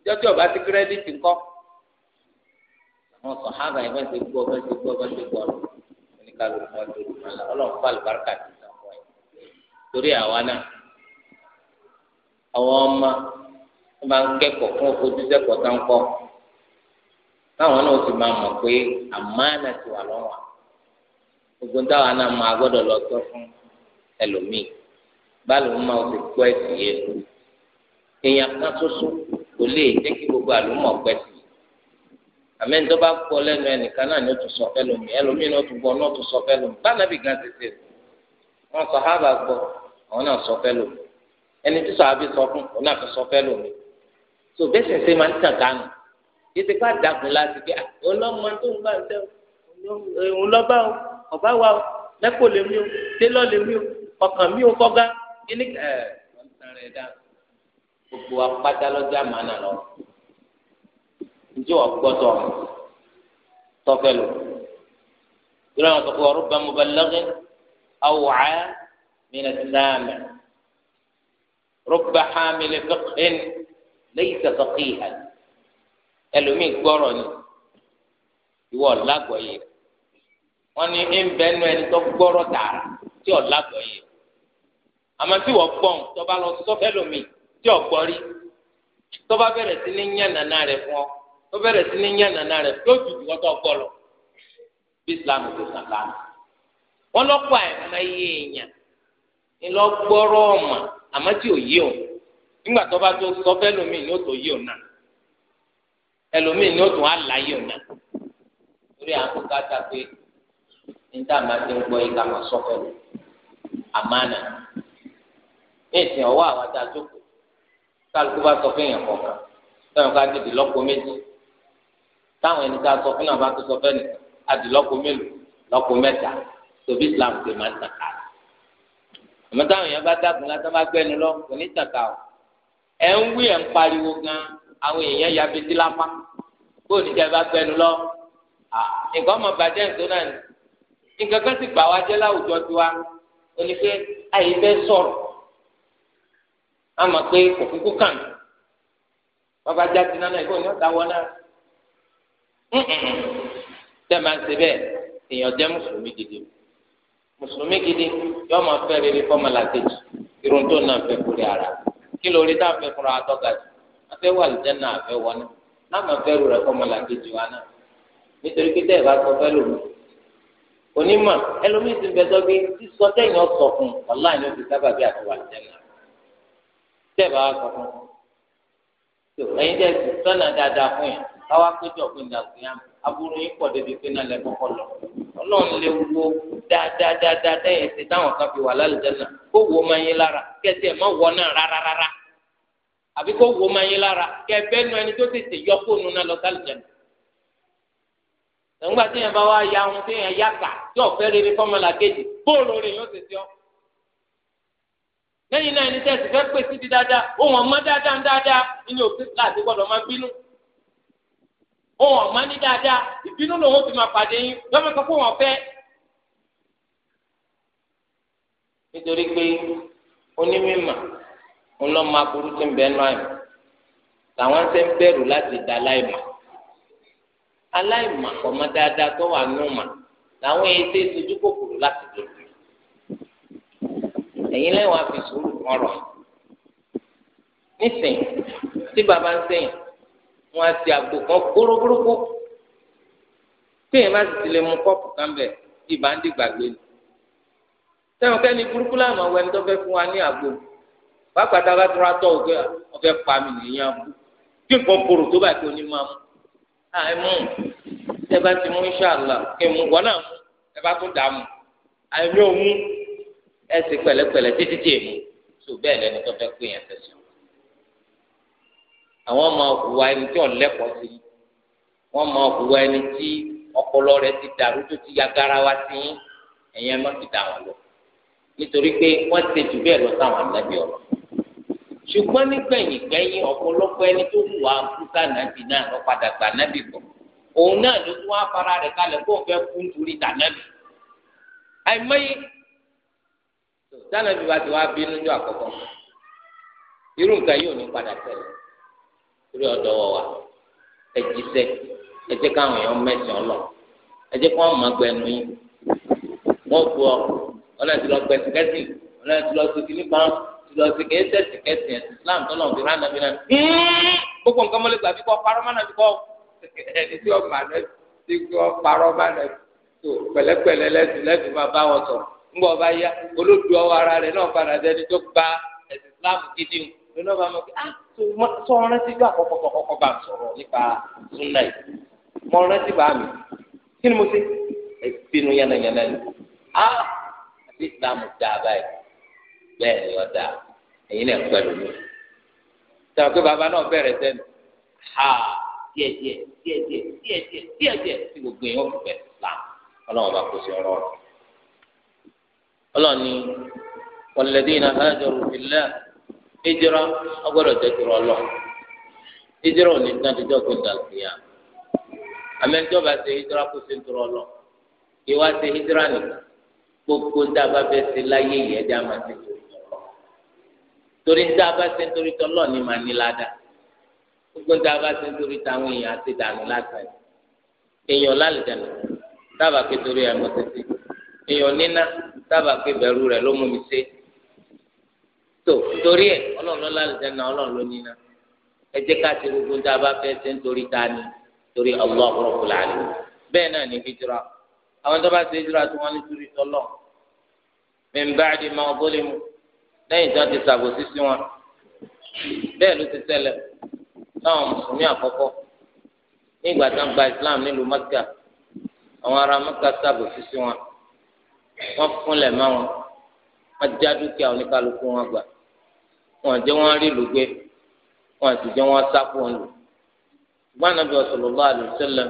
ìjọ tí ọba ti kírẹ́dìtì ńkọ́. àwọn sọ̀hábà yẹn bá ti gbọ́ bá ti gbọ́ bá ti gbọ́ oníkàlù kan tó lù mọ́ ọlọ́run fún àlùbáríkà ti sàn fún ẹ. torí àwa náà àwọn ọmọ wọn máa ń kẹ́kọ̀ọ́ fún ojúṣẹ́kọ̀ọ́ táǹkọ́ táwọn náà ti máa mọ̀ pé àmánà ti wà lọ́wọ́ gbogbo táwa náà máa gbọ́dọ̀ lọ sọ fún ẹlòmíì báàlù máa ti gbọ́ ẹ̀sìn yẹn lò èèyàn kan ṣoṣo kò lè jẹ́ kí gbogbo àlùmọ̀ pẹ́ sí i àmẹ́ni tó bá gbọ́ lẹ́nu ẹnìkan náà ni ó tún sọ fẹ́lòmíì ẹlòmíì náà tún gbọ́ náà tún sọ fẹ́lòmíì bá nàbì gan ti ṣe wọn sọ hábà gbọ́ àwọn náà sọ fẹ́lòmíì ẹni tí sọ̀hábì sọ fún òun náà fi sọ fẹ́lòmíì tó bẹ́ẹ̀ sì ṣe máa ń tàn kánù yìí ti ká dàgùn láti pé ọlọ́mọ ah, tó ń bá ń tẹ́ ọba wa o lè mí o télọ lè mí o ọkàn mí o kọgá kíní ẹ wọn dá gbogbo apáta lọjà lọ njẹ wọn gbọtọ tọfẹ lò ìlànà àwọn sọkò ọrùn bàmú balẹ̀kì awùcá mìíràn sàmì rọba hàmìlẹ fẹkẹn ẹlòmíì gbọrọ ni ìwọ wọn ní ẹnbẹ́nu ẹni tó gbọrọ tààrà tí ọ lágbọ̀ yìí àmọ́ tí wọ́n gbọ́n tó bá lọ tí ọ gbọ́ rí tọba bẹrẹ sí ní yàn nàná rẹ̀ fún ọ tó bẹ̀rẹ̀ sí ní yàn tó jù wọ́n tó gbọ́ lọ bí Islam o nígbà tó o ẹlòmíì ni ó o níta máa ti ń gbọ́ yìí ká máa sọ pẹ̀lú àmánà ní ìsìn ọwọ́ àwọn ajá jókòó kálukú bá sọ fún èèyàn kọ̀ọ̀kan táwọn ká dìde lọ́pọ̀ méjì táwọn ẹni tá a sọ fún náà bá tó sọ fẹ́ nìkan adìlọ́pọ̀ mélòó lọ́pọ̀ mẹ́ta tòbí Islam ṣe máa ń tàkà àmọ́ táwọn èèyàn bá dàgùn látọ́ bá gbẹ́nu lọ kò ní tàkà o ẹ̀ ń wí ẹ̀ ń pariwo gan àwọn èèyàn ya bẹ́tí lápá kó o ní bá gbẹ́nu lọ nǹkan ọmọ bàjẹ́ nǹkan náà nǹkan kan sì gbà wá jẹ́ láwùjọ tiwa ó ní pé àyè fẹ́ sọ̀rọ̀ á mọ̀ pé kò kúkú kàn mí bàbá jáde náà ìbò ní ọ̀tá wọn náà tẹ́ máa ń ṣe bẹ́ẹ̀ èèyàn jẹ́ mùsùlùmí gidi mùsùlùmí gidi yóò máa fẹ́ rere fọ́mọlá kejì irun tó náà fẹ́ kúrẹ́ ara kí lórí tá fẹ́ fúnra àtọ́ka jù a wà lùjẹ́ náà fẹ́ wọná náà máa fẹ́ rú rẹ wa náà nítorí pé tẹ́ ẹ bá sọ fẹ́ lòmùsùlùmí onímọ̀ ẹlòmíì ti bẹ̀ sọ pé sísọ tẹ̀yìn ọ̀sọ̀ fún ọ̀la ni ó fi sábà bí àti wà lẹ́nu tẹ̀bà wá sọ fún tó ẹ̀yin tẹ̀ sí sọ́nà dáadáa fún yẹn káwá péjọ pé ní àgbẹ̀ yàmù aburú yín pọ̀ débi pé náà lẹ kọ́kọ́ lọ ọlọ́run lè wo dáadáa tẹ̀yìn sí táwọn kan fi wà lálùjẹ́ náà kó wo máa yín lára kẹ́sì ẹ̀ má wọ náà nígbà tí yẹn bá wá ya ohun tí yẹn yá kà tí ọ̀fẹ́ rere fọ́mọ́là kejì bóòlù rẹ̀ yóò ṣe ti ọ́ lẹ́yìn náà ẹni tẹ́sí fẹ́ pèsè di dáadáa ohun ọmọ dáadáa ń dáadáa nínú òfin láti gbọ́dọ̀ máa bínú ohun ọmọ ní dáadáa ìbínú lòun fi máa pàdé yín lọ́mọ kan fún wọn fẹ́. nítorí pé onímọ̀ ńlọ́mọ aburú ti ń bẹ́ẹ̀ náà làwọn ṣe ń bẹ̀rù láti dá láì aláìmọ̀kọ́mọ́ dáadáa tó wà nù mà làwọn ètè sojú kòkòrò láti dòdò ẹ̀yin lẹ́wọ̀n àfi sùúrù kọ̀rọ̀ nísìnyí tí baba ń sẹ́yìn wọ́n á ti àgbo kan gbórógbórógbó téèyàn bá sì ti lè mu kọ́ọ̀pù kan bẹ̀ ibà ń dìgbàgbé ni sẹ́wọ̀n kẹ́ni burúkú láàmú àwọn ẹni tó fẹ́ fún wa ní àgbo pàápàá tá a bá tura tọ́ òkè ọ̀fẹ́ pa mi nìyẹn abú tí nǹkan kòrò tó bá tó ní máa mú Ah, ẹ mú ẹ bá ti mú inṣàlá kí n mú wọn náà mú ẹ bá tún dààmú àìmí ah, ò mú ẹ sì pẹ̀lẹ́pẹ̀lẹ́ títí tí èmú tó bẹ́ẹ̀ lẹni tó fẹ́ pé yẹn tẹsí wọn. àwọn ọmọ òwúwa ẹni tí wọn lẹ́kọ̀ọ́ sí wọn mọ òwúwa ẹni tí ọpọlọ rẹ̀ ti dàrú tó ti ya garawa sí yín ẹ má fi dà wọn lọ nítorí pé wọn ti jù bẹ́ẹ̀ lọ sáwọn àlẹbí ọ̀rọ̀ ṣùgbọ́n nígbẹ̀yìn gbẹ̀yìn ọ̀pọ̀lọpọ̀ ẹni tó wù wá kúta nàbì náà lọ padà gbà nàbì bọ̀ òun náà ló tún wá fara rẹ̀ kalẹ̀ kó o fẹ́ kú nítorí tànàbì àìmọye tànàbì wa ti wá bínú ní àkọ́kọ́ irú nǹkan yóò ní padà tẹ̀lé torí ọ̀dọ́ wa ẹ jíṣẹ́ ẹ jẹ́ káwọn èèyàn mẹ́sàn án lọ ẹ jẹ́ kó wọn máa gbẹnu yín wọ́n bu ọ ọlọ́ọ̀tì ìlọsìn kìí tẹ̀sí kẹsì ẹ̀sìn Islam tó náà fi rán nàbí náà gbogbo nǹkan mọ́lẹ́ gbàbí kọ́ parọ́ má nàbí kọ́ ẹni tí ó mà lẹ́sìn tí ó parọ́ má lẹ́sìn tó pẹ̀lẹ́pẹ̀lẹ́ lẹ́sìn lẹ́sìn máa bá wọn sọ̀rọ̀ ńgbọ́ bá yá olódù ọwọ́ ara rẹ̀ náà padà dẹni tó gba ẹ̀sìn Islam gidi ah, ń lọ́ba mọ̀ kí ah sọ rántí gbà kọ́kọ́kọ́kọ́ bá sọ̀rọ̀ nípa sunna yìí mọ rántí bá mi kí ni mo ah Islam dáa báyìí bẹ́ẹ̀ ni ọ̀dà èyí náà pẹ̀lú mi. sọ pé bàbá náà bẹ̀rẹ̀ sẹ́nu ha díẹ̀díẹ̀ díẹ̀díẹ̀ díẹ̀díẹ̀ díẹ̀díẹ̀ tí gbogbo fi bẹ̀rẹ̀ ọlọ́run bá kó sí rẹ̀. ọlọ́run ọgbọ́dọ̀ ò ní bá ṣe kó ń tọrọ ìwá ṣe nìkan gbogbo dábàá bẹ́ẹ̀ ṣe láyé ṣe tó torí ń dáa bá ṣe ń torí tọ́lọ́ ni màá ní ládàá gbogbo ń dáa bá ṣe ń torí táwọn èèyàn àti dànù lásán èèyàn lálẹ́dàá dábàá pé torí ẹ̀ mọ́ títí èèyàn níná dábàá pé bẹ̀rù rẹ̀ ló mú mi ṣe tó torí ẹ̀ ọlọ́run ló lálẹ́dàá náà ọlọ́run ló níná ẹ jẹ́ ká ti gbogbo ń dáa fẹ́ ṣe ń ta ni torí Allah Rabbul Alamin bẹ́ẹ̀ náà ní hijira àwọn tó bá ṣe hijira tí wọ́n ní lẹ́yìn tí wọ́n ti ṣàbòsí sí wọn bẹ́ẹ̀ ló ti ṣẹlẹ̀ táwọn mùsùlùmí àkọ́kọ́ ní ìgbà tí wọ́n gba islam nílùú mẹ́kà àwọn ará mẹ́kà ṣàbòsí sí wọn wọ́n fúnlẹ̀ mọ́ wọn wọ́n já dúkìá oníkálukú wọn gbà wọ́n jẹ́ wọ́n rí ìlú gbé wọ́n sì jẹ́ wọ́n sápò wọn lò ṣùgbọ́n Ànábì sallallahu alaihi wasallam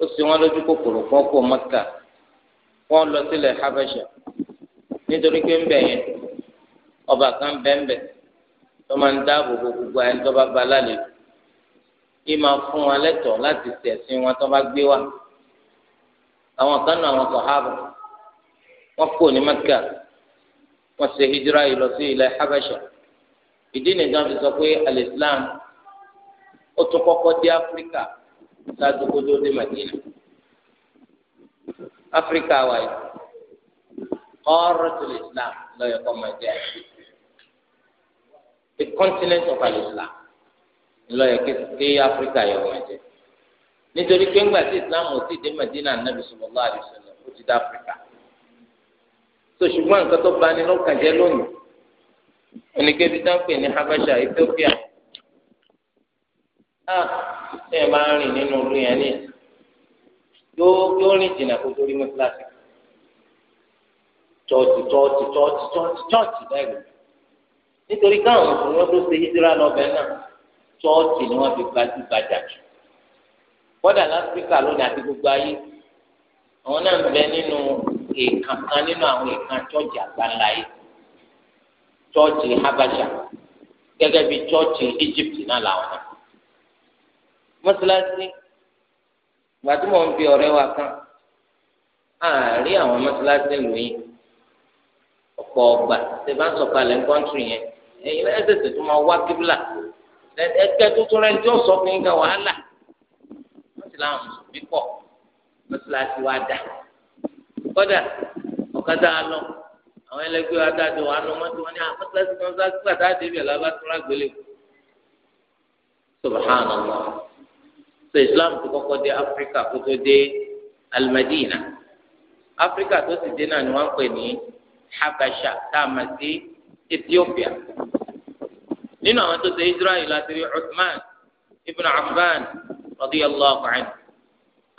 ó sì wọ́n lójú kòkòrò fún ọkọ̀ mẹ́kà wọ́n lọ sílẹ̀ habẹ́ṣà nítorí pé ń bẹ̀ yẹn ọba kan bẹ́ẹ̀nbẹ́ẹ́ tó máa ń dáàbò bo gbogbo ẹni tó bá ba lálejò kí máa fún wọn lẹ́tọ̀ọ́ láti ṣẹ̀sìn wọn tó bá gbé wá àwọn kan náà àwọn sọ̀hábà wọ́n kò ní Mẹ́kà wọ́n ṣe hijira yìí lọ sí ilẹ̀ Habasha ìdí nìkan fi sọ pé alìsílám ó tún kọ́kọ́ dé Áfíríkà ṣáájú kó tó dé Madina Áfíríkà wáyé ọ̀rọ̀ tó lè Islam lọ́yọ̀ kọ́ máa jẹ́ àìsí the continent of al-Islam ńlọyọ kékeré Áfíríkà yọ wọn jẹ nítorí pé ńgbà tí Islam ò ti dé Madina Nabi sallallahu alaihi wasallam ó ti dé Áfíríkà so ṣùgbọ́n nǹkan tó bani lọ́kàn jẹ́ lónìí oníkébi tá pè ní Habasha Ethiopia ah ṣé ẹ máa ń rìn nínú ìlú yẹn ní yóò yóò rìn jìnnà kó torí mọ́tíláṣí tọ́ọ̀tì tọ́ọ̀tì tọ́ọ̀tì tọ́ọ̀tì tọ́ọ̀tì lẹ́gbẹ̀ẹ́ nítorí káwọn mùsùlùmí tó ṣe hídírà lọbẹ náà ṣọ́ọ̀ṣì ni wọ́n fi gbajúgbajà jù kódà láfíríkà lónìí àti gbogbo ayé àwọn náà ń bẹ nínú èèkàn kan nínú àwọn èèkàn chọọchì àgbáńlá yìí chọọchì habasha gẹ́gẹ́ bíi chọọchì Egypt náà làwọn náà mọ́sálásí gbàtí mò ń bi ọ̀rẹ́ wa kan àárín àwọn mọ́sálásí lóyìn ọ̀pọ̀ ọgbà tẹ bá ń sọ̀kalẹ̀ ń kọ́ńtì yẹn ẹ̀yin ẹ tètè tó máa wá kíbla ẹkẹ tuntun rẹ tí ó sọ fún yín gan wàhálà wọn ti láwọn mùsùlùmí pọ̀ wọn ti láti wá dà kódà ọ̀kadà lọ àwọn ẹlẹgbẹ́ wa dáadé wa lọ wọn ti wọn ní àpótí wọn sá sí gbàdá débi ẹlẹ bá tún lágbélé subhanallah so islam tó kọ́kọ́ dé áfíríkà kó tó dé alimadina áfíríkà tó sì dé náà ni wọn pè ní habasha tá a mọ̀ sí ethiopia nínú àwọn tó ṣe israel láti rí uthman ibn affan radiyallahu anhu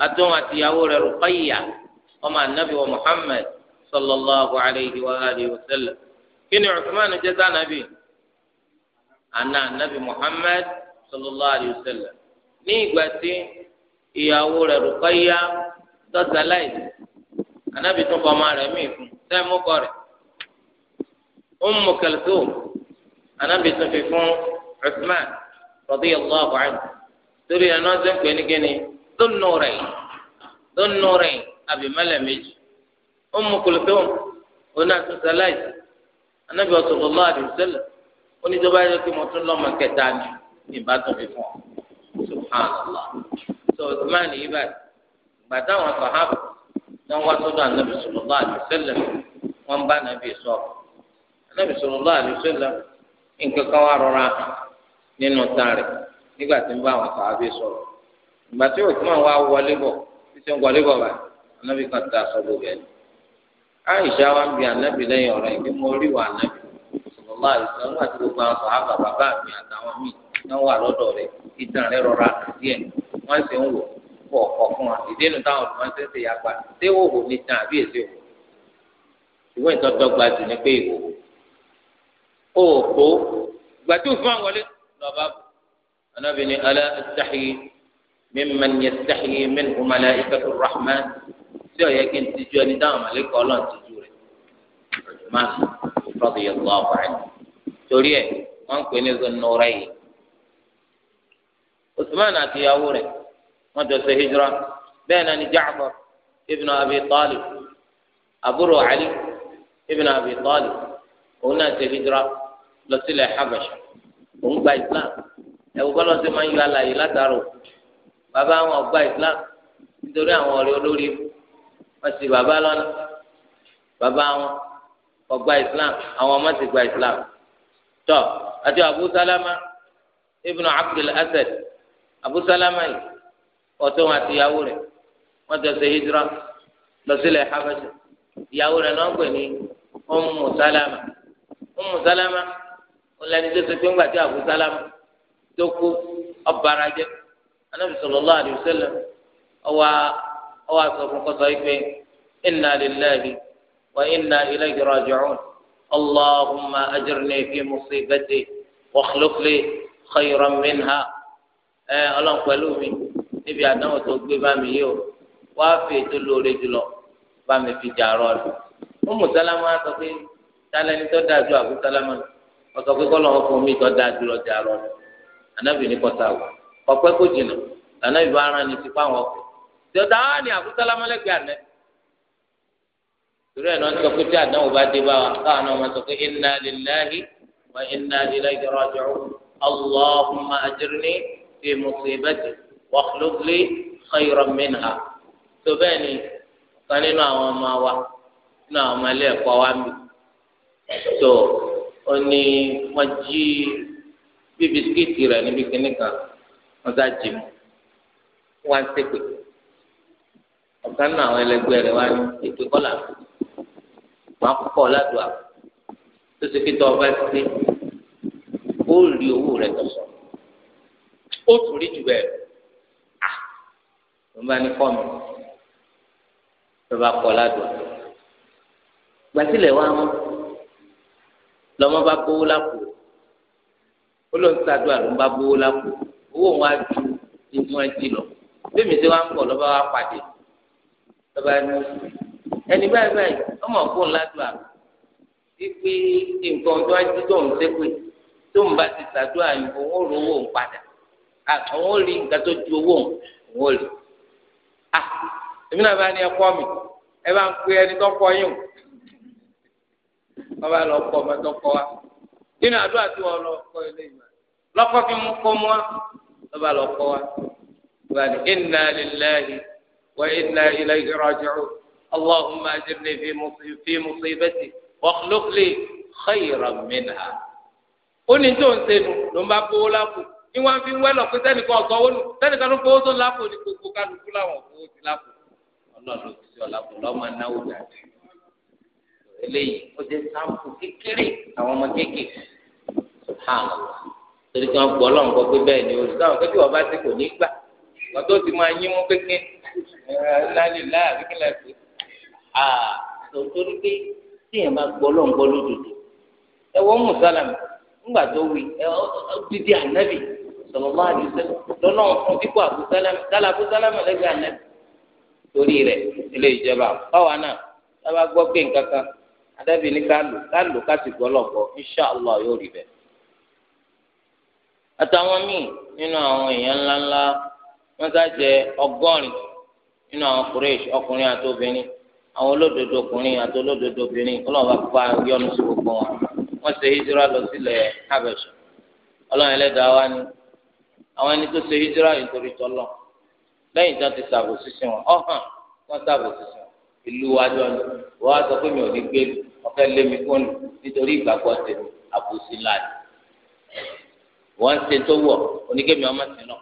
atún àtìyàwó rẹ̀ ruqayya ọmọ anabi wa muhammad sallallahu alayhi wa alihi wa sallam kí ni uthman jẹ́ sànàbì àna anabi muhammad sallallahu alayhi wa sallam ní ìgbà tí ìyàwó rẹ̀ ruqayya tọ́sálàyé anabi tún fọmọ rẹ̀ mí fún sẹ́mú kọ́ rẹ̀ Ummu anábì tún fi fún Uthman radiyallahu anhu torí ẹ̀ náà ṣe ń pè ní kíni dúnú rẹ̀ dúnú rẹ̀ abimẹ́lẹ̀ méjì Ummu Kulthum oní àtúnṣe aláìsí anábì sallallahu alaihi wasallam oníjọba yẹ kí mo tún lọ́mọ kẹta ni ìbá tún fi fún ọ subhanallah so Uthman yìí báyìí gbàtà àwọn sàhábà náà wá sọ́dọ̀ anábì sallallahu alaihi wasallam wọn bá anábì sọ̀rọ̀ anábì sallallahu alaihi wasallam. nǹkan kan wà rọra hàn nínú tán rẹ̀ nígbà tí ń bá àwọn ìgbà tí wọlé títí ń wọlé bá anábì kan ta bi anábì yìí mo rí wa anábì àìsàn gbogbo àwọn mi àtàwọn náà wà lọ́dọ̀ rẹ̀ ìtàn rẹ̀ rọra sì ń wò wa ìdénú táwọn olùmọ̀ọ́sẹ̀ ṣe yàgbà déwòwò ní tàn àbí wò ní òòpó gbàtú fún àwọlé lọ́ba bò anábì ní ala astahi mimman yastahi minhu malaikatu rahman tí ó yẹ kí n ti ju ẹni dáhùn àmàlẹ màlẹ́kọ̀ ọlọ́run ti ju rẹ̀ ọ̀jọ̀mọ́ radiyallahu anhu torí ẹ̀ wọ́n ń pè ní Zunnurayn Usman àti ìyàwó rẹ̀ wọ́n jọ ṣe hijira bẹ́ẹ̀ náà ni Ja'far ibn Abi Talib àbúrò Ali ibn Abi Talib òun náà ṣe hijira. lọ sílẹ̀ habasha òun gba islam ẹ̀wù bọ́lá ṣe máa ń yọ àlàyé látara òkú bàbá àwọn ọgbà islam nítorí àwọn ọ̀rẹ́ olórí ibú wọ́n ti bàbá lọ́nà bàbá àwọn ọgbà islam àwọn ọmọ ti gba islam tọ́ àti abu salama abdul asad abu salama yìí ọ̀tún àti ìyàwó rẹ̀ wọ́n jọ ṣe hijra lọ sílẹ̀ habasha ìyàwó rẹ̀ náà ń pè ní ummu salama ummu salama ńlẹni tó ṣe pé ńgbà tí Abu Salama tó kú ọbàrà jẹ Ànábì sallallahu alaihi wasallam ọwọ ọwọ àsọfún kọsọ ìpè inna lillahi wa inna ilayhi raji'un allahumma ajirni fi musibati wa akhlif li khayran minha ẹ Ọlọ́run pẹ̀lú mi níbi àdánwò tó gbé bá mi yìí o wàá fi ètò lóore jùlọ bá mi fi jà rọ rẹ Ummu Salama sọ pé tálẹ́ni tó dájú Abu Salama lọ ọsọ pé kọ́ lọ́wọ́ fún mi tó dáa jùlọ jà lọ ànábì ní kọ́tà wọ ọ̀pẹ́ kò jìnnà ànábì bá ara ní ti pa àwọn ọkọ̀ tí ó dá wà ní àkútàlámọ́lẹ́gbẹ̀ àná torí ẹ̀ náà sọ pé tí àdánwò bá dé bá wa káwọn náà máa sọ pé inna lillahi wa inna ilayhi raji'un allahumma ajirni fi musibati wa akhlif li minha tó bẹ́ẹ̀ ni kan nínú àwọn ọmọ wa nínú àwọn ọmọ ilé ẹ̀kọ́ wa mi tó ó ní wọ́n jí bí bisikíìtì rẹ̀ níbi kíní kan wọ́n sá jí mu wọ́n á ṣépè ọ̀kan náà àwọn ẹlẹgbẹ́ rẹ̀ wá ní èpè kọ́là wọ́n á kọ́ ládùá tó ṣe kí tọ́ ọba ṣe ó rí owó rẹ̀ tọ̀sọ̀ ó tún rí jù bẹ́ẹ̀ à ló bá ní kọ́ mi bá kọ́ ládùá gbàtílẹ̀ wá mọ́ lọ́mọ bá gbowó lápò ó lọ ń ṣàdúrà ló ń bá gbowó lápò owó wọn á ju ní tí wọ́n jí lọ bẹ́ẹ̀ mi tí wọ́n á ń bọ̀ lọ́ba wa pàdé lọ́ba ẹni ẹni báyìí báyìí ọmọ òkun ládùá wípé nǹkan tí wọ́n jí tó ń ṣépè tó ń bá ti ṣàdúrà yìí òun ò rówó òun padà àwọn ò rí nǹkan tó ju owó òun òun ò èmi náà bá ní ẹkọ mi ẹ bá ń pe ẹni tó kọ yín o wọn bá lọ kọ ọmọdé kọ wa nínú àdúrà tí wọn lọ kọ ilé ìgbà lọkọ fi mú kọ mọ wọn bá lọ kọ wa bani inna lillahi wa inna ilayhi raji'un allahumma ajirni fi musibati wa khluq li khayran minha ó ní tó ń sẹnu ló ń bá gbowó lápò ní wọn fi ń wẹlọ pé sẹnìkan ọsọwọ nù sẹnìkan ló gbowó tó lápò ní gbogbo kálukú láwọn gbowó ti lápò Ọlọ́run ti sọ lápò lọmọ náwó dàdé eléyìí ó jẹ́ sáǹpù kékeré àwọn ọmọ kéékèèké hàn torí kí wọ́n gbọ́ lọ́n gbọ́ pé bẹ́ẹ̀ ni o sáwọn kébí wọ́n bá ti kò ní gbà wọ́n tó ti máa yín mú kékeré láàlì láàbí kílẹ̀ pé àtò torí pé tíyẹn bá gbọ́ lọ́n gbọ́ lódodo ẹ wọ́n mú sálàmù ńgbà tó wí ẹ ọ́ dídí ànábì sọlọ́mọ́ àdìsẹ́ lọ́nà fún dípò àbúsálàmù sálà àbúsálàmù lẹ́gbẹ̀ẹ́ ànábì torí rẹ̀ ilé ìjọba báwa náà ẹ bá gbọ́ pé nǹkan kan adábì ní kálò kálò káti gbọlọgbọ insha allah yóò rí bẹ́ẹ̀. àtàwọn míì nínú àwọn èèyàn ńláńlá wọn sá jẹ ọgọ́rin nínú àwọn kureish ọkùnrin àti obìnrin àwọn olódodo ọkùnrin àti olódodo obìnrin ọlọ́run bá pa yọnu sí gbogbo wọn wọn ṣe hijira lọ sílẹ̀ habesha ọlọ́run ẹlẹ́dàá wa ni àwọn ẹni tó ṣe hijira nítorí tọlọ lẹ́yìn tí ti ṣàbòsí sí wọn ọhàn wọn ṣàbòsí sí wọn ìlú wájọ ni wọn á sọ pé mi ò ní gbé lu ọ̀fẹ́ lé mi kún ní nítorí ìgbàgbọ́ tèmi àbòsí ńlá ni wọ́n ń ṣe tó wọ̀ oníkémi ọmọ sí náà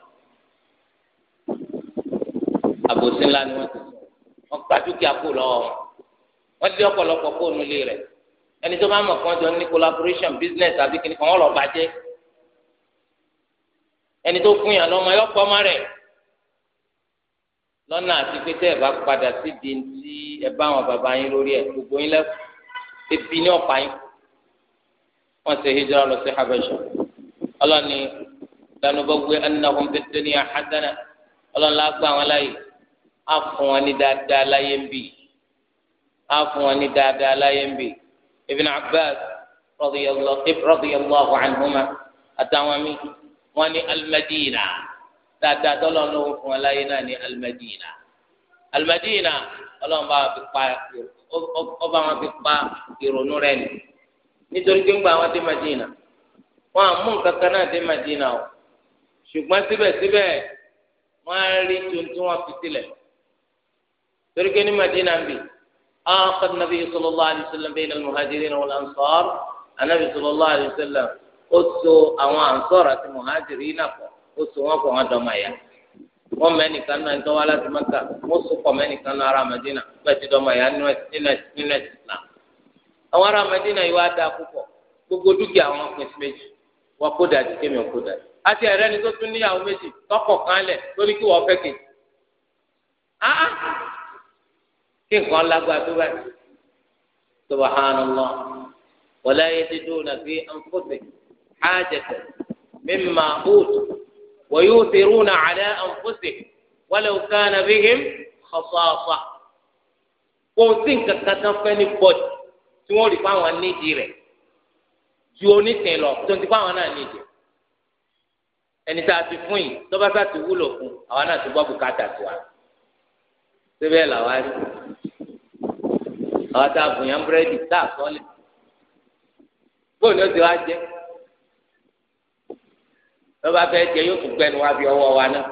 àbòsí ńlá ni wọ́n ti sọ wọ́n gba dúkìá kó lọ́wọ́ wọn wọ́n ti ọ̀pọ̀lọpọ̀ fóònù lé rẹ̀ ẹni tó bá mọ̀ kán jọ ní collaboration business àbí kìnìkan wọ́n lọ bàjẹ́ ẹni tó fún yàn lọ́mọ yọ pọ́nmọ́ rẹ̀ lọ́nà àti pé tẹ́ ẹ bá padà sí di ti ẹ bá àwọn bàbá yín lórí ẹ gbogbo yín lẹ́kọ̀ọ́ ebi ní ọ̀pá yín wọ́n ṣe hijira lọ sí habẹ́sọ̀ ọlọ́ni danubọ́gbé anahun fi dunya hasana ọlọ́ni lágbà wọn láyè á fún wọn ní dáadáa láyé ń bì á fún wọn ní dáadáa láyé ń bì Ibn Abbas radiyallahu anhuma àtàwọn mi wọn ní al dáadáa tọ́lọ́ fún wọn láyé náà ní al-Madina al-Madina ọlọ́run bá ọba wọn fi pa ìrònú rẹ̀ ni nítorí pé ń gba àwọn dé Madina wọn àmú nǹkan kan náà dé Madina o ṣùgbọ́n síbẹ̀síbẹ̀ wọn á rí tuntun wọn fi sílẹ̀ torí pé ní Madina ń bì ákàtà nàbí sallallahu alaihi wasallam bayna al-muhajirin wal ansar anabi sallallahu alaihi wasallam ó so àwọn ansar àti muhajirin náà pọ̀ ó so wọn pọ̀ wọn dọmọ yẹn. wọn mẹ́nìkan náà a wá láti mẹ́ka wọ́n sọ̀kọ̀ mẹ́nìkan náà ará Madina pẹ̀tì dọ́mọ ìyá nínú ẹ̀sìn náà. àwọn ará Madina yìí wá dáa púpọ̀ gbogbo dúkìá wọn pín sí méjì wọn kó dàjú kémi kó dàjú. àti ẹ̀rẹ́ ni tó tún níyàwó méjì tọkọ̀ kan lẹ̀ lórí kí wọ́n fẹ́ kejì. áá kí nǹkan lágbá tó bá ويؤثرون على أنفسهم ولو كان بهم خصاصة kòsín kankan tán fẹ́ ní bọ́ọ̀dì tí wọ́n rí fáwọn nídìí rẹ̀ ju onítìín lọ tó ń ti fáwọn náà nídìí ẹni tá a ti fún yìí tọ́ba sá ti wúlò fún àwa náà ti gbọ́ bùkátà tiwa síbẹ̀ làwa rí àwa tá a bùn yàn búrẹ́dì tá a sọ́ọ̀lì bóun ni ó ti wá jẹ́ lọ́ba fẹ́ jẹ yóò tún gbẹ́nu wá bí ọwọ́ wa náà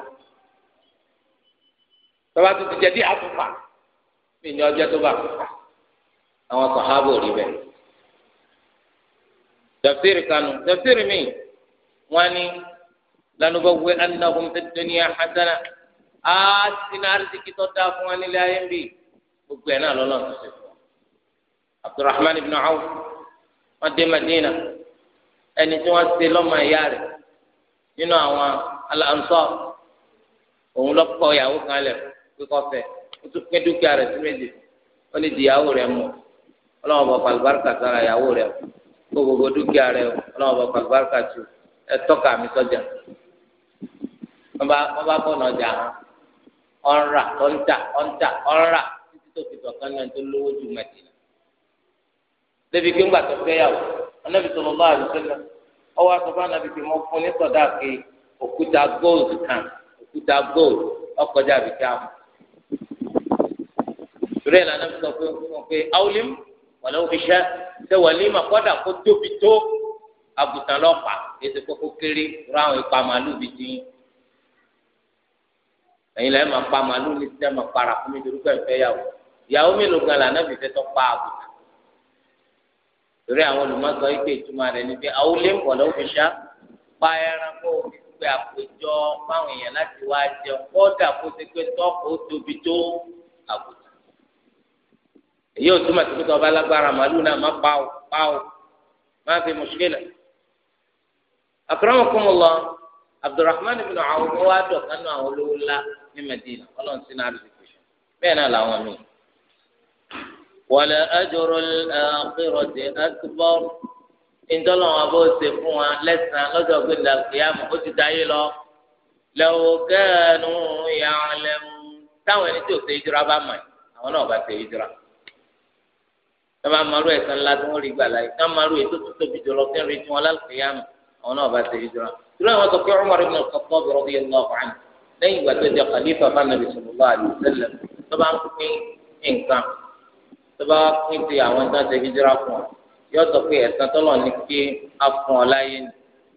lọ́ba tún ti jẹ bí àtúfà mí ní ọjọ́ tó bá àwọn sàhábò rí bẹ́ẹ̀. tafsiri kanu tafsiri mi wọ́n ní lanubawwe annahum fid dunya hasana á sinú arzikì tó dáa fún wa nílé ayé ń bì gbogbo ẹ̀ náà lọ́nà tó abdulrahman ibn awf wọ́n dé madina ẹni tí wọ́n ṣe lọ́mọ ìyá rẹ̀ nínú àwọn aláǹsọ òun lọkọ ìyàwó kan lẹ kíkọ fẹ ó tún pín dúkìá rẹ̀ sí méjì ó lè di ìyàwó rẹ̀ mọ ọlọ́wọ́n bọ̀ pàlùbáríkà sára ìyàwó rẹ̀ kó gbogbo dúkìá rẹ̀ ọlọ́wọ́n bọ̀ pàlùbáríkà tù ẹ tọ́ka mi sọ́jà wọ́n bá bọ̀ n'ọjà ọ̀nra ọ̀nta ọ̀nta ọ̀nra títí tó fi tọ̀kan náà tó lówó ju mẹ́tì. débi kí ń gbà tó fẹ́ yàwó ọ̀nà ọwọ́ asọ́fà nàbí fi mọ́ fún ní sọ̀dáàkì òkúta gold kan òkúta gold ọkọjá àbíkí àmọ́. ìrẹ́ ìlànà mi sọ pé fún pé aolim wàlẹ́ òfiṣẹ́ ṣe wàlẹ́ mà kọ́dà kó tóbi tó àgùntàn lọ́pàá ètò kókó kéré ráwọn ipa màálù bíi ti ẹ̀yin lẹ́yìn máa pa màálù ní sísẹ́ para fún mi torí pé yàwó ìyàwó mélòó gan la nàbì fẹ́ tọ́ pa àgùntàn torí àwọn olùmọ̀sọ ìgbé ìtumọ̀ rẹ̀ ni pé àwọlé ń bọ̀ lọ́wọ́ fi ṣá pa ẹranko òfin pé àpéjọ fáwọn èèyàn láti wá jẹun kọ́dà kó ti pé tọ́pù ó tóbi tó àbùtù. èyí ò túmọ̀ sí pé tọ́ba lágbára màálù náà má pa ò pa ò má fi mùsùlùmí. akramakumullah abdulrahman ibn Awf wá dọ̀kánú àwọn olówó ńlá ní Madina ọlọ́run sínú àdúgbò bẹ́ẹ̀ náà làwọn míì. ولأجر الآخرة أكبر إن تلوم أبو سفوان لسنا لجو قد القيامة قد تايلو لو كانوا يعلمون táwọn ẹni tí ò ṣe ìdúrà bá mọ̀ àwọn náà bá ṣe ìdúrà tó bá marú ẹ̀sán ńlá tí wọ́n rí gbà láyé ká marú ètò tó tóbi jọ lọ fẹ́ẹ́ rí tí wọ́n lálùkì yá mọ̀ àwọn náà bá ṣe ìdúrà ìdúrà wọn sọ pé Umar ibn al-Khattab radiyallahu anhu lẹ́yìn ìgbà ń pín nǹkan tọba pín ti àwọn tán ṣe hijira fún ọ yóò sọ pé ẹ̀san tọ́lọ̀ ní kí a fún ọ láyé ni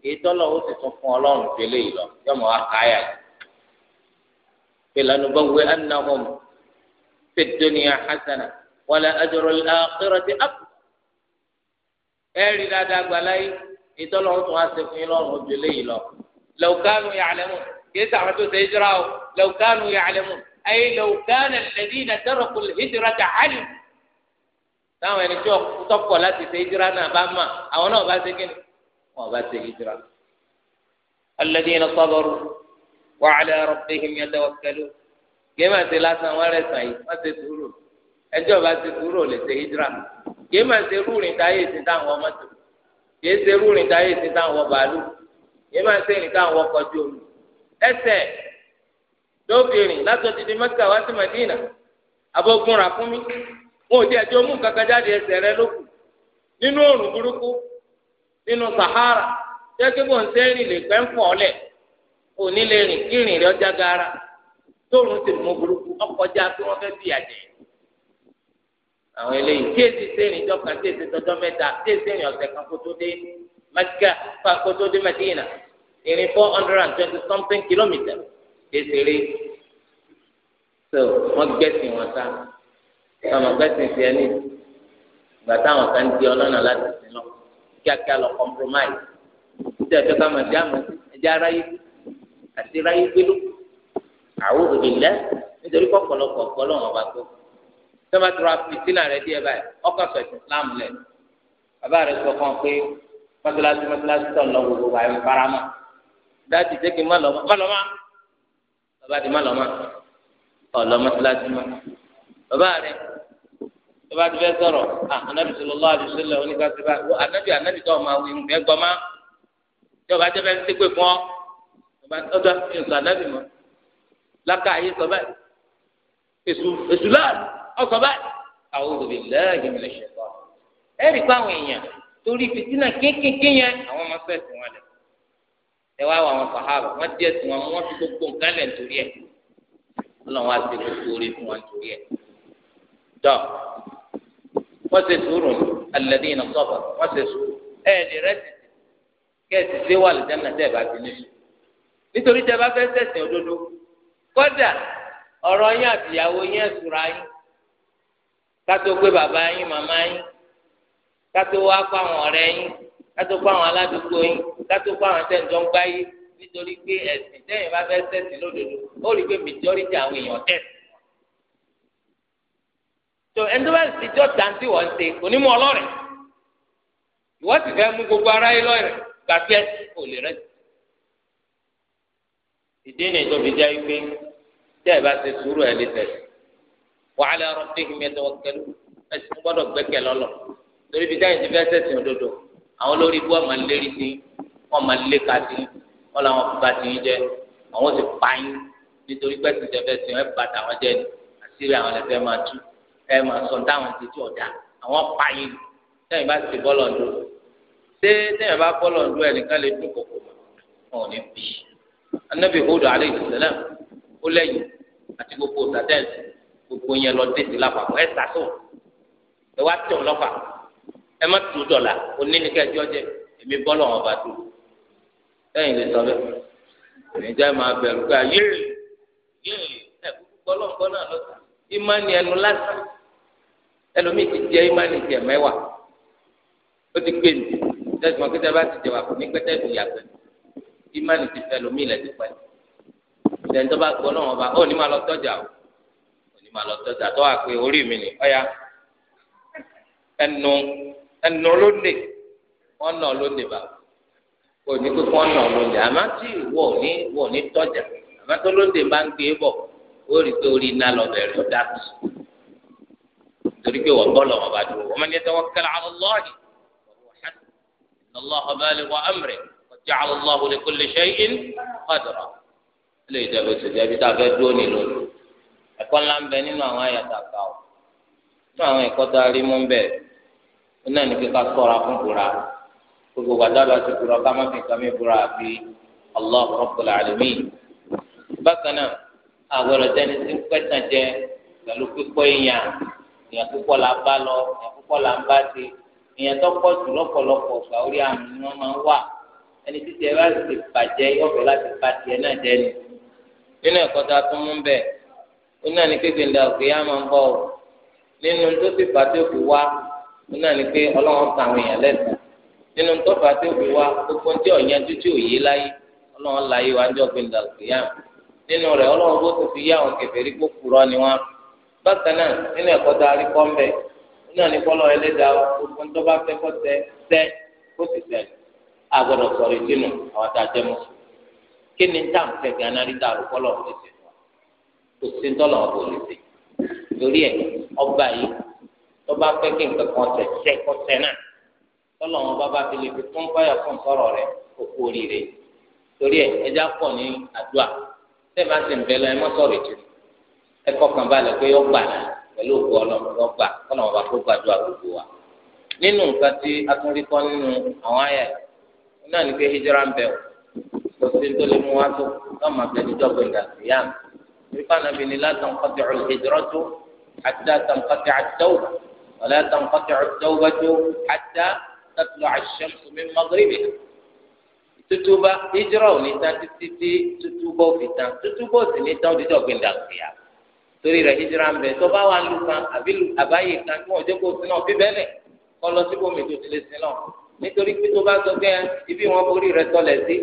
èyí tọ́lọ̀ ó sì tún fún ọlọ́run ju eléyìí lọ yóò mọ̀ wá káyà yìí. bá wẹ anahum fi dunya hasana wala ajrul akhirati akbar. ẹ rí dáadáa gbà láyé èyí tọ́lọ̀ ó tún wá ṣe fún yín lọ́rùn ju lọ. law kanu ya'lamun kì í tó ṣe hijira o law kanu ya'lamun ay law kana alladhina taraku al-hijrata 'alimu. táwọn ẹni tí tọkọ láti ṣe hijira náà bá mà àwọn náà bá ṣe kí ni wọn bá ṣe wa ala rabbihim yatawakkalun kéèmà ṣe lásán wọn sàn yìí ṣe ẹjọ́ bá ṣe lè ṣe ṣe rúurin táyé ti táwọn ọmọ tó kéè ṣe rúurin táyé ti táwọn bàálù kéèmà ṣe rìn táwọn kọjú omi lóbìnrin ti wọn ò tí ẹjọ́ mú kankan jáde ẹsẹ̀ rẹ nínú òrùn burúkú nínú sahara jẹ́kí bò ń sẹ́rìn lè pẹ́ ń fọ̀ ọ́lẹ̀ òní lè rìn kí rìn rẹ ọjà gara tóòrùn ti mú burúkú ọkọjá tí wọ́n fẹ́ àwọn eléyìí tí èsì tí èsì tí èsì ọ̀sẹ̀ four hundred and twenty something kilometres sọmọ gbẹ́sìn tiẹ̀ ní ìgbà táwọn kan di ọlọ́nà láti sin lọ kíákíá lọ compromise títí ẹjọ́ ká máa dá àmọ́ ẹjẹ́ aráyé àti ráyé gbélú àwọn òbí lẹ́ nítorí pọ̀pọ̀lọpọ̀ ọ̀pọ̀lọ́wọ̀n ọba tó sọmọ tó ra fìtínà rẹ díẹ̀ báyìí ọkọ̀ sọ ẹ̀sìn Islam lẹ̀ bàbá rẹ sọ fún ọ pé mọ́tíláṣí mọ́tíláṣí tọ̀ lọ gbogbo wa ẹ̀ faramọ́ dáàtì jẹ́ kí n má lọ́ má lọ́ má bàbá ti má lọ́ má ọ̀ lọ́ mọ́tíláṣí má. bàbá rẹ tó bá ti fẹ́ sọ̀rọ̀ anabi sallallahu alaihi wasallam oníkàtí bá anabi anabi tó ọmọ àwọn ènìyàn má tí ọba jẹ́ bẹ́ẹ̀ ń tẹ́gbẹ́ fún ọ ọba èso anabi mọ́ lákà sọ àwọn mi lè ṣe sọ pa àwọn èèyàn torí fìtínà yẹn àwọn ọmọ sùn wọn ẹ wá wà wọn sàhábà wọn sùn wọn wọn fi gbogbo nǹkan nítorí tọ wọn ṣe sùúrù alẹ́dí iná sọ́fà wọn ṣe sùúrù ẹ ẹ lè rẹ́sì kẹ́ẹ̀sì ṣé wà lùdánà tẹ́ ẹ bá ti níṣu nítorí tẹ́ bá fẹ́ ṣẹ̀sìn òdodo kódà ọ̀rọ̀ yín àtìyàwó yín ẹ̀sùra yín kátó pé bàbá yín màmá yín kátó wá fáwọn ọ̀rẹ́ yín kátó fáwọn aládùúgbò yín kátó fáwọn tẹ̀sán gbáyé nítorí pé ẹ̀sìn tẹ́yìn bá fẹ́ ṣẹ̀sìn lódodo ó rí i pé mìjọ́rìtì àwọn èèyàn tẹ̀sí tó ẹni tó bá ti jọ tàǹtí wọ́n ń ṣe onímọ̀ ọlọ́rẹ̀ ìwọ sì fẹ́ mú gbogbo ara yìí lọ́rẹ̀ gbàgbé ò lè rẹ̀. ìdí ni ìjọba ìjà yìí pé tẹ́ ẹ bá ṣe sùúrù ẹ lè tẹ̀lé wàhálà ọ̀rọ̀ tó ìhìn mẹ́tọ́ kẹlú ẹ̀sìn gbọ́dọ̀ gbẹ́kẹ̀ lọ́lọ́ torí ibi táyìn ti fẹ́ sẹ̀sìn òdodo àwọn olórí ibú ọmọ lérí sí wọn máa lé ka sí wọn làwọn fúnka sí yín jẹ àwọn sì pa yín nítorí pẹ́sì tẹ́fẹ́ sí wọn ẹ̀ bàtà wọn jẹ àṣírí àwọn ẹ̀fẹ́ máa tú ẹ máa sọ táwọn ti tí ọ̀dà àwọn pààyè sẹ́yìn bá ti bọ́ lọ́dún ṣé sẹ́yìn bá bọ́ lọ́dún ẹnìkan lè dún kòkò wọn ò ní bí anábì Hud alayhi salam ó lẹ́yìn àti gbogbo sàtẹ́ǹsì gbogbo yẹn lọ dé sí lápapọ̀ ẹ sàtò ẹ wá tẹ̀ ọlọ́fà ẹ má tù dọ̀là onínikẹ́jọ́ jẹ èmi bọ́ lọ́wọ́ bá dùn sẹ́yìn lè sọ bẹ́ẹ̀ ìjà máa bẹ̀rù pé ayé yé ẹ̀ gbọ́lọ́gbọ́ náà lọ́sàn-án ìmánì ẹnu ẹlòmíì ti jẹ ìmánì jẹ mẹ́wàá ó ti gbé mi tẹsí wọn kíkẹ́ bá ti jẹ wà fún mi pẹ́tẹ́ ìlú yàgbẹ́ ìmánì ti fẹ́ ẹlòmíì lẹ́sìn pẹ́ ìdẹ́ntọ́ bá gbọ́ náà wọn bá ó ní máa lọ tọ́jà o ó ní máa lọ tọ́jà tó wà pé orí mi ni ọ̀ya ẹnu ẹnu ló lè wọn nà ló lè bá kò ní pé wọn nà ló lè àmọ́ tí ìwọ ò ní ìwọ ò ní tọ́jà àmọ́ tó ló lè bá ń gbé bọ̀ ó rí pé orí iná lọ bẹ̀rẹ̀ ó dàtú nítorí pé wọ́n bọ́ọ̀lù wọn bá dúró wa man yatawakkal ala Allahi wa huwa hasbuh inna Allaha balighu amrihi qad ja'ala Allahu li kulli shay'in qadra ilé ìjọba ìṣèjọba ibi tá a fẹ́ dúró nílò ẹ̀kọ́ ńlá ń bẹ nínú àwọn àyàtà ká o nínú àwọn ẹ̀kọ́ tá a rí mú ń bẹ ó náà ní kí ká sọ̀ra fún bùrà gbogbo gbàdábà ti bùrà ká má fi kàmí bùrà àfi Allah Rabbul Alamin bákan náà àgbẹ̀rẹ̀ tẹ́ni tí ń pẹ́tàn jẹ pẹ̀lú pípọ́ èèyàn èèyàn púpọ̀ là ń bá lọ èèyàn púpọ̀ là ń bá ṣe èèyàn tó pọ̀ jù lọ́pọ̀lọpọ̀ ọ̀gbà orí àmì ni wọ́n máa ń wà ẹni títí ẹ bá ti bàjẹ́ yọ̀bẹ̀ láti bá tiẹ̀ náà jẹ́ ni nínú ẹ̀kọ́ tá a tún mú bẹ́ẹ̀ ó náà ní kékeré ńlá òkè yá máa ń bọ̀ ọ́ nínú tó sì fà tó fi wá ó náà ní pé ọlọ́run ta àwọn èèyàn lẹ́sìn nínú tó fà tó fi wá gbogbo tí ọ̀yàn títí òye láyé ọlọ́run láyé wájú ọ̀gbìn ńlá òkè yá nínú rẹ̀ ọlọ́run bó ti fi yá àwọn kẹfẹ́ kó kúrọ́ ni wọ́n á bákan náà nínú ẹ̀kọ́ tá a rí kọ́ mbẹ́ nínú àní kọ́lọ́ ẹlẹ́dàá gbogbo ń tọ́ba fẹ́ kọ́ tẹ́ tẹ́ kó sì tẹ́ a gbọ́dọ̀ sọ̀rọ̀ ìdínú àwọn tá a jẹ́ mùsùlùmí kí ni tá à ń fẹ́ gánà rí dàrú kọ́lọ́ ọ̀rọ̀ ẹ̀sìn kò sí tọ́lọ̀ ọ̀bọ̀ lè ṣe torí ẹ̀ ọba yìí tọ́ba fẹ́ kí nǹkan kan tẹ̀ tẹ́ kọ́ tẹ́ náà tọ́lọ̀ wọn bá bá fi lè fi fún báyọ̀ fún sọ̀rọ̀ rẹ̀ kó kú ẹ̀kọ́ kan balẹ̀ pé yọ gbà pẹ̀lú òkú ọlọ́run yọ gbà kọ́nà ọba kó gbàdúrà gbogbo wa nínú nǹkan tí a tún rí kọ́ nínú àwọn àyà yìí náà ní pé hijira ń bẹ o kò sí tó lè mú wa tó náà máa bẹ níjọ́ pé ìdá sí yá mi nípa nàbí ni látàn kọ́tì ọ̀lù hijira tó àti àtàn kọ́tì àtẹ́wò wàlẹ́ àtàn kọ́tì àtẹ́wò bá tó àtà tàtúlọ̀ àṣẹmùsùn mi mọ́gírìbì tutuba hijira ò ní tán títí tutuba ò fi tán tutuba ò sì ní tán ó dídọ̀ sí yá mi torí rẹ̀ hijira ń bẹ tó bá wà lù kan àbí àbáyé kan tí wọ́n jẹ́ kó sinú ọ̀bí bẹ́lẹ̀ kọ́ lọ síbòmí tó ti lè sin náà nítorí pé tó bá sọ pé ibi wọn borí rẹ̀ tọlẹ̀ sí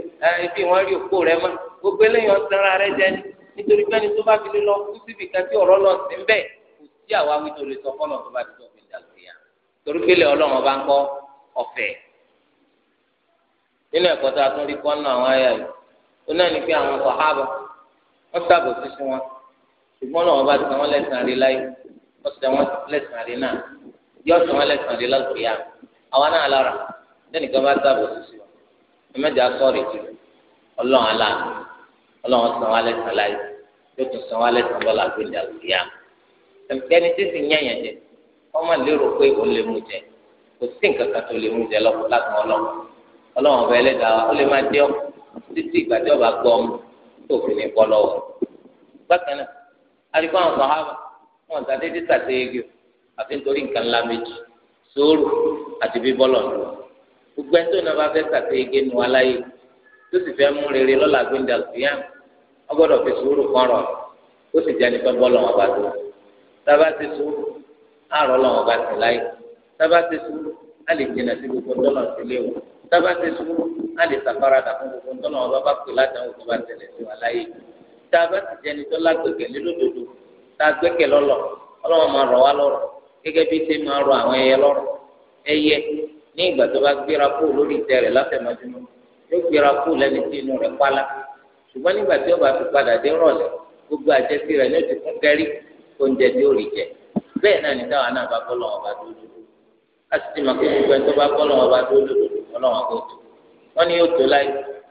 ibi wọn rí òkú rẹ̀ mọ́ gbogbo eléyìí ọ̀sán ara rẹ̀ nítorí pé ẹni tó bá fi lé lọ kú síbi kan tí ọ̀rọ̀ lọ sí ń bẹ̀ kò sí àwa wí tó lè sọ fọ́nà tó bá ti sọ fún ìdàgbéyà torí pé lè ọlọ́run ọba ń kọ́ ọ̀fẹ́ nínú ẹ̀kọ́ tá a tún rí kọ́ nù àwọn ayà yìí ó náà ní pé àwọn sàhábà wọ́n sábò sí sí wọn ṣùgbọ́n náà wọ́n bá tẹ wọ́n lẹ́sàn-án rí láyé wọ́n tẹ wọ́n lẹ́sàn-án rí náà yóò tẹ wọ́n lẹ́sàn-án rí lọ́sùn yá àwa náà lára lẹ́nìkan bá sábò sísè wa ẹ̀mẹ́jọ asọ́ọ̀rì jù ọlọ́run aláàánú ọlọ́run san wá lẹ́sàn-án láyé yóò tún san wá lẹ́sàn-án bọ́lá gbẹ̀dẹ̀ lọ́sùn yá ẹni tí sì yẹn yẹn jẹ ọmọ lérò pé òun lè mú jẹ kò sí nǹkan kan tó lè mú jẹ lọ́kùn látàn ọlọ́run àdìgbò àwọn sàhábà wọn ọ̀tá dédé sàtẹ́yẹgẹ àfi nítorí nǹkan ńlá méjì sóòrù àti bíbọ́lọ̀ ní wọn gbogbo ẹni tó náà bá fẹ́ sàtẹ́yẹgẹ nu aláyé tó sì fẹ́ mú rere lọ́la gbẹ̀ndà lùyàn wọ́n gbọ́dọ̀ fi sùúrù kọ́rọ̀ ó sì jẹ́ nípa bọ́lọ̀ wọn bá tó sábà ti sùúrù àárọ̀ lọ́wọ́ bá ti láyé sábà ti sùúrù á lè sí gbogbo dọ́lọ̀ sílé wọn sábà ti sùúrù á lè fún gbogbo dọ́lọ̀ tá a bá ti jẹni tó lágbègbè lódodo tá a gbẹ́kẹ̀ lọ́lọ́ ọlọ́run máa rọ̀ wá lọ́rọ̀ gẹ́gẹ́ bí ṣe máa rọ àwọn ẹyẹ lọ́rọ̀ ẹyẹ ní ìgbà tó bá gbéra kú lórí ìtẹ́ rẹ̀ láfẹ̀mọ́júmọ́ yóò gbéra kú lẹ́ni tí inú rẹ̀ pálá ṣùgbọ́n nígbà tí ó bá fi padà dé rọ̀lẹ́ gbogbo àjẹsí rẹ̀ ní oṣù fún kẹrí oúnjẹ tí ó rí jẹ bẹ́ẹ̀ náà ní táwọn náà bá bọ́ lọ́wọ́ bá dúró a sì ti mọ̀ pé gbogbo ẹni tó bá bọ́ lọ́wọ́ bá dúró ọlọ́wọ́ kò e tó wọ́n ní yóò tó láyé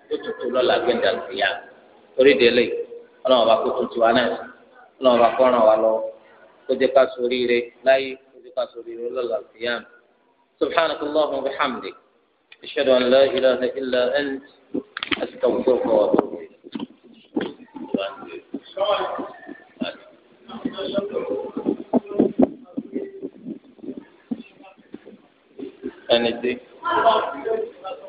yóò tó tó lọ́la gbẹ̀dà sí ya délé yìí ọlọ́run bá kó tún tiwa náà sí ọlọ́run ọba kó ràn wá lọ kó jẹ́ ká sori re láyé kó jẹ́ ká sori re lọ́la kìyàm سبحانك اللهم وبحمدك أشهد أن لا إله إلا أنت أستغفرك wa إليك. أنا